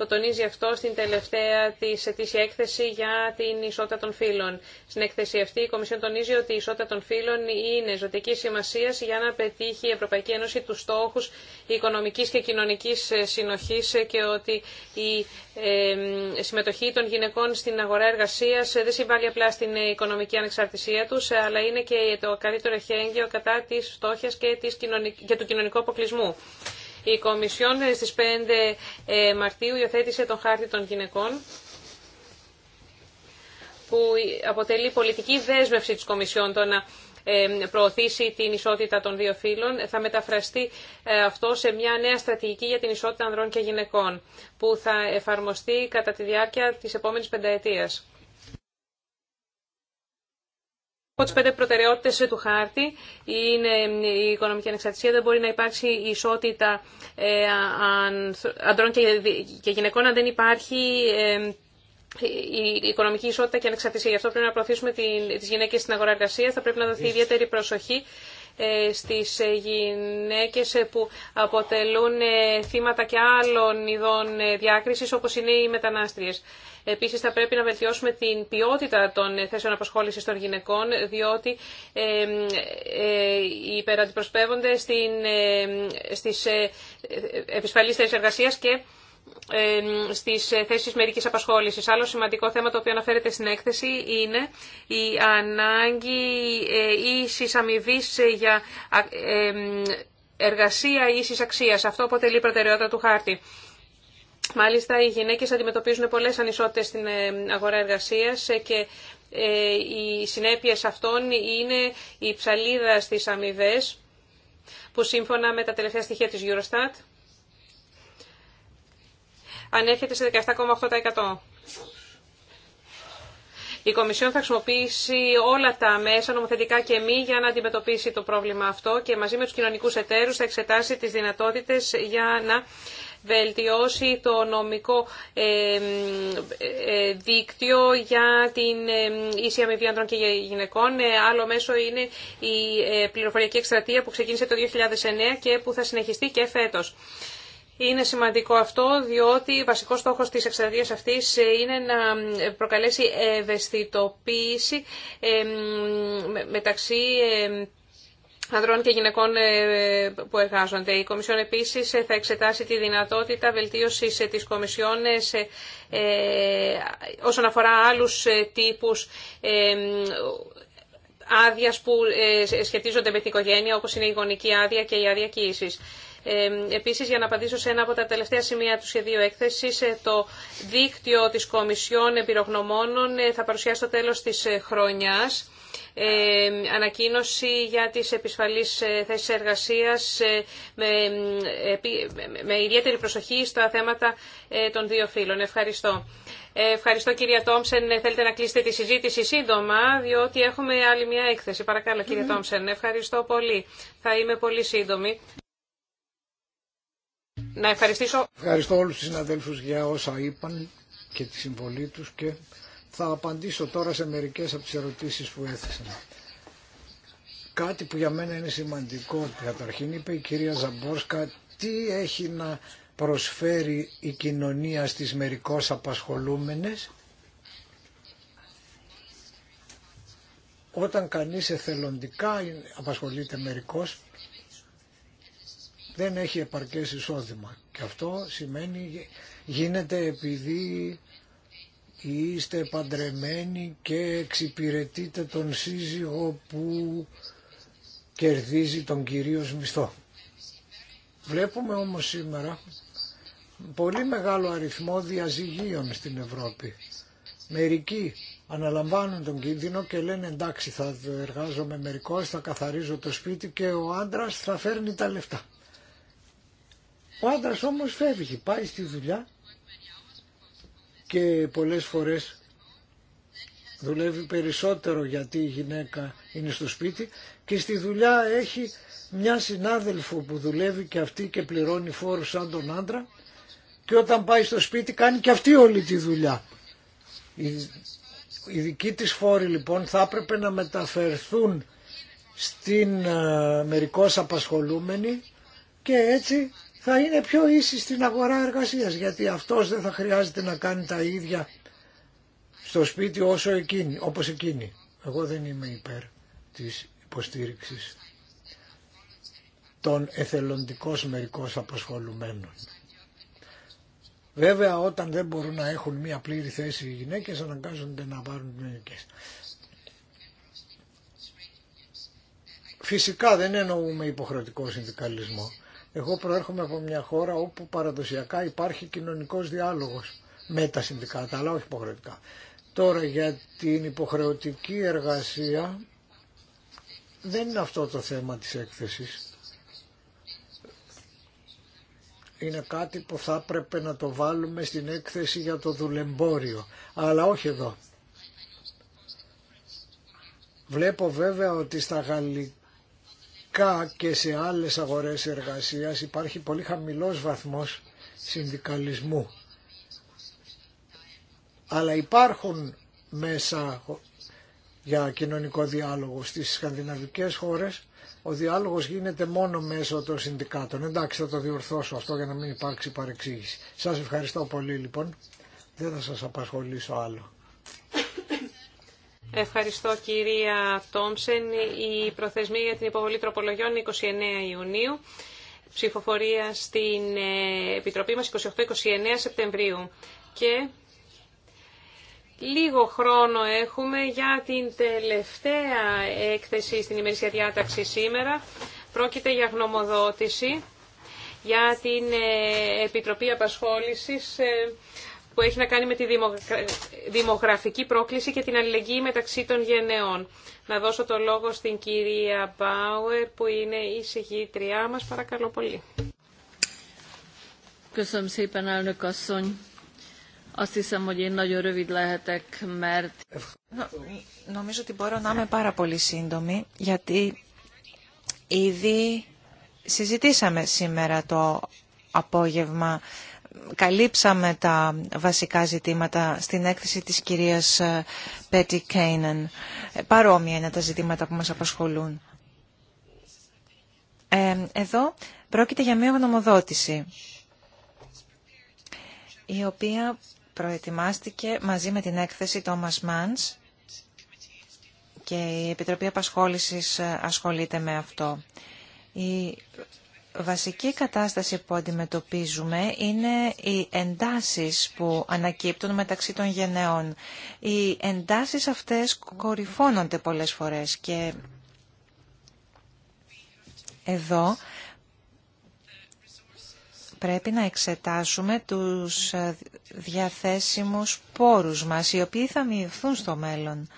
το τονίζει αυτό στην τελευταία τη ετήσια έκθεση για την ισότητα των φύλων. Στην έκθεση αυτή η Κομισιόν τονίζει ότι η ισότητα των φύλων είναι ζωτική σημασία για να πετύχει η Ευρωπαϊκή Ένωση του στόχου οικονομική και κοινωνική συνοχή και ότι η συμμετοχή των γυναικών στην αγορά εργασία δεν συμβάλλει απλά στην οικονομική ανεξαρτησία του, αλλά είναι και το καλύτερο χέγγιο κατά της φτώχειας και του κοινωνικού αποκλεισμού. Η Κομισιόν ε, στις 5 ε, Μαρτίου υιοθέτησε τον χάρτη των γυναικών που αποτελεί πολιτική δέσμευση της Κομισιόν το να ε, προωθήσει την ισότητα των δύο φύλων. Θα μεταφραστεί αυτό σε μια νέα στρατηγική για την ισότητα ανδρών και γυναικών που θα εφαρμοστεί κατά τη διάρκεια της επόμενης πενταετίας. Από τι πέντε προτεραιότητε του χάρτη είναι η οικονομική ανεξαρτησία. Δεν μπορεί να υπάρξει ισότητα ε, αντρών και γυναικών αν δεν υπάρχει ε, η οικονομική ισότητα και ανεξαρτησία. Γι' αυτό πρέπει να προωθήσουμε τι γυναίκε στην αγορά εργασία. Θα πρέπει να δοθεί ιδιαίτερη προσοχή ε, στις ε, γυναίκες ε, που αποτελούν θύματα και άλλων ειδών διάκρισης όπως είναι οι μετανάστριες. Επίσης θα πρέπει να βελτιώσουμε την ποιότητα των θέσεων απασχόλησης των γυναικών διότι υπεραντιπροσπεύονται στις επισφαλείς θέσεις και στις ε, θέσει μερικής απασχόλησης. Άλλο σημαντικό θέμα το οποίο αναφέρεται στην έκθεση είναι η ανάγκη ε, ίσης αμοιβή ε, για εργασία ίσης αξια Αυτό αποτελεί προτεραιότητα του χάρτη. Μάλιστα, οι γυναίκε αντιμετωπίζουν πολλέ ανισότητες στην αγορά εργασίας και οι συνέπειε αυτών είναι η ψαλίδα στι αμοιβέ που σύμφωνα με τα τελευταία στοιχεία της Eurostat ανέρχεται σε 17,8%. Η Κομισιόν θα χρησιμοποιήσει όλα τα μέσα, νομοθετικά και μη, για να αντιμετωπίσει το πρόβλημα αυτό και μαζί με τους κοινωνικούς εταίρους θα εξετάσει τις δυνατότητες για να βελτιώσει το νομικό ε, ε, δίκτυο για την ε, ίση αμοιβή ανδρών και γυναικών. Άλλο μέσο είναι η πληροφοριακή εκστρατεία που ξεκίνησε το 2009 και που θα συνεχιστεί και φέτος. Είναι σημαντικό αυτό, διότι βασικό στόχος της εξαρτίας αυτής είναι να προκαλέσει ευαισθητοποίηση μεταξύ ανδρών και γυναικών ε, που εργάζονται. Η Κομισιόν επίσης θα εξετάσει τη δυνατότητα βελτίωσης της Κομισιόν σε, ε, όσον αφορά άλλους ε, τύπους άδειας που σχετίζονται με την οικογένεια, όπως είναι η γονική άδεια και η άδεια κοίησης. Επίσης, για να απαντήσω σε ένα από τα τελευταία σημεία του σχεδίου έκθεσης, ε, το δίκτυο της Κομισιόν Επιρογνωμόνων ε, θα παρουσιάσει στο τέλος της ε, χρονιάς. Ε, ανακοίνωση για τις επισφαλείς θέσεις εργασίας με, με ιδιαίτερη προσοχή στα θέματα των δύο φύλων. Ευχαριστώ. Ευχαριστώ κυρία Τόμψεν. Θέλετε να κλείσετε τη συζήτηση σύντομα, διότι έχουμε άλλη μια έκθεση. Παρακαλώ κύριε Τόμψεν Ευχαριστώ πολύ. Θα είμαι πολύ σύντομη να ευχαριστήσω. Ευχαριστώ όλους τους συναδέλφους για όσα είπαν και τη συμβολή τους και θα απαντήσω τώρα σε μερικές από τις ερωτήσεις που έθεσαν. Κάτι που για μένα είναι σημαντικό, καταρχήν είπε η κυρία Ζαμπόρσκα, τι έχει να προσφέρει η κοινωνία στις μερικώς απασχολούμενες όταν κανείς εθελοντικά απασχολείται μερικώς δεν έχει επαρκές εισόδημα. Και αυτό σημαίνει γίνεται επειδή είστε παντρεμένοι και εξυπηρετείτε τον σύζυγο που κερδίζει τον κυρίως μισθό. Βλέπουμε όμως σήμερα πολύ μεγάλο αριθμό διαζυγίων στην Ευρώπη. Μερικοί αναλαμβάνουν τον κίνδυνο και λένε εντάξει θα εργάζομαι μερικός, θα καθαρίζω το σπίτι και ο άντρας θα φέρνει τα λεφτά. Ο άντρα όμω φεύγει, πάει στη δουλειά και πολλές φορές δουλεύει περισσότερο γιατί η γυναίκα είναι στο σπίτι και στη δουλειά έχει μια συνάδελφο που δουλεύει και αυτή και πληρώνει φόρους σαν τον άντρα και όταν πάει στο σπίτι κάνει και αυτή όλη τη δουλειά. Οι, δικοί της φόροι λοιπόν θα έπρεπε να μεταφερθούν στην ε, μερικώς απασχολούμενη και έτσι θα είναι πιο ίση στην αγορά εργασίας γιατί αυτός δεν θα χρειάζεται να κάνει τα ίδια στο σπίτι όσο εκείνη, όπως εκείνη. Εγώ δεν είμαι υπέρ της υποστήριξης των εθελοντικός μερικώς αποσχολουμένων. Βέβαια όταν δεν μπορούν να έχουν μία πλήρη θέση οι γυναίκες αναγκάζονται να πάρουν γυναίκες. Φυσικά δεν εννοούμε υποχρεωτικό συνδικαλισμό. Εγώ προέρχομαι από μια χώρα όπου παραδοσιακά υπάρχει κοινωνικός διάλογος με τα συνδικάτα, αλλά όχι υποχρεωτικά. Τώρα για την υποχρεωτική εργασία δεν είναι αυτό το θέμα της έκθεσης. Είναι κάτι που θα έπρεπε να το βάλουμε στην έκθεση για το δουλεμπόριο, αλλά όχι εδώ. Βλέπω βέβαια ότι στα γαλλικά ειδικά και σε άλλες αγορές εργασίας υπάρχει πολύ χαμηλός βαθμός συνδικαλισμού. Αλλά υπάρχουν μέσα για κοινωνικό διάλογο στις σκανδιναβικές χώρες ο διάλογος γίνεται μόνο μέσω των συνδικάτων. Εντάξει θα το διορθώσω αυτό για να μην υπάρξει παρεξήγηση. Σας ευχαριστώ πολύ λοιπόν. Δεν θα σας απασχολήσω άλλο. Ευχαριστώ κυρία Τόμσεν. Η προθεσμία για την υποβολή τροπολογιών είναι 29 Ιουνίου. Ψηφοφορία στην ε, Επιτροπή μας 28-29 Σεπτεμβρίου. Και λίγο χρόνο έχουμε για την τελευταία έκθεση στην ημερήσια διάταξη σήμερα. Πρόκειται για γνωμοδότηση για την ε, Επιτροπή Απασχόλησης ε, που έχει να κάνει με τη δημογραφική πρόκληση και την αλληλεγγύη μεταξύ των γενεών. Να δώσω το λόγο στην κυρία Μπάουερ που είναι η συγγήτριά μας. Παρακαλώ πολύ. Νομίζω ότι μπορώ να είμαι πάρα πολύ σύντομη γιατί ήδη συζητήσαμε σήμερα το απόγευμα καλύψαμε τα βασικά ζητήματα στην έκθεση της κυρίας ε, Πέτι Κέινεν. Ε, παρόμοια είναι τα ζητήματα που μας απασχολούν. Ε, εδώ πρόκειται για μία γνωμοδότηση, η οποία προετοιμάστηκε μαζί με την έκθεση Thomas Manns και η Επιτροπή Απασχόλησης ασχολείται με αυτό. Η βασική κατάσταση που αντιμετωπίζουμε είναι οι εντάσεις που ανακύπτουν μεταξύ των γενεών. Οι εντάσεις αυτές κορυφώνονται πολλές φορές και εδώ πρέπει να εξετάσουμε τους διαθέσιμους πόρους μας, οι οποίοι θα μειωθούν στο μέλλον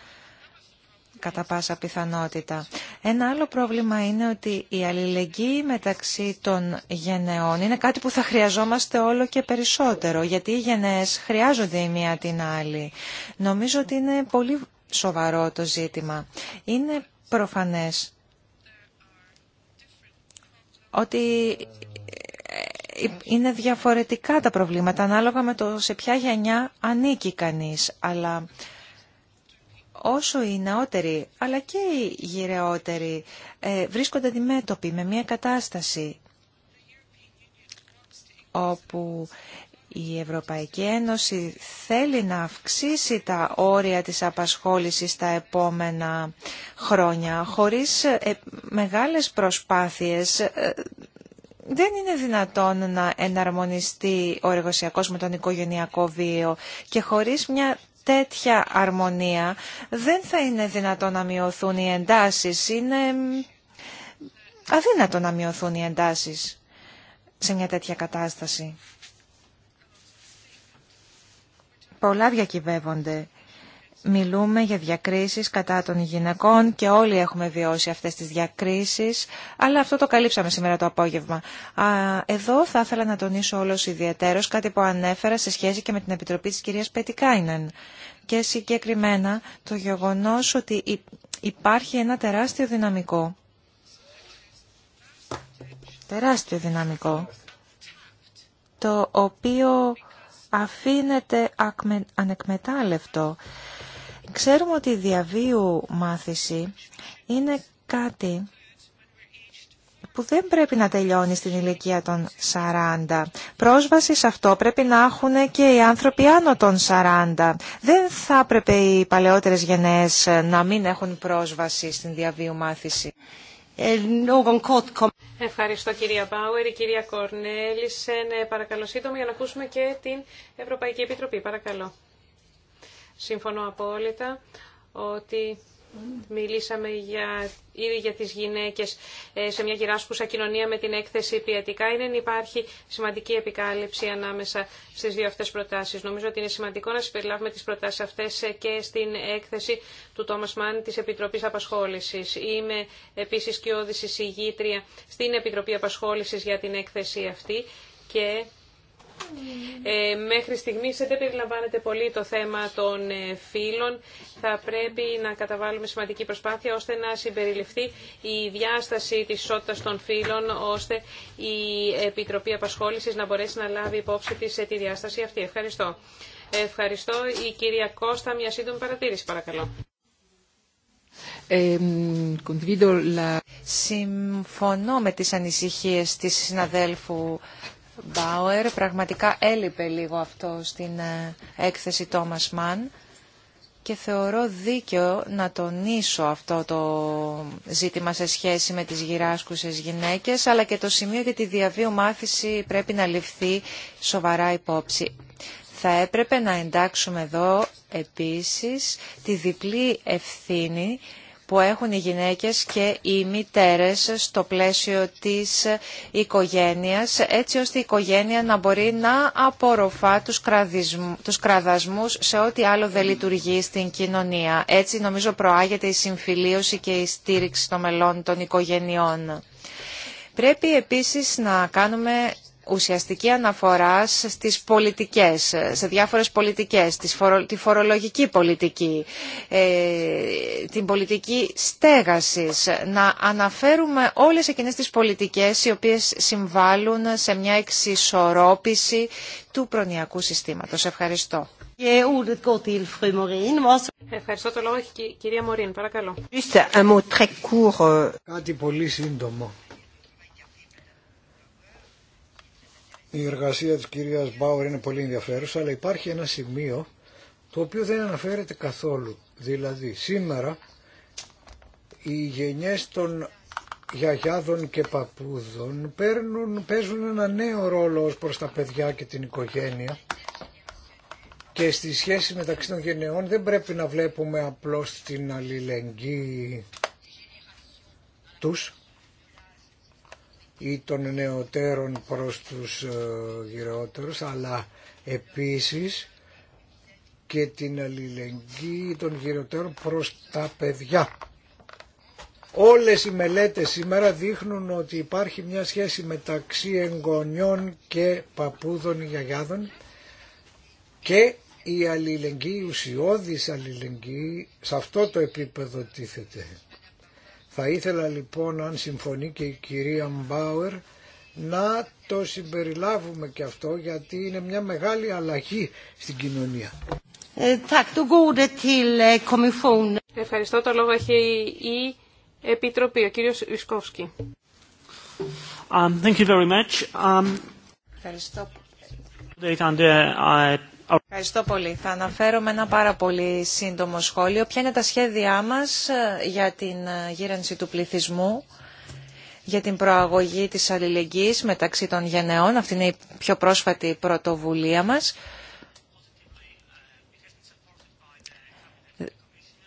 κατά πάσα πιθανότητα. Ένα άλλο πρόβλημα είναι ότι η αλληλεγγύη μεταξύ των γενεών είναι κάτι που θα χρειαζόμαστε όλο και περισσότερο, γιατί οι γενναίες χρειάζονται η μία την άλλη. Νομίζω ότι είναι πολύ σοβαρό το ζήτημα. Είναι προφανές ότι είναι διαφορετικά τα προβλήματα ανάλογα με το σε ποια γενιά ανήκει κανείς. Αλλά όσο οι νεότεροι αλλά και οι γυρεότεροι ε, βρίσκονται αντιμέτωποι με μια κατάσταση όπου η Ευρωπαϊκή Ένωση θέλει να αυξήσει τα όρια της απασχόλησης τα επόμενα χρόνια. Χωρίς ε, μεγάλες προσπάθειες ε, δεν είναι δυνατόν να εναρμονιστεί ο εργοσιακός με τον οικογενειακό βίο και χωρίς μια τέτοια αρμονία δεν θα είναι δυνατό να μειωθούν οι εντάσεις. Είναι αδύνατο να μειωθούν οι εντάσεις σε μια τέτοια κατάσταση. Πολλά διακυβεύονται. Μιλούμε για διακρίσεις κατά των γυναικών και όλοι έχουμε βιώσει αυτές τις διακρίσεις, αλλά αυτό το καλύψαμε σήμερα το απόγευμα. Εδώ θα ήθελα να τονίσω όλος ιδιαίτερος κάτι που ανέφερα σε σχέση και με την Επιτροπή της κυρίας Πετικάινεν και συγκεκριμένα το γεγονός ότι υπάρχει ένα τεράστιο δυναμικό. Τεράστιο δυναμικό το οποίο αφήνεται ανεκμετάλλευτο. Ξέρουμε ότι η διαβίου μάθηση είναι κάτι που δεν πρέπει να τελειώνει στην ηλικία των 40. Πρόσβαση σε αυτό πρέπει να έχουν και οι άνθρωποι άνω των 40. Δεν θα έπρεπε οι παλαιότερες γενναίες να μην έχουν πρόσβαση στην διαβίου μάθηση. Ευχαριστώ κυρία Πάουερ, Η κυρία Κορνέλη, ε, παρακαλώ σύντομα για να ακούσουμε και την Ευρωπαϊκή Επιτροπή. Παρακαλώ. Συμφωνώ απόλυτα ότι μιλήσαμε για, ήδη για τις γυναίκες ε, σε μια γυράσκουσα κοινωνία με την έκθεση ποιατικά. Είναι, υπάρχει σημαντική επικάλυψη ανάμεσα στις δύο αυτές προτάσεις. Νομίζω ότι είναι σημαντικό να συμπεριλάβουμε τις προτάσεις αυτές και στην έκθεση του Τόμας Μάν της Επιτροπής Απασχόλησης. Είμαι επίσης και όδηση συγγήτρια στην Επιτροπή Απασχόλησης για την έκθεση αυτή και ε, μέχρι στιγμής δεν περιλαμβάνεται πολύ το θέμα των ε, φύλων. Θα πρέπει να καταβάλουμε σημαντική προσπάθεια ώστε να συμπεριληφθεί η διάσταση της ισότητας των φύλων, ώστε η Επιτροπή Απασχόλησης να μπορέσει να λάβει υπόψη της ε, τη διάσταση αυτή. Ευχαριστώ. Ευχαριστώ. Η κυρία Κώστα, μια σύντομη παρατήρηση παρακαλώ. Συμφωνώ με τις ανησυχίες της συναδέλφου Μπάουερ. Πραγματικά έλειπε λίγο αυτό στην ε, έκθεση Τόμας Μαν και θεωρώ δίκαιο να τονίσω αυτό το ζήτημα σε σχέση με τις γυράσκουσες γυναίκες, αλλά και το σημείο για τη διαβίου μάθηση πρέπει να ληφθεί σοβαρά υπόψη. Θα έπρεπε να εντάξουμε εδώ επίσης τη διπλή ευθύνη που έχουν οι γυναίκες και οι μητέρες στο πλαίσιο της οικογένειας, έτσι ώστε η οικογένεια να μπορεί να απορροφά τους, τους κραδασμούς σε ό,τι άλλο δεν λειτουργεί στην κοινωνία. Έτσι νομίζω προάγεται η συμφιλίωση και η στήριξη των μελών των οικογενειών. Πρέπει επίσης να κάνουμε ουσιαστική αναφορά στις πολιτικές, σε διάφορες πολιτικές, τη φορολογική πολιτική, ε, την πολιτική στέγασης, να αναφέρουμε όλες εκείνες τις πολιτικές οι οποίες συμβάλλουν σε μια εξισορρόπηση του προνοιακού συστήματος. Ευχαριστώ. Ευχαριστώ το λόγο, κυρία Μωρίν, παρακαλώ. Euh, Κάτι πολύ σύντομο. Η εργασία της κυρίας Μπάουρ είναι πολύ ενδιαφέρουσα, αλλά υπάρχει ένα σημείο το οποίο δεν αναφέρεται καθόλου. Δηλαδή, σήμερα οι γενιές των γιαγιάδων και παππούδων παίζουν ένα νέο ρόλο ως προς τα παιδιά και την οικογένεια και στη σχέση μεταξύ των γενεών δεν πρέπει να βλέπουμε απλώς την αλληλεγγύη τους ή των νεωτέρων προς τους ε, γυρεότερους, αλλά επίσης και την αλληλεγγύη των γυρεότερων προς τα παιδιά. Όλες οι μελέτες σήμερα δείχνουν ότι υπάρχει μια σχέση μεταξύ εγγονιών και παππούδων ή γιαγιάδων και η αλληλεγγύη, η ουσιώδης αλληλεγγύη, σε αυτό το επίπεδο τίθεται. Θα ήθελα λοιπόν αν συμφωνεί και η κυρία Μπάουερ να το συμπεριλάβουμε και αυτό γιατί είναι μια μεγάλη αλλαγή στην κοινωνία. Ε, ε, Ευχαριστώ. Το λόγο έχει η Επιτροπή, ο κύριος Ισκόφσκι. Um, thank you very much. Um, Ευχαριστώ. Ευχαριστώ πολύ. Θα αναφέρω με ένα πάρα πολύ σύντομο σχόλιο. Ποια είναι τα σχέδιά μας ε, για την ε, γύρενση του πληθυσμού, για την προαγωγή της αλληλεγγύης μεταξύ των γενεών. Αυτή είναι η πιο πρόσφατη πρωτοβουλία μας.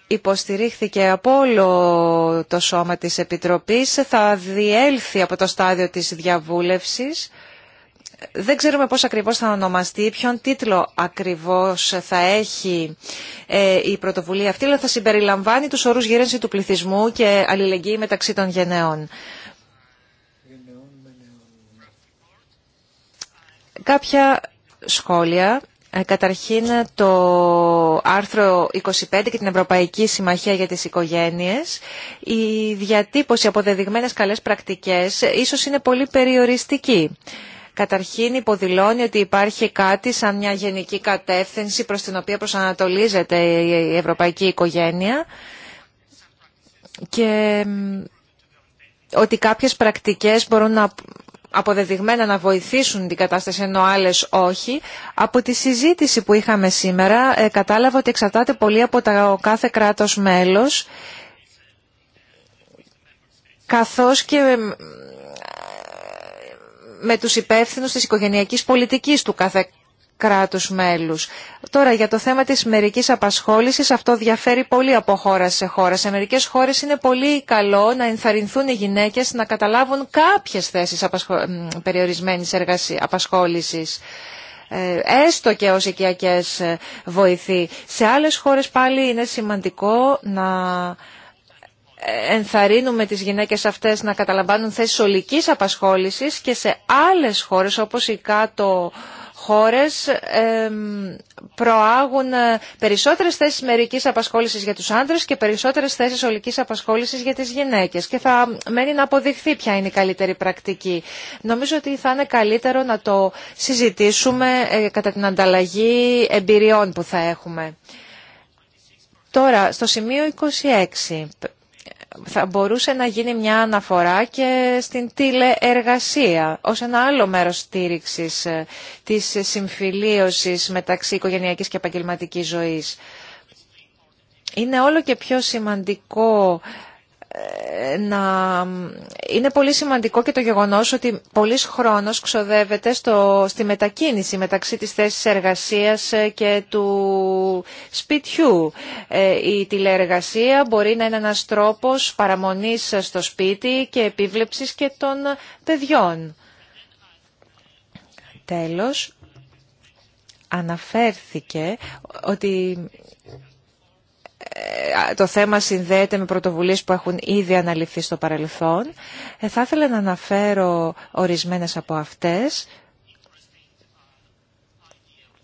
υποστηρίχθηκε από όλο το σώμα της Επιτροπής, θα διέλθει από το στάδιο της διαβούλευσης δεν ξέρουμε πώς ακριβώς θα ονομαστεί, ποιον τίτλο ακριβώς θα έχει ε, η πρωτοβουλία αυτή, αλλά θα συμπεριλαμβάνει τους όρους γύρενση του πληθυσμού και αλληλεγγύη μεταξύ των γενναιών. Κάποια σχόλια. Ε, καταρχήν το άρθρο 25 και την Ευρωπαϊκή Συμμαχία για τις Οικογένειες. Η διατύπωση από δεδειγμένες καλές πρακτικές ίσως είναι πολύ περιοριστική. Καταρχήν υποδηλώνει ότι υπάρχει κάτι σαν μια γενική κατεύθυνση προς την οποία προσανατολίζεται η ευρωπαϊκή οικογένεια και ότι κάποιες πρακτικές μπορούν να αποδεδειγμένα να βοηθήσουν την κατάσταση ενώ άλλε όχι. Από τη συζήτηση που είχαμε σήμερα ε, κατάλαβα ότι εξαρτάται πολύ από το κάθε κράτος μέλος καθώς και με τους υπεύθυνους της οικογενειακής πολιτικής του κάθε κράτους μέλους. Τώρα για το θέμα της μερικής απασχόλησης αυτό διαφέρει πολύ από χώρα σε χώρα. Σε μερικές χώρες είναι πολύ καλό να ενθαρρυνθούν οι γυναίκες να καταλάβουν κάποιες θέσεις απασχο... περιορισμένης εργασίας, απασχόλησης ε, έστω και ως οικιακές ε, βοηθή. Σε άλλες χώρες πάλι είναι σημαντικό να ενθαρρύνουμε τις γυναίκες αυτές να καταλαμβάνουν θέσεις ολικής απασχόλησης και σε άλλες χώρες όπως οι κάτω χώρες προάγουν ε, περισσότερες θέσεις μερικής απασχόλησης για τους άντρες και περισσότερες θέσεις ολικής απασχόλησης για τις γυναίκες και θα μένει να αποδειχθεί ποια είναι η καλύτερη πρακτική. Νομίζω ότι θα είναι καλύτερο να το συζητήσουμε ε, κατά την ανταλλαγή εμπειριών που θα έχουμε. Τώρα, στο σημείο 26 θα μπορούσε να γίνει μια αναφορά και στην τηλεεργασία ως ένα άλλο μέρος στήριξης ε, της συμφιλίωσης μεταξύ οικογενειακής και επαγγελματικής ζωής. Είναι όλο και πιο σημαντικό ε, να είναι πολύ σημαντικό και το γεγονός ότι πολλής χρόνος ξοδεύεται στο, στη μετακίνηση μεταξύ της θέσης εργασίας ε, και του σπιτιού. Ε, η τηλεεργασία μπορεί να είναι ένας τρόπος παραμονής στο σπίτι και επίβλεψης και των παιδιών. Τέλος, αναφέρθηκε ότι ε, το θέμα συνδέεται με πρωτοβουλίες που έχουν ήδη αναλυθεί στο παρελθόν. Ε, θα ήθελα να αναφέρω ορισμένες από αυτές.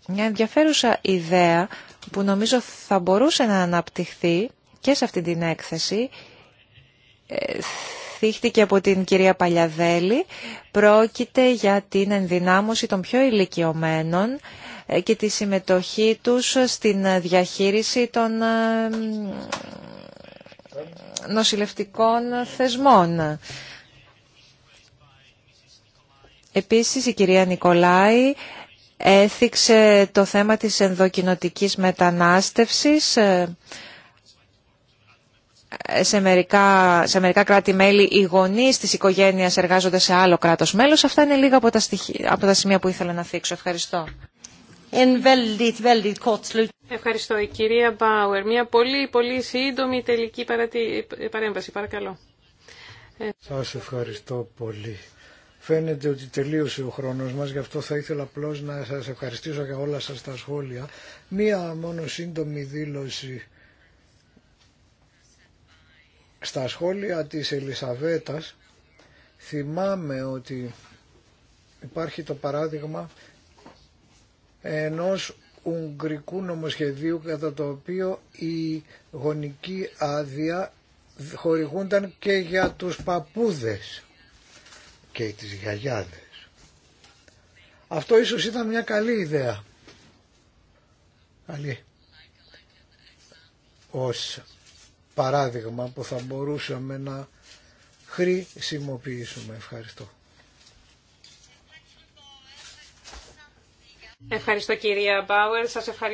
Μια ενδιαφέρουσα ιδέα που νομίζω θα μπορούσε να αναπτυχθεί και σε αυτή την έκθεση ε, θύχτηκε από την κυρία Παλιαδέλη. Πρόκειται για την ενδυνάμωση των πιο ηλικιωμένων ε, και τη συμμετοχή τους στην ε, διαχείριση των ε, νοσηλευτικών θεσμών. Επίσης η κυρία Νικολάη έθιξε το θέμα της ενδοκινοτικής μετανάστευσης. Σε μερικά, σε μερικά κράτη-μέλη οι γονεί τη οικογένεια εργάζονται σε άλλο κράτο μέλο. Αυτά είναι λίγα από τα, από τα σημεία που ήθελα να θίξω. Ευχαριστώ. Ευχαριστώ. Η κυρία Μπάουερ, μια πολύ πολύ σύντομη τελική παρατη... παρέμβαση. Παρακαλώ. Ε, σας ευχαριστώ πολύ. Φαίνεται ότι τελείωσε ο χρόνος μας, γι' αυτό θα ήθελα απλώ να σας ευχαριστήσω για όλα σας τα σχόλια. Μία μόνο σύντομη δήλωση στα σχόλια της Ελισαβέτας θυμάμαι ότι υπάρχει το παράδειγμα ενός ουγγρικού νομοσχεδίου κατά το οποίο η γονική άδεια χορηγούνταν και για τους παπούδες και τις γιαγιάδες. Αυτό ίσως ήταν μια καλή ιδέα. Καλή. Ως παράδειγμα που θα μπορούσαμε να χρησιμοποιήσουμε. Ευχαριστώ. Ευχαριστώ κυρία Μπάουερ. Σας ευχαριστώ.